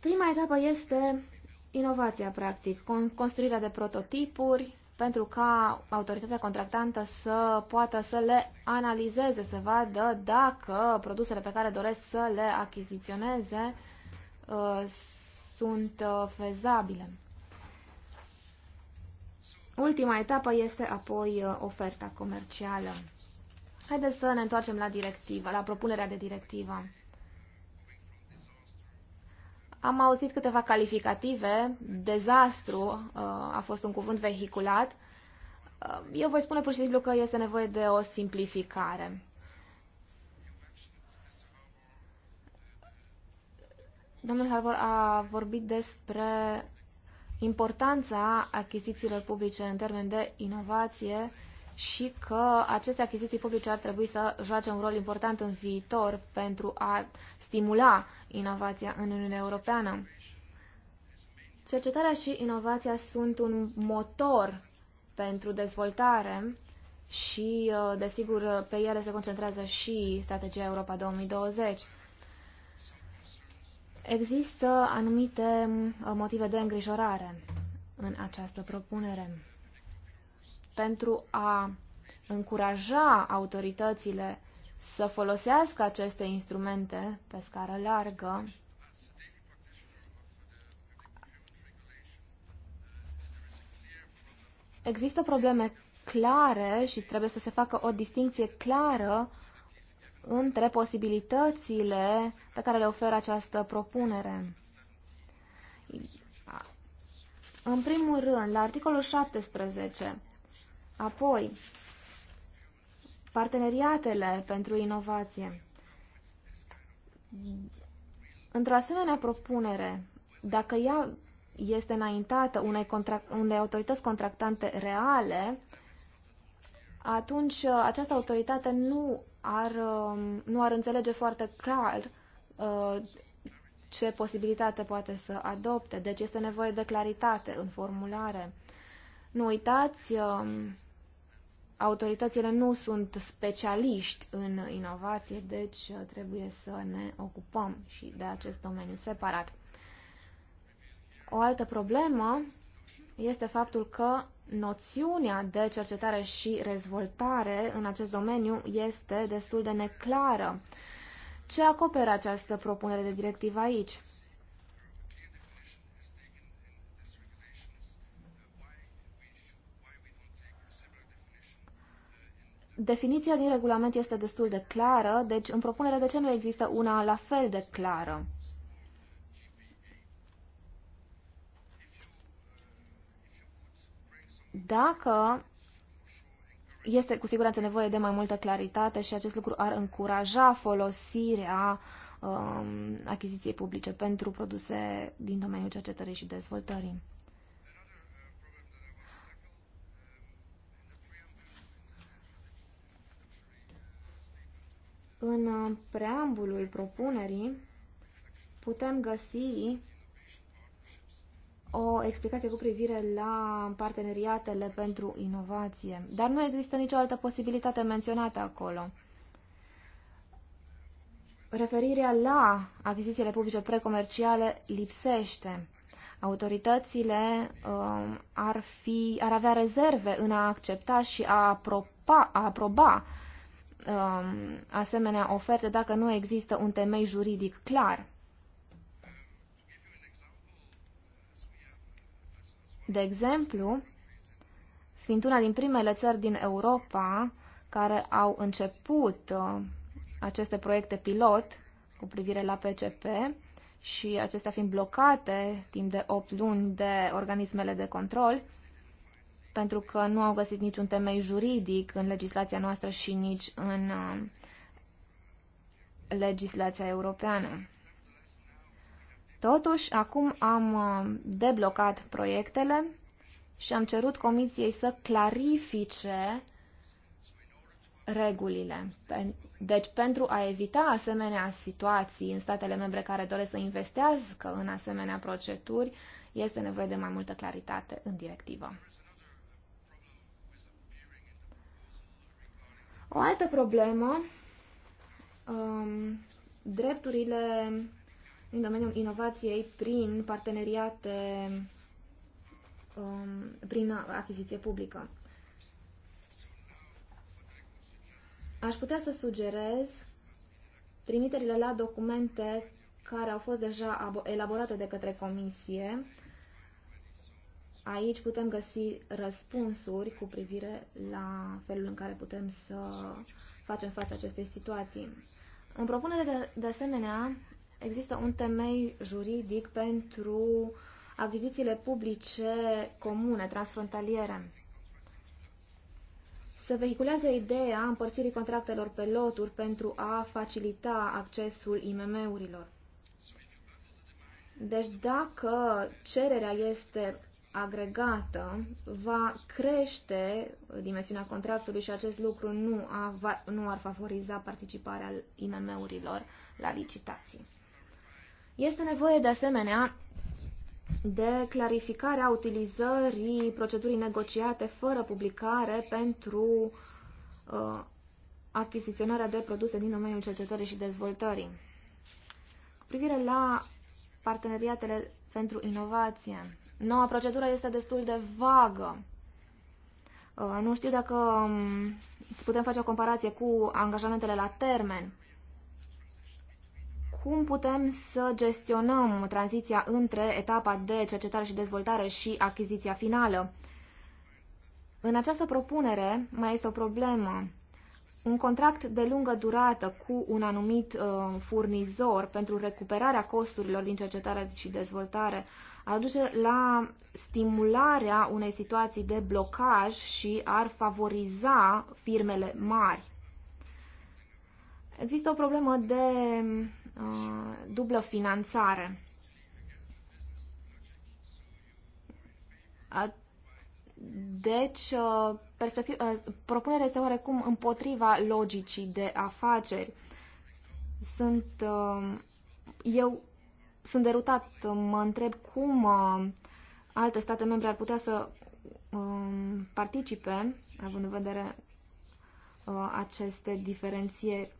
Prima etapă este inovația, practic, construirea de prototipuri pentru ca autoritatea contractantă să poată să le analizeze, să vadă dacă produsele pe care doresc să le achiziționeze Uh, sunt uh, fezabile. Ultima etapă este apoi uh, oferta comercială. Haideți să ne întoarcem la directivă, la propunerea de directivă. Am auzit câteva calificative. Dezastru a fost un cuvânt vehiculat. Eu voi spune pur și simplu că este nevoie de o simplificare. Domnul Harbour a vorbit despre importanța achizițiilor publice în termen de inovație și că aceste achiziții publice ar trebui să joace un rol important în viitor pentru a stimula inovația în Uniunea Europeană. Cercetarea și inovația sunt un motor pentru dezvoltare și, uh, desigur, pe ele se concentrează și strategia Europa 2020. Există anumite motive de îngrijorare în această propunere. Pentru a încuraja autoritățile să folosească aceste instrumente pe scară largă, există probleme clare și trebuie să se facă o distinție clară între posibilitățile pe care le oferă această propunere. În primul rând, la articolul 17, apoi parteneriatele pentru inovație. Într-o asemenea propunere, dacă ea este înaintată unei, contract, unei autorități contractante reale, atunci această autoritate nu ar, um, nu ar înțelege foarte clar uh, ce posibilitate poate să adopte. Deci este nevoie de claritate în formulare. Nu uitați, um, autoritățile nu sunt specialiști în inovație, deci uh, trebuie să ne ocupăm și de acest domeniu separat. O altă problemă este faptul că noțiunea de cercetare și dezvoltare în acest domeniu este destul de neclară. Ce acoperă această propunere de directivă aici? Definiția din regulament este destul de clară, deci în propunere de ce nu există una la fel de clară? Dacă este cu siguranță nevoie de mai multă claritate și acest lucru ar încuraja folosirea um, achiziției publice pentru produse din domeniul cercetării și dezvoltării. În preambulul propunerii putem găsi o explicație cu privire la parteneriatele pentru inovație, dar nu există nicio altă posibilitate menționată acolo. Referirea la achizițiile publice precomerciale lipsește. Autoritățile um, ar, fi, ar avea rezerve în a accepta și a, apropa, a aproba um, asemenea oferte dacă nu există un temei juridic clar. De exemplu, fiind una din primele țări din Europa care au început uh, aceste proiecte pilot cu privire la PCP și acestea fiind blocate timp de 8 luni de organismele de control, pentru că nu au găsit niciun temei juridic în legislația noastră și nici în uh, legislația europeană. Totuși, acum am uh, deblocat proiectele și am cerut comisiei să clarifice regulile. Deci, pentru a evita asemenea situații în statele membre care doresc să investească în asemenea proceduri, este nevoie de mai multă claritate în directivă. O altă problemă, um, drepturile în domeniul inovației prin parteneriate, um, prin achiziție publică. Aș putea să sugerez trimiterile la documente care au fost deja elaborate de către comisie. Aici putem găsi răspunsuri cu privire la felul în care putem să facem față acestei situații. În propunere de, de asemenea, există un temei juridic pentru achizițiile publice comune, transfrontaliere. Se vehiculează ideea împărțirii contractelor pe loturi pentru a facilita accesul IMM-urilor. Deci dacă cererea este agregată, va crește dimensiunea contractului și acest lucru nu, a, nu ar favoriza participarea IMM-urilor la licitații. Este nevoie de asemenea de clarificarea utilizării procedurii negociate fără publicare pentru uh, achiziționarea de produse din domeniul cercetării și dezvoltării. Cu privire la parteneriatele pentru inovație, noua procedură este destul de vagă. Uh, nu știu dacă um, putem face o comparație cu angajamentele la termen cum putem să gestionăm tranziția între etapa de cercetare și dezvoltare și achiziția finală. În această propunere mai este o problemă. Un contract de lungă durată cu un anumit uh, furnizor pentru recuperarea costurilor din cercetare și dezvoltare ar duce la stimularea unei situații de blocaj și ar favoriza firmele mari. Există o problemă de Uh, dublă finanțare. deci, uh, uh, propunerea este oarecum împotriva logicii de afaceri. Sunt, eu sunt derutat, mă întreb cum alte state membre ar putea să um, participe, având în vedere aceste diferențieri.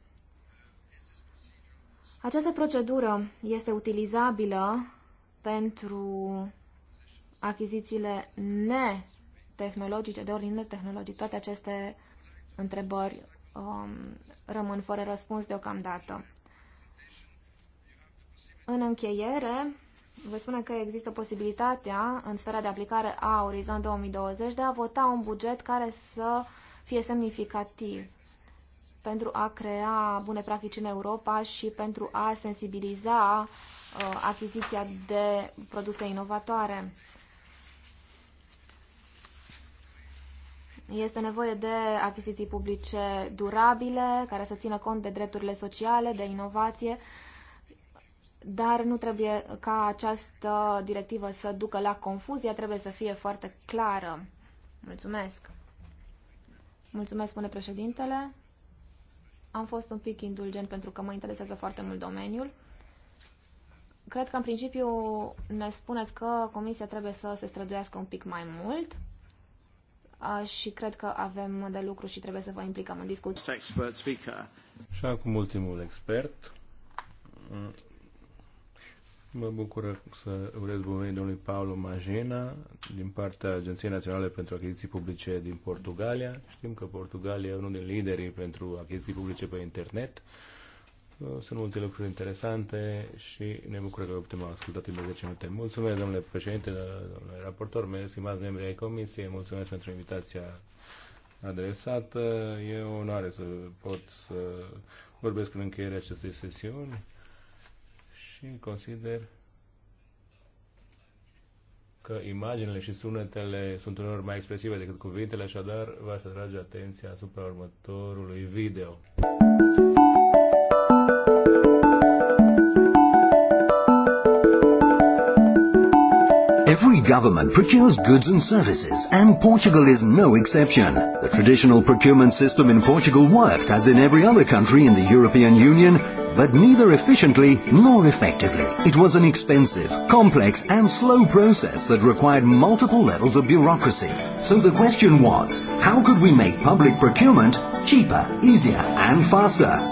Această procedură este utilizabilă pentru achizițiile netehnologice, de ordine netehnologic. Toate aceste întrebări um, rămân fără răspuns deocamdată. În încheiere, vă spune că există posibilitatea, în sfera de aplicare a Orizont 2020, de a vota un buget care să fie semnificativ pentru a crea bune practici în Europa și pentru a sensibiliza uh, achiziția de produse inovatoare. Este nevoie de achiziții publice durabile, care să țină cont de drepturile sociale, de inovație, dar nu trebuie ca această directivă să ducă la confuzie, trebuie să fie foarte clară. Mulțumesc! Mulțumesc, spune președintele. Am fost un pic indulgent pentru că mă interesează foarte mult domeniul. Cred că, în principiu, ne spuneți că comisia trebuie să se străduiască un pic mai mult și cred că avem de lucru și trebuie să vă implicăm în discuție. Și acum ultimul expert, Mă bucură să urez bun venit domnului Paulo Magena din partea Agenției Naționale pentru Achiziții Publice din Portugalia. Știm că Portugalia e unul din liderii pentru achiziții publice pe internet. Sunt multe lucruri interesante și ne bucură că putem asculta timp de 10 minute. Mulțumesc, domnule președinte, domnule raportor, mă stimați membri ai comisiei, mulțumesc pentru invitația adresată. E o onoare să pot să vorbesc în încheierea acestei sesiuni și consider că imaginele și sunetele sunt uneori mai expresive decât cuvintele, așadar v-aș atrage atenția asupra următorului video. Every government procures goods and services, and Portugal is no exception. The traditional procurement system in Portugal worked, as in every other country in the European Union, but neither efficiently nor effectively. It was an expensive, complex and slow process that required multiple levels of bureaucracy. So the question was, how could we make public procurement cheaper, easier and faster?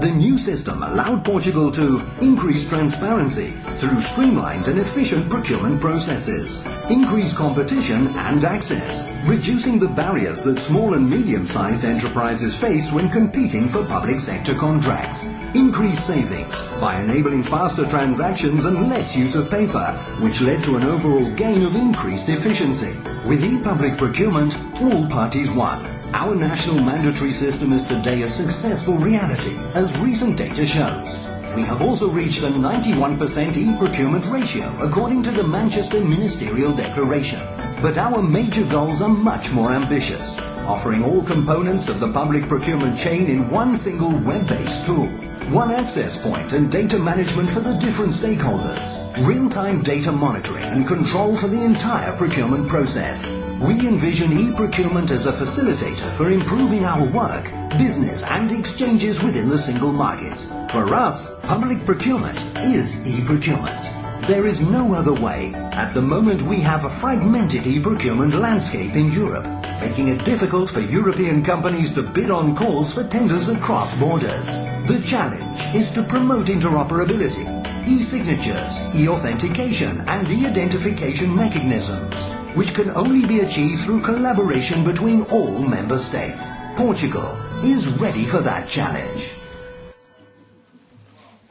The new system allowed Portugal to increase transparency through streamlined and efficient procurement processes, increase competition and access, reducing the barriers that small and medium-sized enterprises face when competing for public sector contracts, increase savings by enabling faster transactions and less use of paper, which led to an overall gain of increased efficiency. With e-public procurement, all parties won. Our national mandatory system is today a successful reality, as recent data shows. We have also reached a 91% e-procurement ratio according to the Manchester Ministerial Declaration. But our major goals are much more ambitious, offering all components of the public procurement chain in one single web-based tool. One access point and data management for the different stakeholders. Real-time data monitoring and control for the entire procurement process we envision e-procurement as a facilitator for improving our work, business and exchanges within the single market. For us, public procurement is e-procurement. There is no other way. At the moment we have a fragmented e-procurement landscape in Europe, making it difficult for European companies to bid on calls for tenders across borders. The challenge is to promote interoperability, e-signatures, e-authentication and e-identification mechanisms which can only be achieved through collaboration between all member states. Portugal is ready for that challenge.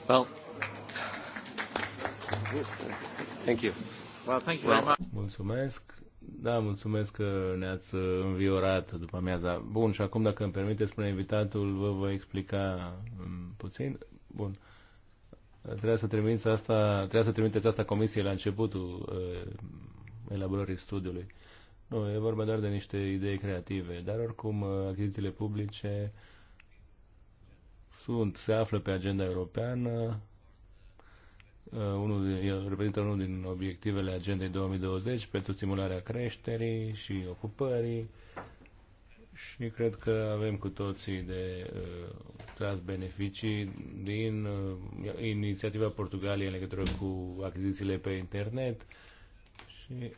Well, thank you. Well, thank you very much. Mulțumesc. Da, mulțumesc că ne-ați înviorat după amiaza. Bun, și acum, dacă îmi permite, spune invitatul, vă voi explica mm, puțin. Bun. Trebuie să, asta, Trebuie să trimiteți asta comisiei la începutul uh, elaborării studiului. Nu, e vorba doar de niște idei creative, dar oricum uh, achizițiile publice sunt, se află pe agenda europeană, uh, unul din, el reprezintă unul din obiectivele agendei 2020 pentru stimularea creșterii și ocupării și cred că avem cu toții de uh, tras beneficii din uh, inițiativa Portugaliei în legătură cu achizițiile pe internet, uh, și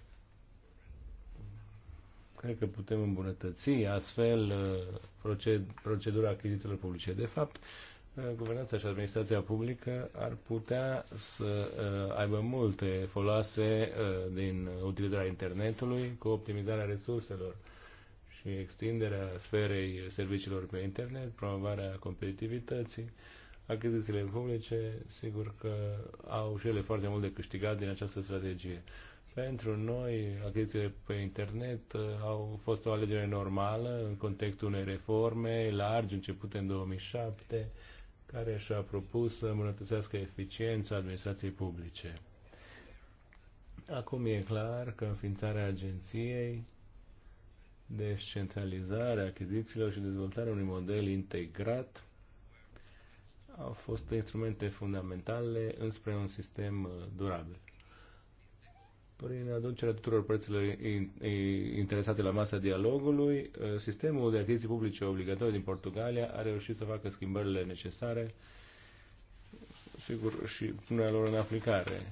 cred că putem îmbunătăți astfel uh, procedura achizițiilor publice. De fapt, uh, guvernanța și administrația publică ar putea să uh, aibă multe foloase din utilizarea internetului cu optimizarea resurselor și extinderea sferei serviciilor pe internet, promovarea competitivității. Achizițiile publice, sigur că au și ele foarte mult de câștigat din această strategie. Pentru noi, achizițiile pe internet uh, au fost o alegere normală în contextul unei reforme largi începute în 2007, care și-a propus să îmbunătățească eficiența administrației publice. Acum e clar că înființarea agenției, descentralizarea achizițiilor și dezvoltarea unui model integrat au fost instrumente fundamentale înspre un sistem uh, durabil prin aducerea tuturor părților interesate la masa dialogului, uh, sistemul de achiziții publice obligatorii din Portugalia a reușit să facă schimbările necesare, sigur, și punerea lor în aplicare.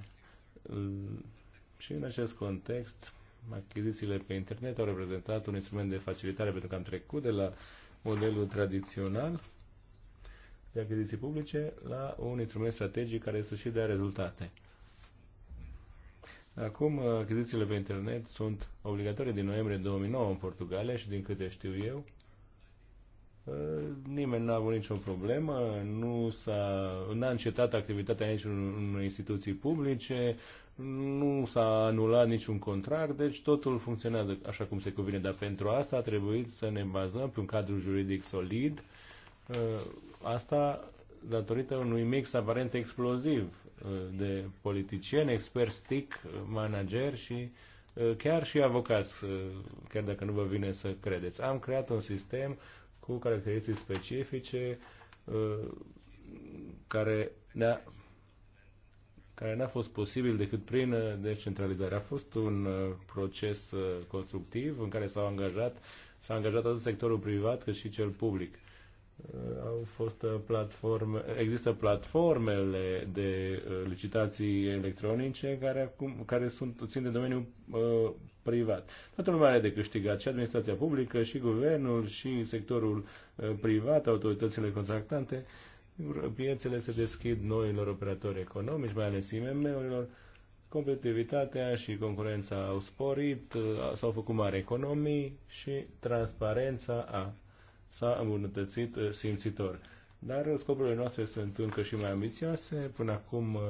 Și în acest context, achizițiile pe internet au reprezentat un instrument de facilitare pentru că am trecut de la modelul tradițional de achiziții publice la un instrument strategic care să și dea rezultate. Acum, achizițiile uh, pe internet sunt obligatorii din noiembrie 2009 în Portugalia și din câte știu eu, uh, nimeni n-a avut nicio problemă, nu s-a, n-a încetat activitatea nici în, în instituții publice, nu s-a anulat niciun contract, deci totul funcționează așa cum se cuvine, dar pentru asta a trebuit să ne bazăm pe un cadru juridic solid, uh, asta datorită unui mix aparent exploziv de politicieni, experți TIC, manageri și chiar și avocați, chiar dacă nu vă vine să credeți. Am creat un sistem cu caracteristici specifice care ne-a care n-a fost posibil decât prin decentralizare. A fost un proces constructiv în care s-au angajat, s-a angajat atât sectorul privat cât și cel public. Uh, au fost uh, platforme, există platformele de uh, licitații electronice care, acum, care sunt, țin de domeniul uh, privat. Toată lumea are de câștigat, și administrația publică, și guvernul, și sectorul uh, privat, autoritățile contractante. Piețele se deschid noilor operatori economici, mai ales IMM-urilor. Competitivitatea și concurența au sporit, s-au făcut mari economii și transparența a s-a îmbunătățit uh, simțitor. Dar uh, scopurile noastre sunt încă și mai ambițioase. Până acum uh,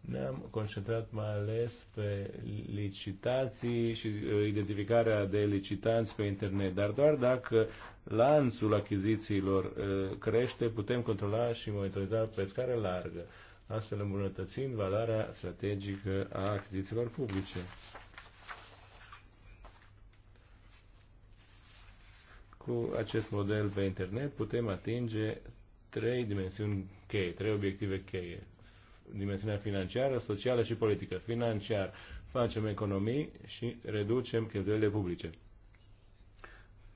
ne-am concentrat mai ales pe licitații și identificarea de licitanți pe internet. Dar doar dacă lanțul achizițiilor crește, putem controla și monitoriza pe scară largă, astfel îmbunătățind valoarea strategică a achizițiilor publice. Cu acest model pe internet putem atinge trei dimensiuni cheie, trei obiective cheie. Dimensiunea financiară, socială și politică. Financiar, facem economii și reducem cheltuielile publice.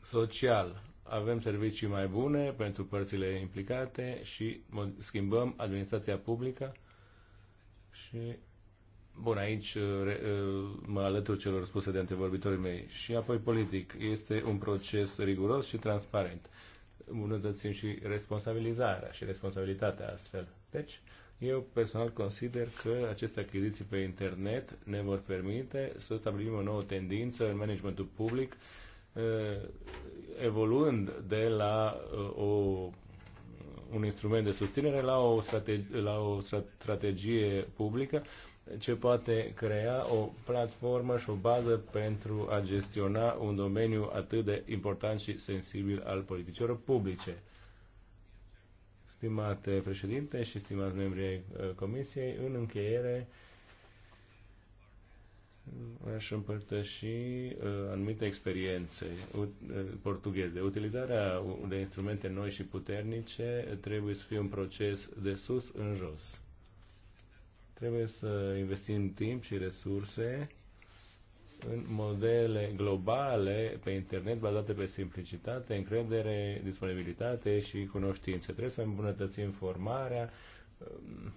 Social, avem servicii mai bune pentru părțile implicate și schimbăm administrația publică și Bun, aici uh, uh, mă alătur celor spuse de antevorbitorii mei. Și apoi politic. Este un proces riguros și transparent. Îmbunătățim și responsabilizarea și responsabilitatea astfel. Deci, eu personal consider că aceste achiziții pe internet ne vor permite să stabilim o nouă tendință în managementul public, uh, evoluând de la o un instrument de susținere la o, strategie, la o strategie publică ce poate crea o platformă și o bază pentru a gestiona un domeniu atât de important și sensibil al politicilor publice. Stimate președinte și stimați membri ai uh, Comisiei, în încheiere aș împărtăși uh, anumite experiențe uh, portugheze. Utilizarea de instrumente noi și puternice trebuie să fie un proces de sus în jos Trebuie să investim timp și resurse în modele globale pe internet bazate pe simplicitate, încredere, disponibilitate și cunoștințe. Trebuie să îmbunătățim formarea um,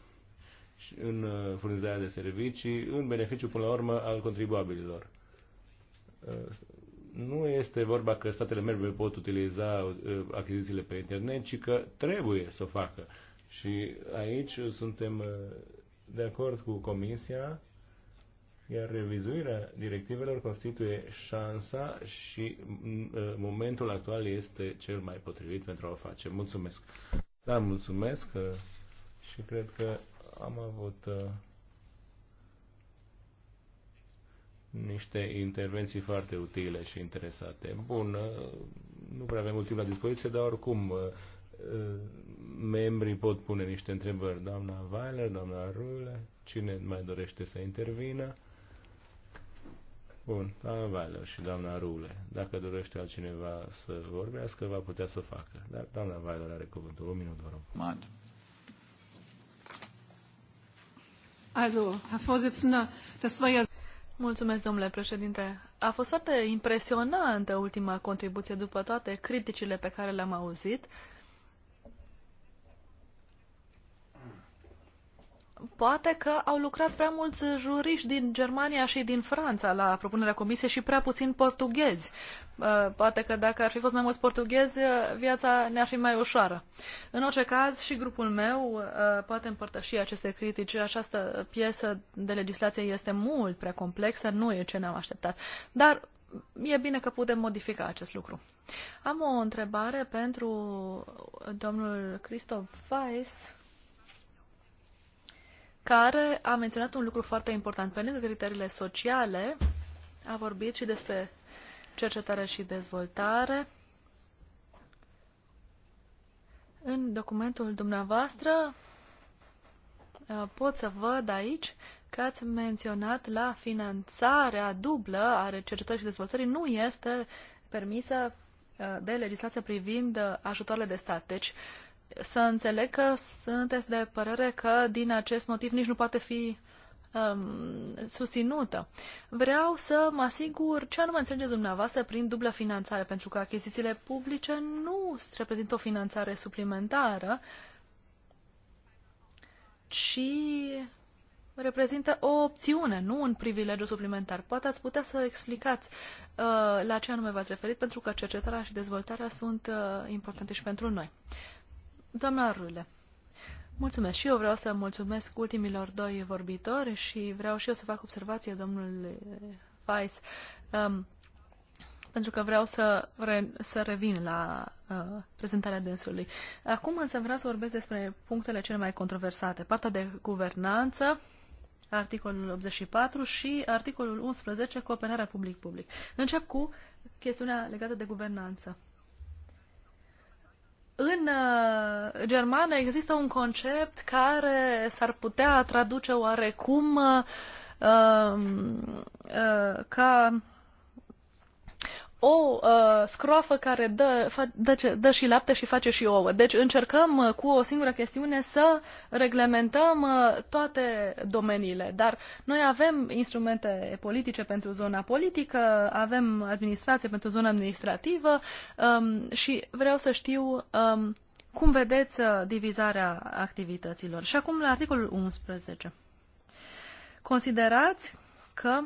în uh, furnizarea de servicii, în beneficiu, până la urmă, al contribuabililor. Uh, nu este vorba că statele membre pot utiliza uh, achizițiile pe internet, ci că trebuie să o facă. Și aici suntem de acord cu Comisia, iar revizuirea directivelor constituie șansa și momentul actual este cel mai potrivit pentru a o face. Mulțumesc! Da, mulțumesc uh, și cred că am avut uh, niște intervenții foarte utile și interesate. Bun, uh, nu prea avem mult timp la dispoziție, dar oricum Eh, membrii pot pune niște întrebări. Doamna Weiler, doamna Rule, cine mai dorește să intervină? Bun, doamna Weiler și doamna Rule. Dacă dorește altcineva să vorbească, va putea să facă. Dar doamna Weiler are cuvântul. Un minut, vă rog. Also, Herr Vorsitzender, das war ja Mulțumesc, domnule președinte. A fost foarte impresionantă ultima contribuție după toate criticile pe care le-am auzit. Uh, Poate că au lucrat prea mulți juriști din Germania și din Franța la propunerea comisiei și prea puțin portughezi. Uh, poate că dacă ar fi fost mai mulți portughezi, uh, viața ne-ar fi mai ușoară. În orice caz, și grupul meu uh, poate împărtăși aceste critici. Această piesă de legislație este mult prea complexă, nu e ce ne-am așteptat. Dar e bine că putem modifica acest lucru. Am o întrebare pentru domnul Christoph Weiss care a menționat un lucru foarte important. Pe lângă criteriile sociale, a vorbit și despre cercetare și dezvoltare. În documentul dumneavoastră uh, pot să văd aici că ați menționat la finanțarea dublă a cercetării și dezvoltării nu este permisă uh, de legislația privind uh, ajutoarele de stat. Deci, uh, să înțeleg că sunteți de părere că din acest motiv nici nu poate fi um, susținută. Vreau să mă asigur ce anume înțelegeți dumneavoastră prin dublă finanțare, pentru că achizițiile publice nu reprezintă o finanțare suplimentară, ci reprezintă o opțiune, nu un privilegiu suplimentar. Poate ați putea să explicați uh, la ce anume v-ați referit, pentru că cercetarea și dezvoltarea sunt uh, importante și pentru noi. Uh, Doamna Rule, mulțumesc și eu vreau să mulțumesc ultimilor doi vorbitori și vreau și eu să fac observație domnului Weiss, um, pentru că vreau să, re, să revin la uh, prezentarea dânsului. Acum însă vreau să vorbesc despre punctele cele mai controversate, partea de guvernanță, articolul 84 și articolul 11, cooperarea public-public. Încep cu chestiunea legată de guvernanță în uh, germană există un concept care s-ar putea traduce oarecum uh, um, uh, ca o uh, scroafă care dă, fa, dă, dă și lapte și face și ouă. Deci încercăm uh, cu o singură chestiune să reglementăm uh, toate domeniile. Dar noi avem instrumente politice pentru zona politică, avem administrație pentru zona administrativă um, și vreau să știu um, cum vedeți uh, divizarea activităților. Și acum la articolul 11. Considerați că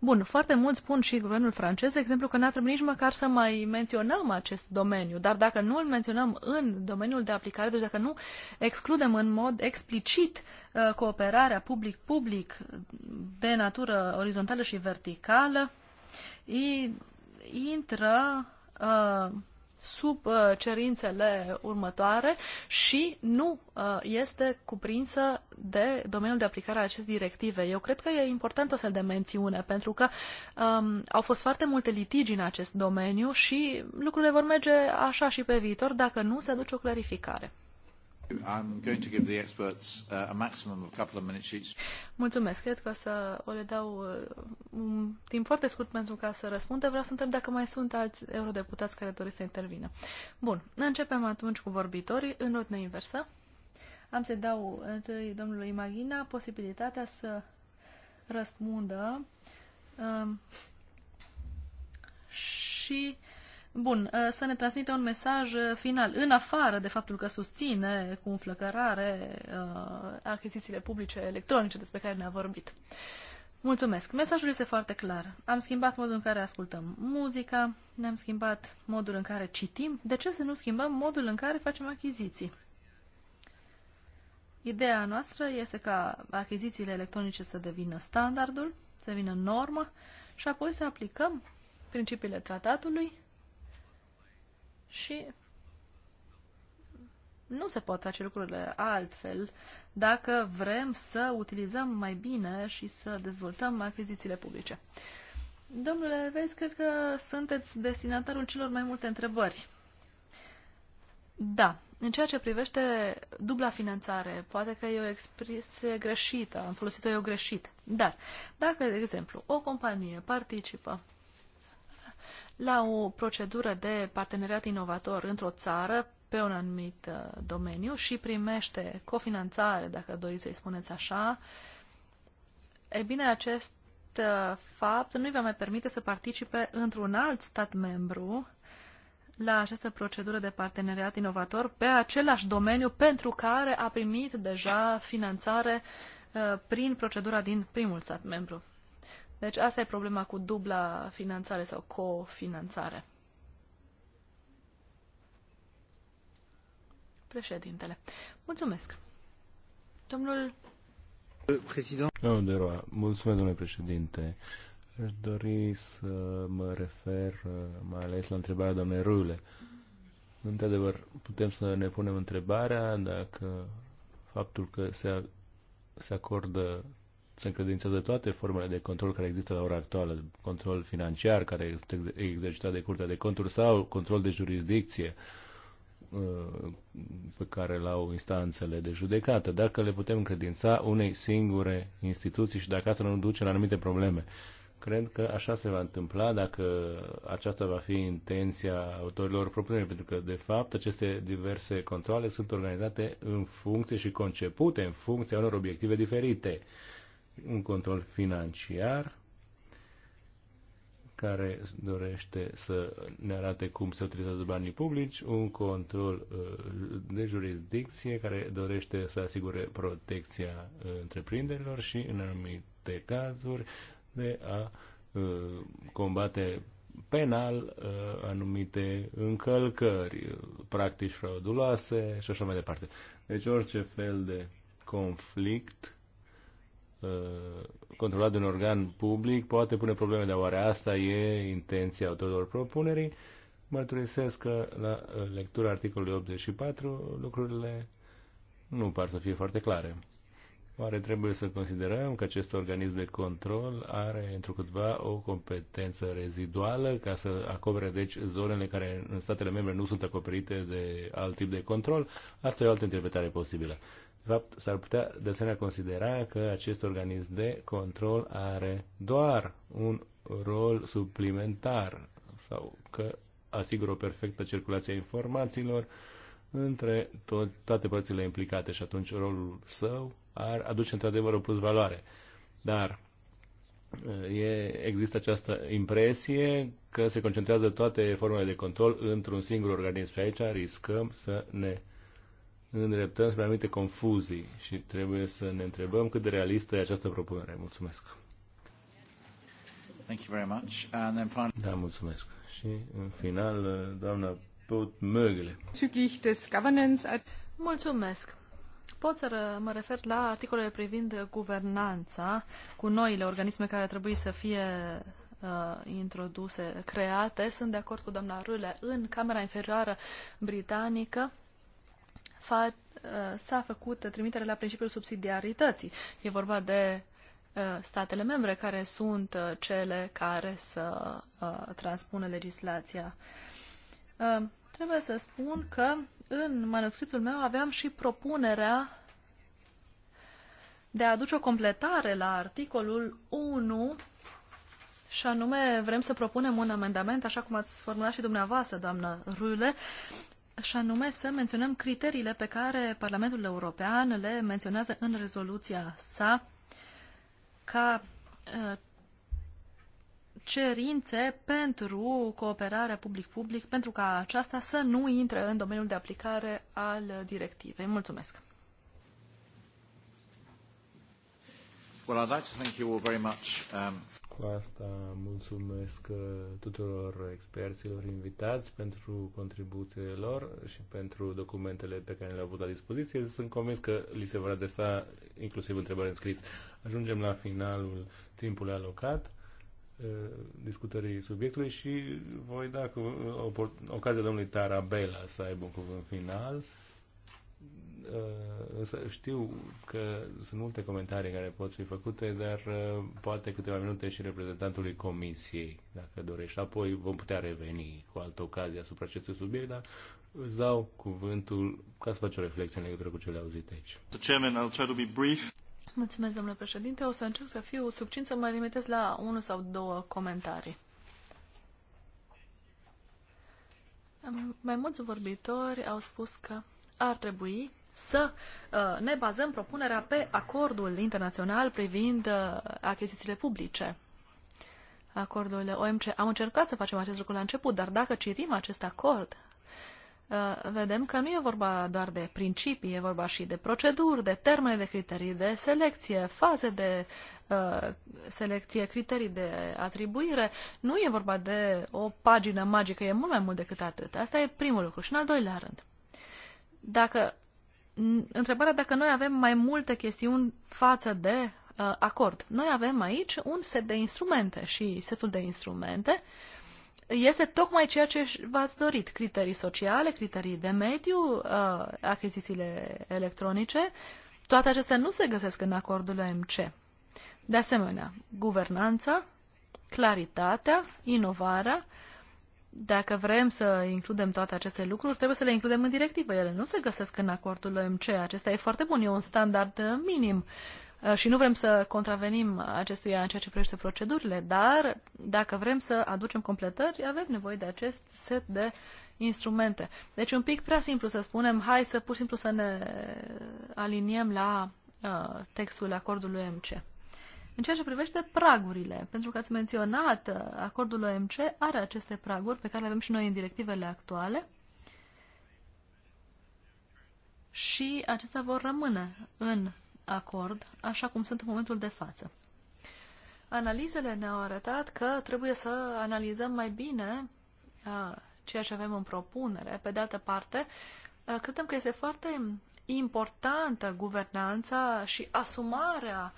Bun, foarte mulți spun și guvernul francez, de exemplu, că n-ar trebui nici măcar să mai menționăm acest domeniu, dar dacă nu îl menționăm în domeniul de aplicare, deci dacă nu excludem în mod explicit uh, cooperarea public-public uh, de natură orizontală și verticală, intră uh, sub uh, cerințele următoare și nu uh, este cuprinsă de domeniul de aplicare a acestei directive. Eu cred că e important o să de mențiune, pentru că um, au fost foarte multe litigi în acest domeniu și lucrurile vor merge așa și pe viitor dacă nu se aduce o clarificare. I'm going to give the experts uh, a maximum of a couple of minutes each. Mulțumesc. Cred că o să o le dau uh, un timp foarte scurt pentru ca să răspundă. Vreau să întreb dacă mai sunt alți eurodeputați care doresc să intervină. Bun. Începem atunci cu vorbitorii în ordine inversă. Am să dau întâi domnului Maghina posibilitatea să răspundă um, și Bun, uh, să ne transmite un mesaj uh, final, în afară de faptul că susține cu înflăcărare uh, achizițiile publice electronice despre care ne-a vorbit. Mulțumesc. Mesajul este foarte clar. Am schimbat modul în care ascultăm muzica, ne-am schimbat modul în care citim. De ce să nu schimbăm modul în care facem achiziții? Ideea noastră este ca achizițiile electronice să devină standardul, să devină norma și apoi să aplicăm principiile tratatului și nu se pot face lucrurile altfel dacă vrem să utilizăm mai bine și să dezvoltăm achizițiile publice. Domnule Vezi, cred că sunteți destinatarul celor mai multe întrebări. Da, în ceea ce privește dubla finanțare, poate că e o expresie greșită, am folosit-o eu greșit. Dar, dacă, de exemplu, o companie participă la o procedură de parteneriat inovator într-o țară pe un anumit uh, domeniu și primește cofinanțare, dacă doriți să-i spuneți așa, e bine, acest uh, fapt nu îi va mai permite să participe într-un alt stat membru la această procedură de parteneriat inovator pe același domeniu pentru care a primit deja finanțare uh, prin procedura din primul stat membru. Deci asta e problema cu dubla finanțare sau cofinanțare. Președintele. Mulțumesc. Domnul... Președinte. Domnul de Roa, mulțumesc, domnule președinte. Aș dori să mă refer mai ales la întrebarea doamnei Rule. Într-adevăr, putem să ne punem întrebarea dacă faptul că se, se acordă se încredințează toate formele de control care există la ora actuală, control financiar care este exercitat de Curtea de Conturi sau control de jurisdicție uh, pe care l-au instanțele de judecată, dacă le putem încredința unei singure instituții și dacă asta nu duce la anumite probleme. Cred că așa se va întâmpla dacă aceasta va fi intenția autorilor propuneri, pentru că, de fapt, aceste diverse controle sunt organizate în funcție și concepute în funcție unor obiective diferite. Uh, un control financiar care dorește să ne arate cum se utilizează banii publici, un control uh, de jurisdicție care dorește să asigure protecția uh, întreprinderilor și, în anumite cazuri, de a uh, combate penal anumite încălcări, practici frauduloase și așa mai departe. Deci orice fel de conflict Uh, controlat de un organ public poate pune probleme, dar oare asta e intenția autorilor propunerii? Mărturisesc că la uh, lectura articolului 84 lucrurile nu par să fie foarte clare. Oare trebuie să considerăm că acest organism de control are câtva o competență reziduală ca să acopere deci zonele care în statele membre nu sunt acoperite de alt tip de control? Asta e o altă interpretare posibilă fapt, s-ar putea de asemenea considera că acest organism de control are doar un rol suplimentar sau că asigură o perfectă circulație a informațiilor între tot, toate părțile implicate și atunci rolul său ar aduce într-adevăr o plus valoare. Dar e, există această impresie că se concentrează toate formele de control într-un singur organism și aici riscăm să ne îndreptăm spre anumite confuzii și trebuie să ne întrebăm cât de realistă e această propunere. Mulțumesc! Thank you very much. And then finally... Da, mulțumesc. Și în final, doamna Pot Mögele. Mulțumesc. Pot să mă refer la articolele privind guvernanța cu noile organisme care trebuie să fie uh, introduse, create. Sunt de acord cu doamna Râle. În Camera Inferioară Britanică fa- uh, s-a făcut trimitere la principiul subsidiarității. E vorba de uh, statele membre care sunt uh, cele care să transpună legislația. Trebuie să spun că în manuscritul meu aveam și propunerea de a aduce o completare la articolul 1 și anume vrem să propunem un amendament, așa cum ați formulat și dumneavoastră, doamnă Rule, și anume să menționăm criteriile pe care Parlamentul European le menționează în rezoluția sa ca cerințe pentru cooperarea public-public, pentru ca aceasta să nu intre în domeniul de aplicare al directivei. Mulțumesc! Well, I'd like to thank you all very much. Um... Cu asta mulțumesc uh, tuturor experților invitați pentru contribuțiile lor și pentru documentele pe care le-au avut la dispoziție. Sunt convins că li se vor adresa inclusiv întrebări în scris. Ajungem la finalul timpului alocat uh, discutării subiectului și voi da ocazia domnului Tarabella să aibă un cuvânt final. Uh, însă știu că sunt multe comentarii care pot fi făcute, dar uh, poate câteva minute și reprezentantului comisiei, dacă dorești. Apoi vom putea reveni cu altă ocazie asupra acestui subiect, dar îți dau cuvântul ca să faci o reflexie în legătură cu cele auzite aici. Chairman, I'll try to be brief. Mulțumesc, domnule președinte. O să încerc să fiu subțin, să mă limitez la unul sau două comentarii. Mai mulți vorbitori au spus că ar trebui să uh, ne bazăm propunerea pe acordul internațional privind uh, achizițiile publice. Acordul OMC. Am încercat să facem acest lucru la început, dar dacă citim acest acord, uh, vedem că nu e vorba doar de principii, e vorba și de proceduri, de termene, de criterii de selecție, faze de selecție, criterii de atribuire. Nu e vorba de o pagină magică, e mult mai mult decât atât. Asta e primul lucru. Și în al doilea rând, dacă întrebarea dacă noi avem mai multe chestiuni față de uh, acord. Noi avem aici un set de instrumente și setul de instrumente este tocmai ceea ce v-ați dorit. Criterii sociale, criterii de mediu, uh, achizițiile electronice, toate acestea nu se găsesc în acordul OMC. De asemenea, guvernanța, claritatea, inovarea, dacă vrem să includem toate aceste lucruri, trebuie să le includem în directivă. Ele nu se găsesc în acordul OMC. Acesta e foarte bun, e un standard minim. Uh, și nu vrem să contravenim acestuia în ceea ce privește procedurile, dar dacă vrem să aducem completări, avem nevoie de acest set de instrumente. Deci un pic prea simplu să spunem, hai să pur și simplu să ne uh, aliniem la uh, textul acordului MC. În ceea ce privește pragurile, pentru că ați menționat, uh, acordul OMC are aceste praguri pe care le avem și noi în directivele actuale și acestea vor rămâne în acord, așa cum sunt în momentul de față. Analizele ne-au arătat că trebuie să analizăm mai bine uh, ceea ce avem în propunere. Pe de altă parte, uh, credem că este foarte importantă guvernanța și asumarea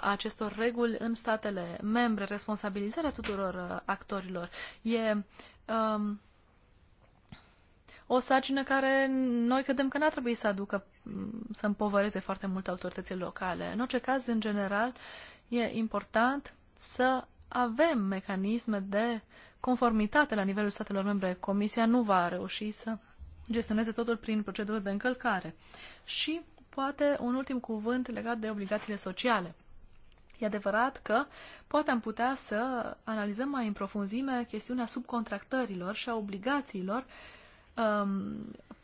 acestor reguli în statele membre, responsabilizarea tuturor actorilor. E um, o sarcină care noi credem că n-ar trebui să aducă, să împovăreze foarte mult autoritățile locale. În orice caz, în general, e important să avem mecanisme de conformitate la nivelul statelor membre. Comisia nu va reuși să gestioneze totul prin procedură de încălcare. Și poate un ultim cuvânt legat de obligațiile sociale. E adevărat că poate am putea să analizăm mai în profunzime chestiunea subcontractărilor și a obligațiilor um,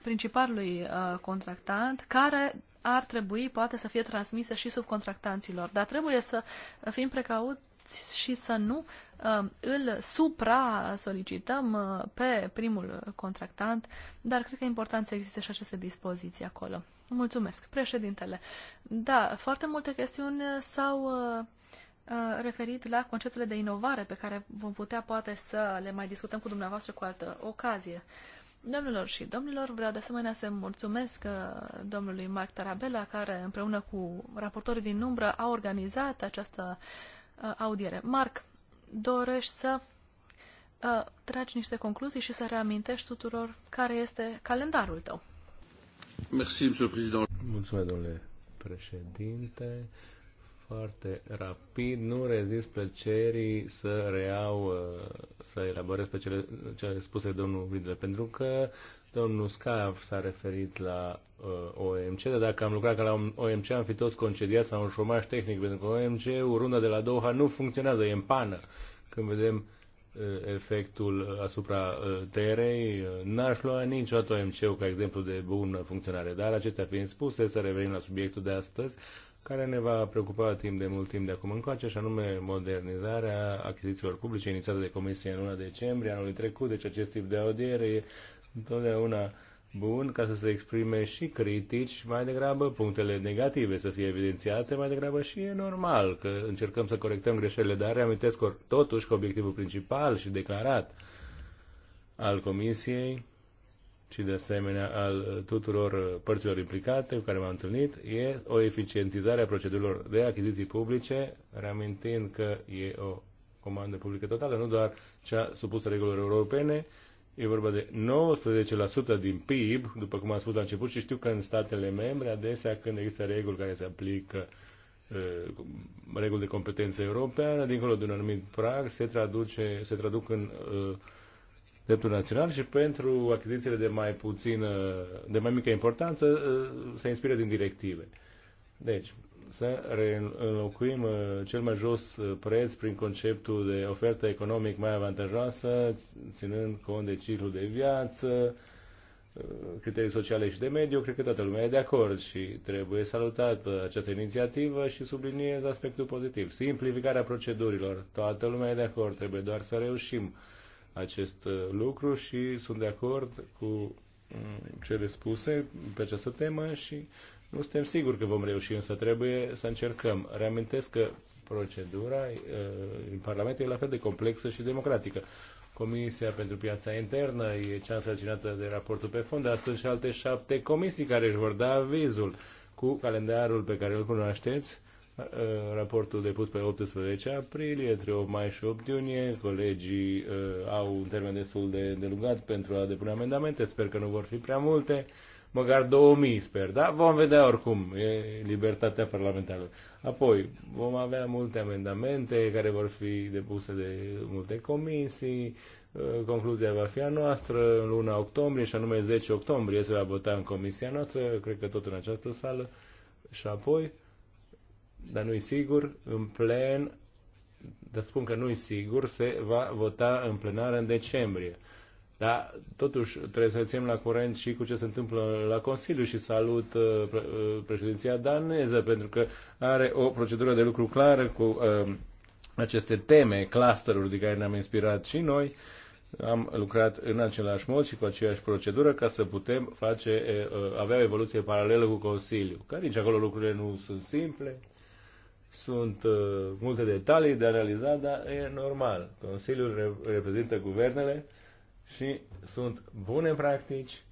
principalului uh, contractant, care ar trebui poate să fie transmise și subcontractanților. Dar trebuie să fim precauți și să nu uh, îl supra-solicităm uh, pe primul contractant, dar cred că e important să existe și aceste dispoziții acolo. Mulțumesc, președintele. Da, foarte multe chestiuni s-au uh, uh, referit la conceptele de inovare pe care vom putea poate să le mai discutăm cu dumneavoastră cu altă ocazie. Domnilor și domnilor, vreau de asemenea să mulțumesc uh, domnului Marc Tarabella, care împreună cu raportorii din umbră a organizat această audiere. Marc, dorești să tragi niște concluzii și să reamintești tuturor care este calendarul tău. Mulțumesc, domnule președinte. Foarte rapid, nu rezist plăcerii să reau, uh, să elaborez pe cele, cele spuse domnul Vidle, pentru că domnul Scaf s-a referit la uh, OMC, dar dacă am lucrat ca la OMC am fi toți concediați sau un șomaș tehnic, pentru că OMC-ul, runda de la Doha, nu funcționează, e în pană. Când vedem uh, Eh, efectul eh, asupra eh, terei. N-aș lua niciodată OMC-ul ca exemplu de bună funcționare, dar acestea fiind spuse, să revenim la subiectul de astăzi, care ne va preocupa timp de mult timp de acum încoace, și anume modernizarea achizițiilor publice inițiată de Comisie în luna decembrie anului trecut, deci acest tip de audiere e întotdeauna bun ca să se exprime și critici mai degrabă punctele negative să fie evidențiate, mai degrabă și e normal că încercăm să corectăm greșelile, dar reamintesc totuși că obiectivul principal și declarat al Comisiei și de asemenea al tuturor părților implicate cu care m-am întâlnit, e o eficientizare a procedurilor de achiziții publice, reamintind că e o comandă publică totală, nu doar cea supusă regulilor europene, E vorba de 19% din PIB, după cum am spus la început, și știu că în statele membre, adesea când există reguli care se aplică, reguli de competență europeană, dincolo de un anumit prag, se, traduce, se traduc în dreptul național și pentru achizițiile de mai puțină, de mai mică importanță, se inspiră din directive. Deci, să reînlocuim uh, cel mai jos uh, preț prin conceptul de ofertă economic mai avantajoasă, ținând cont de ciclul de viață, uh, criterii sociale și de mediu, cred că toată lumea e de acord și trebuie salutată această inițiativă și subliniez aspectul pozitiv. Simplificarea procedurilor, toată lumea e de acord, trebuie doar să reușim acest lucru și sunt de acord cu cele spuse pe această temă și nu suntem siguri că vom reuși, însă trebuie să încercăm. Reamintesc că procedura uh, în Parlament e la fel de complexă și democratică. Comisia pentru piața internă e cea însărcinată de raportul pe fond, dar sunt și alte șapte comisii care își vor da avizul cu calendarul pe care îl cunoașteți, uh, raportul depus pe 18 aprilie, între 8 mai și 8 iunie. Colegii uh, au un termen destul de îndelungat pentru a depune amendamente, sper că nu vor fi prea multe măcar 2000, sper, da? Vom vedea oricum, e libertatea parlamentară. Apoi, vom avea multe amendamente care vor fi depuse de multe comisii, uh, concluzia va fi a noastră în luna octombrie, și anume 10 octombrie se va vota în comisia noastră, cred că tot în această sală, și apoi, dar nu-i sigur, în plen, dar spun că nu-i sigur, se va vota în plenară în decembrie. Dar totuși trebuie să ținem la curent și cu ce se întâmplă la Consiliu și salut uh, uh, președinția daneză pentru că are o procedură de lucru clară cu uh, aceste teme, clusteruri de care ne-am inspirat și noi. Am lucrat în același mod și cu aceeași procedură ca să putem face, uh, uh avea o evoluție paralelă cu Consiliu. Că nici acolo lucrurile nu sunt simple, sunt uh, multe detalii de analizat, dar e normal. Consiliul reprezintă guvernele și sunt bune practici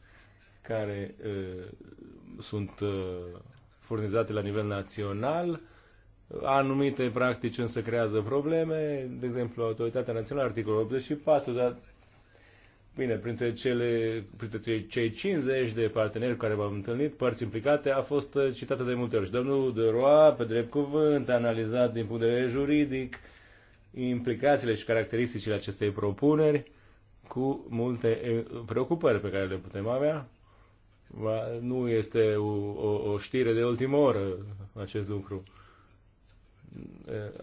care uh, sunt uh, furnizate la nivel național. Anumite practici însă creează probleme, de exemplu, Autoritatea Națională, articolul 84, dar Bine, printre, cele, printre cei 50 de parteneri care v-am întâlnit, părți implicate, a fost uh, citată de multe ori. Și domnul de Roa, pe drept cuvânt, a analizat din punct de vedere juridic implicațiile și caracteristicile acestei propuneri cu multe preocupări pe care le putem avea. Nu este o, o, o știre de ultimă oră acest lucru.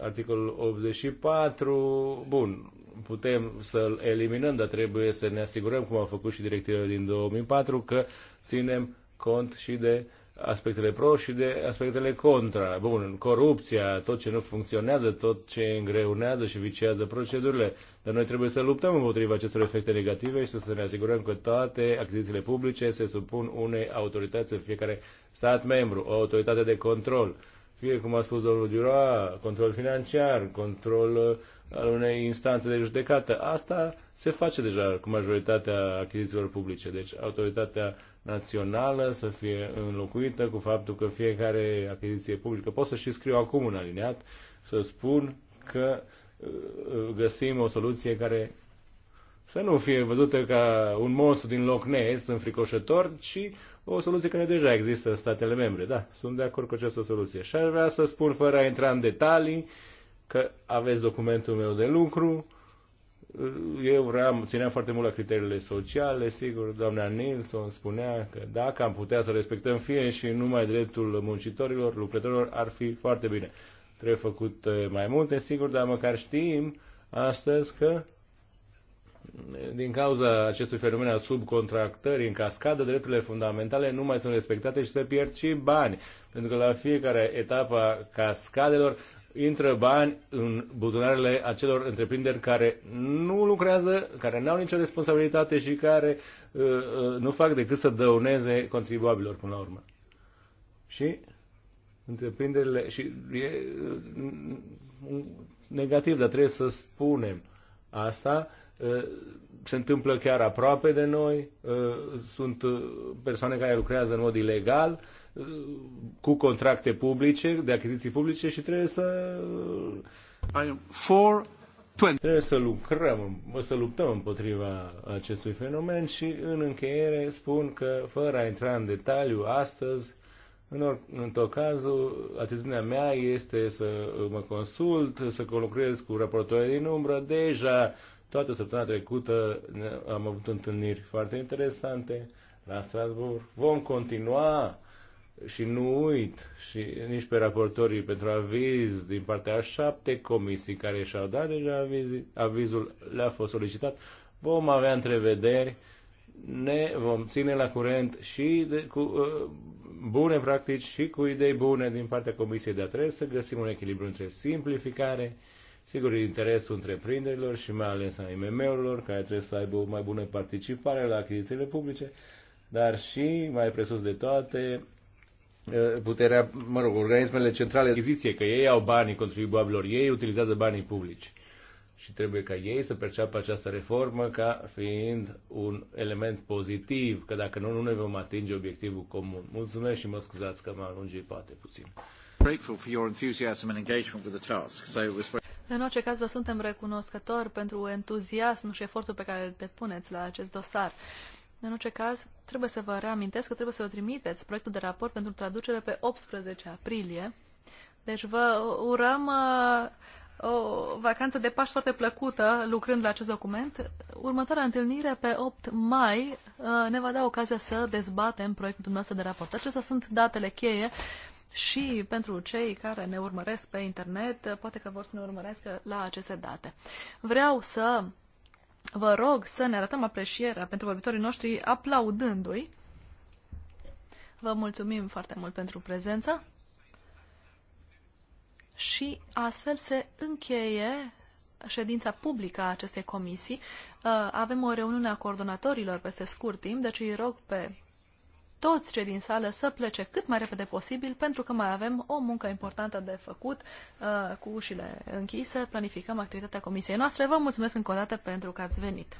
Articolul 84, bun, putem să-l eliminăm, dar trebuie să ne asigurăm, cum au făcut și directivele din 2004, că ținem cont și de uh, aspectele pro și de aspectele contra. Bun, corupția, tot ce nu funcționează, tot ce îngreunează și viciază procedurile. Dar noi trebuie să luptăm împotriva acestor efecte negative și să ne asigurăm că toate achizițiile publice se supun unei autorități în fiecare stat membru, o autoritate de control. Fie, cum a spus domnul Dura, control financiar, control uh, al unei instanțe de judecată. Asta se face deja cu majoritatea achizițiilor publice. Deci autoritatea națională să fie înlocuită cu faptul că fiecare achiziție publică, pot să și scriu acum un alineat, să spun că uh, găsim o soluție care să nu fie văzută ca un monstru din Loch Ness înfricoșător, ci o soluție care deja există în statele membre. Da, sunt de acord cu această soluție. Și aș vrea să spun, fără a intra în detalii, că aveți documentul meu de lucru, eu vreau, țineam foarte mult la criteriile sociale, sigur, doamna Nilsson spunea că dacă am putea să respectăm fie și numai dreptul muncitorilor, lucrătorilor, ar fi foarte bine. Trebuie făcut eh, mai multe, sigur, dar măcar știm astăzi că eh, din cauza acestui fenomen al subcontractării în cascadă, drepturile fundamentale nu mai sunt respectate și se pierd și bani. Pentru că la fiecare etapă a cascadelor intră bani în buzunarele acelor întreprinderi care nu lucrează, care nu au nicio responsabilitate și care uh, uh, nu fac decât să dăuneze contribuabilor până la urmă. Și întreprinderile și e uh, negativ, dar trebuie să spunem asta uh, se întâmplă chiar aproape de noi, uh, sunt uh, persoane care lucrează în mod ilegal cu contracte publice, de achiziții publice și trebuie să... I am for Trebuie să lucrăm, să luptăm împotriva acestui fenomen și în încheiere spun că, fără a intra în detaliu astăzi, în, or, în tot cazul, atitudinea mea este să mă consult, să lucrez cu raportoare din umbră. Deja, toată săptămâna trecută, am avut întâlniri foarte interesante la Strasbourg. Vom continua și nu uit și nici pe raportorii pentru aviz din partea a șapte comisii care și-au dat deja aviz, avizul, le-a fost solicitat. Vom avea întrevederi, ne vom ține la curent și de, cu uh, bune practici și cu idei bune din partea comisiei, de trebuie să găsim un echilibru între simplificare, sigur, interesul întreprinderilor și mai ales a IMM-urilor, care trebuie să aibă o mai bună participare la achizițiile publice, dar și, mai presus de toate, Eh, puterea, mă rog, organismele centrale de achiziție, că ei au banii contribuabilor, ei utilizează banii publici. Și trebuie ca ei să perceapă această reformă ca fiind un element pozitiv, că dacă nu, nu ne vom atinge obiectivul comun. Mulțumesc și mă scuzați că m-am poate puțin. În orice caz, vă suntem recunoscători pentru entuziasm și efortul pe care îl depuneți la acest dosar. În orice caz, trebuie să vă reamintesc că trebuie să vă trimiteți proiectul de raport pentru traducere pe 18 aprilie. Deci vă urăm uh, o vacanță de pași foarte plăcută lucrând la acest document. Următoarea întâlnire pe 8 mai uh, ne va da ocazia să dezbatem proiectul dumneavoastră de raport. Acestea sunt datele cheie și pentru cei care ne urmăresc pe internet, uh, poate că vor să ne urmărească la aceste date. Vreau să Vă rog să ne arătăm aprecierea pentru vorbitorii noștri aplaudându-i. Vă mulțumim foarte mult pentru prezență. Și astfel se încheie ședința publică a acestei comisii. Uh, avem o reuniune a coordonatorilor peste scurt timp, deci îi rog pe toți cei din sală să plece cât mai repede posibil, pentru că mai avem o muncă importantă de făcut uh, cu ușile închise. Planificăm activitatea comisiei noastre. Vă mulțumesc încă o dată pentru că ați venit.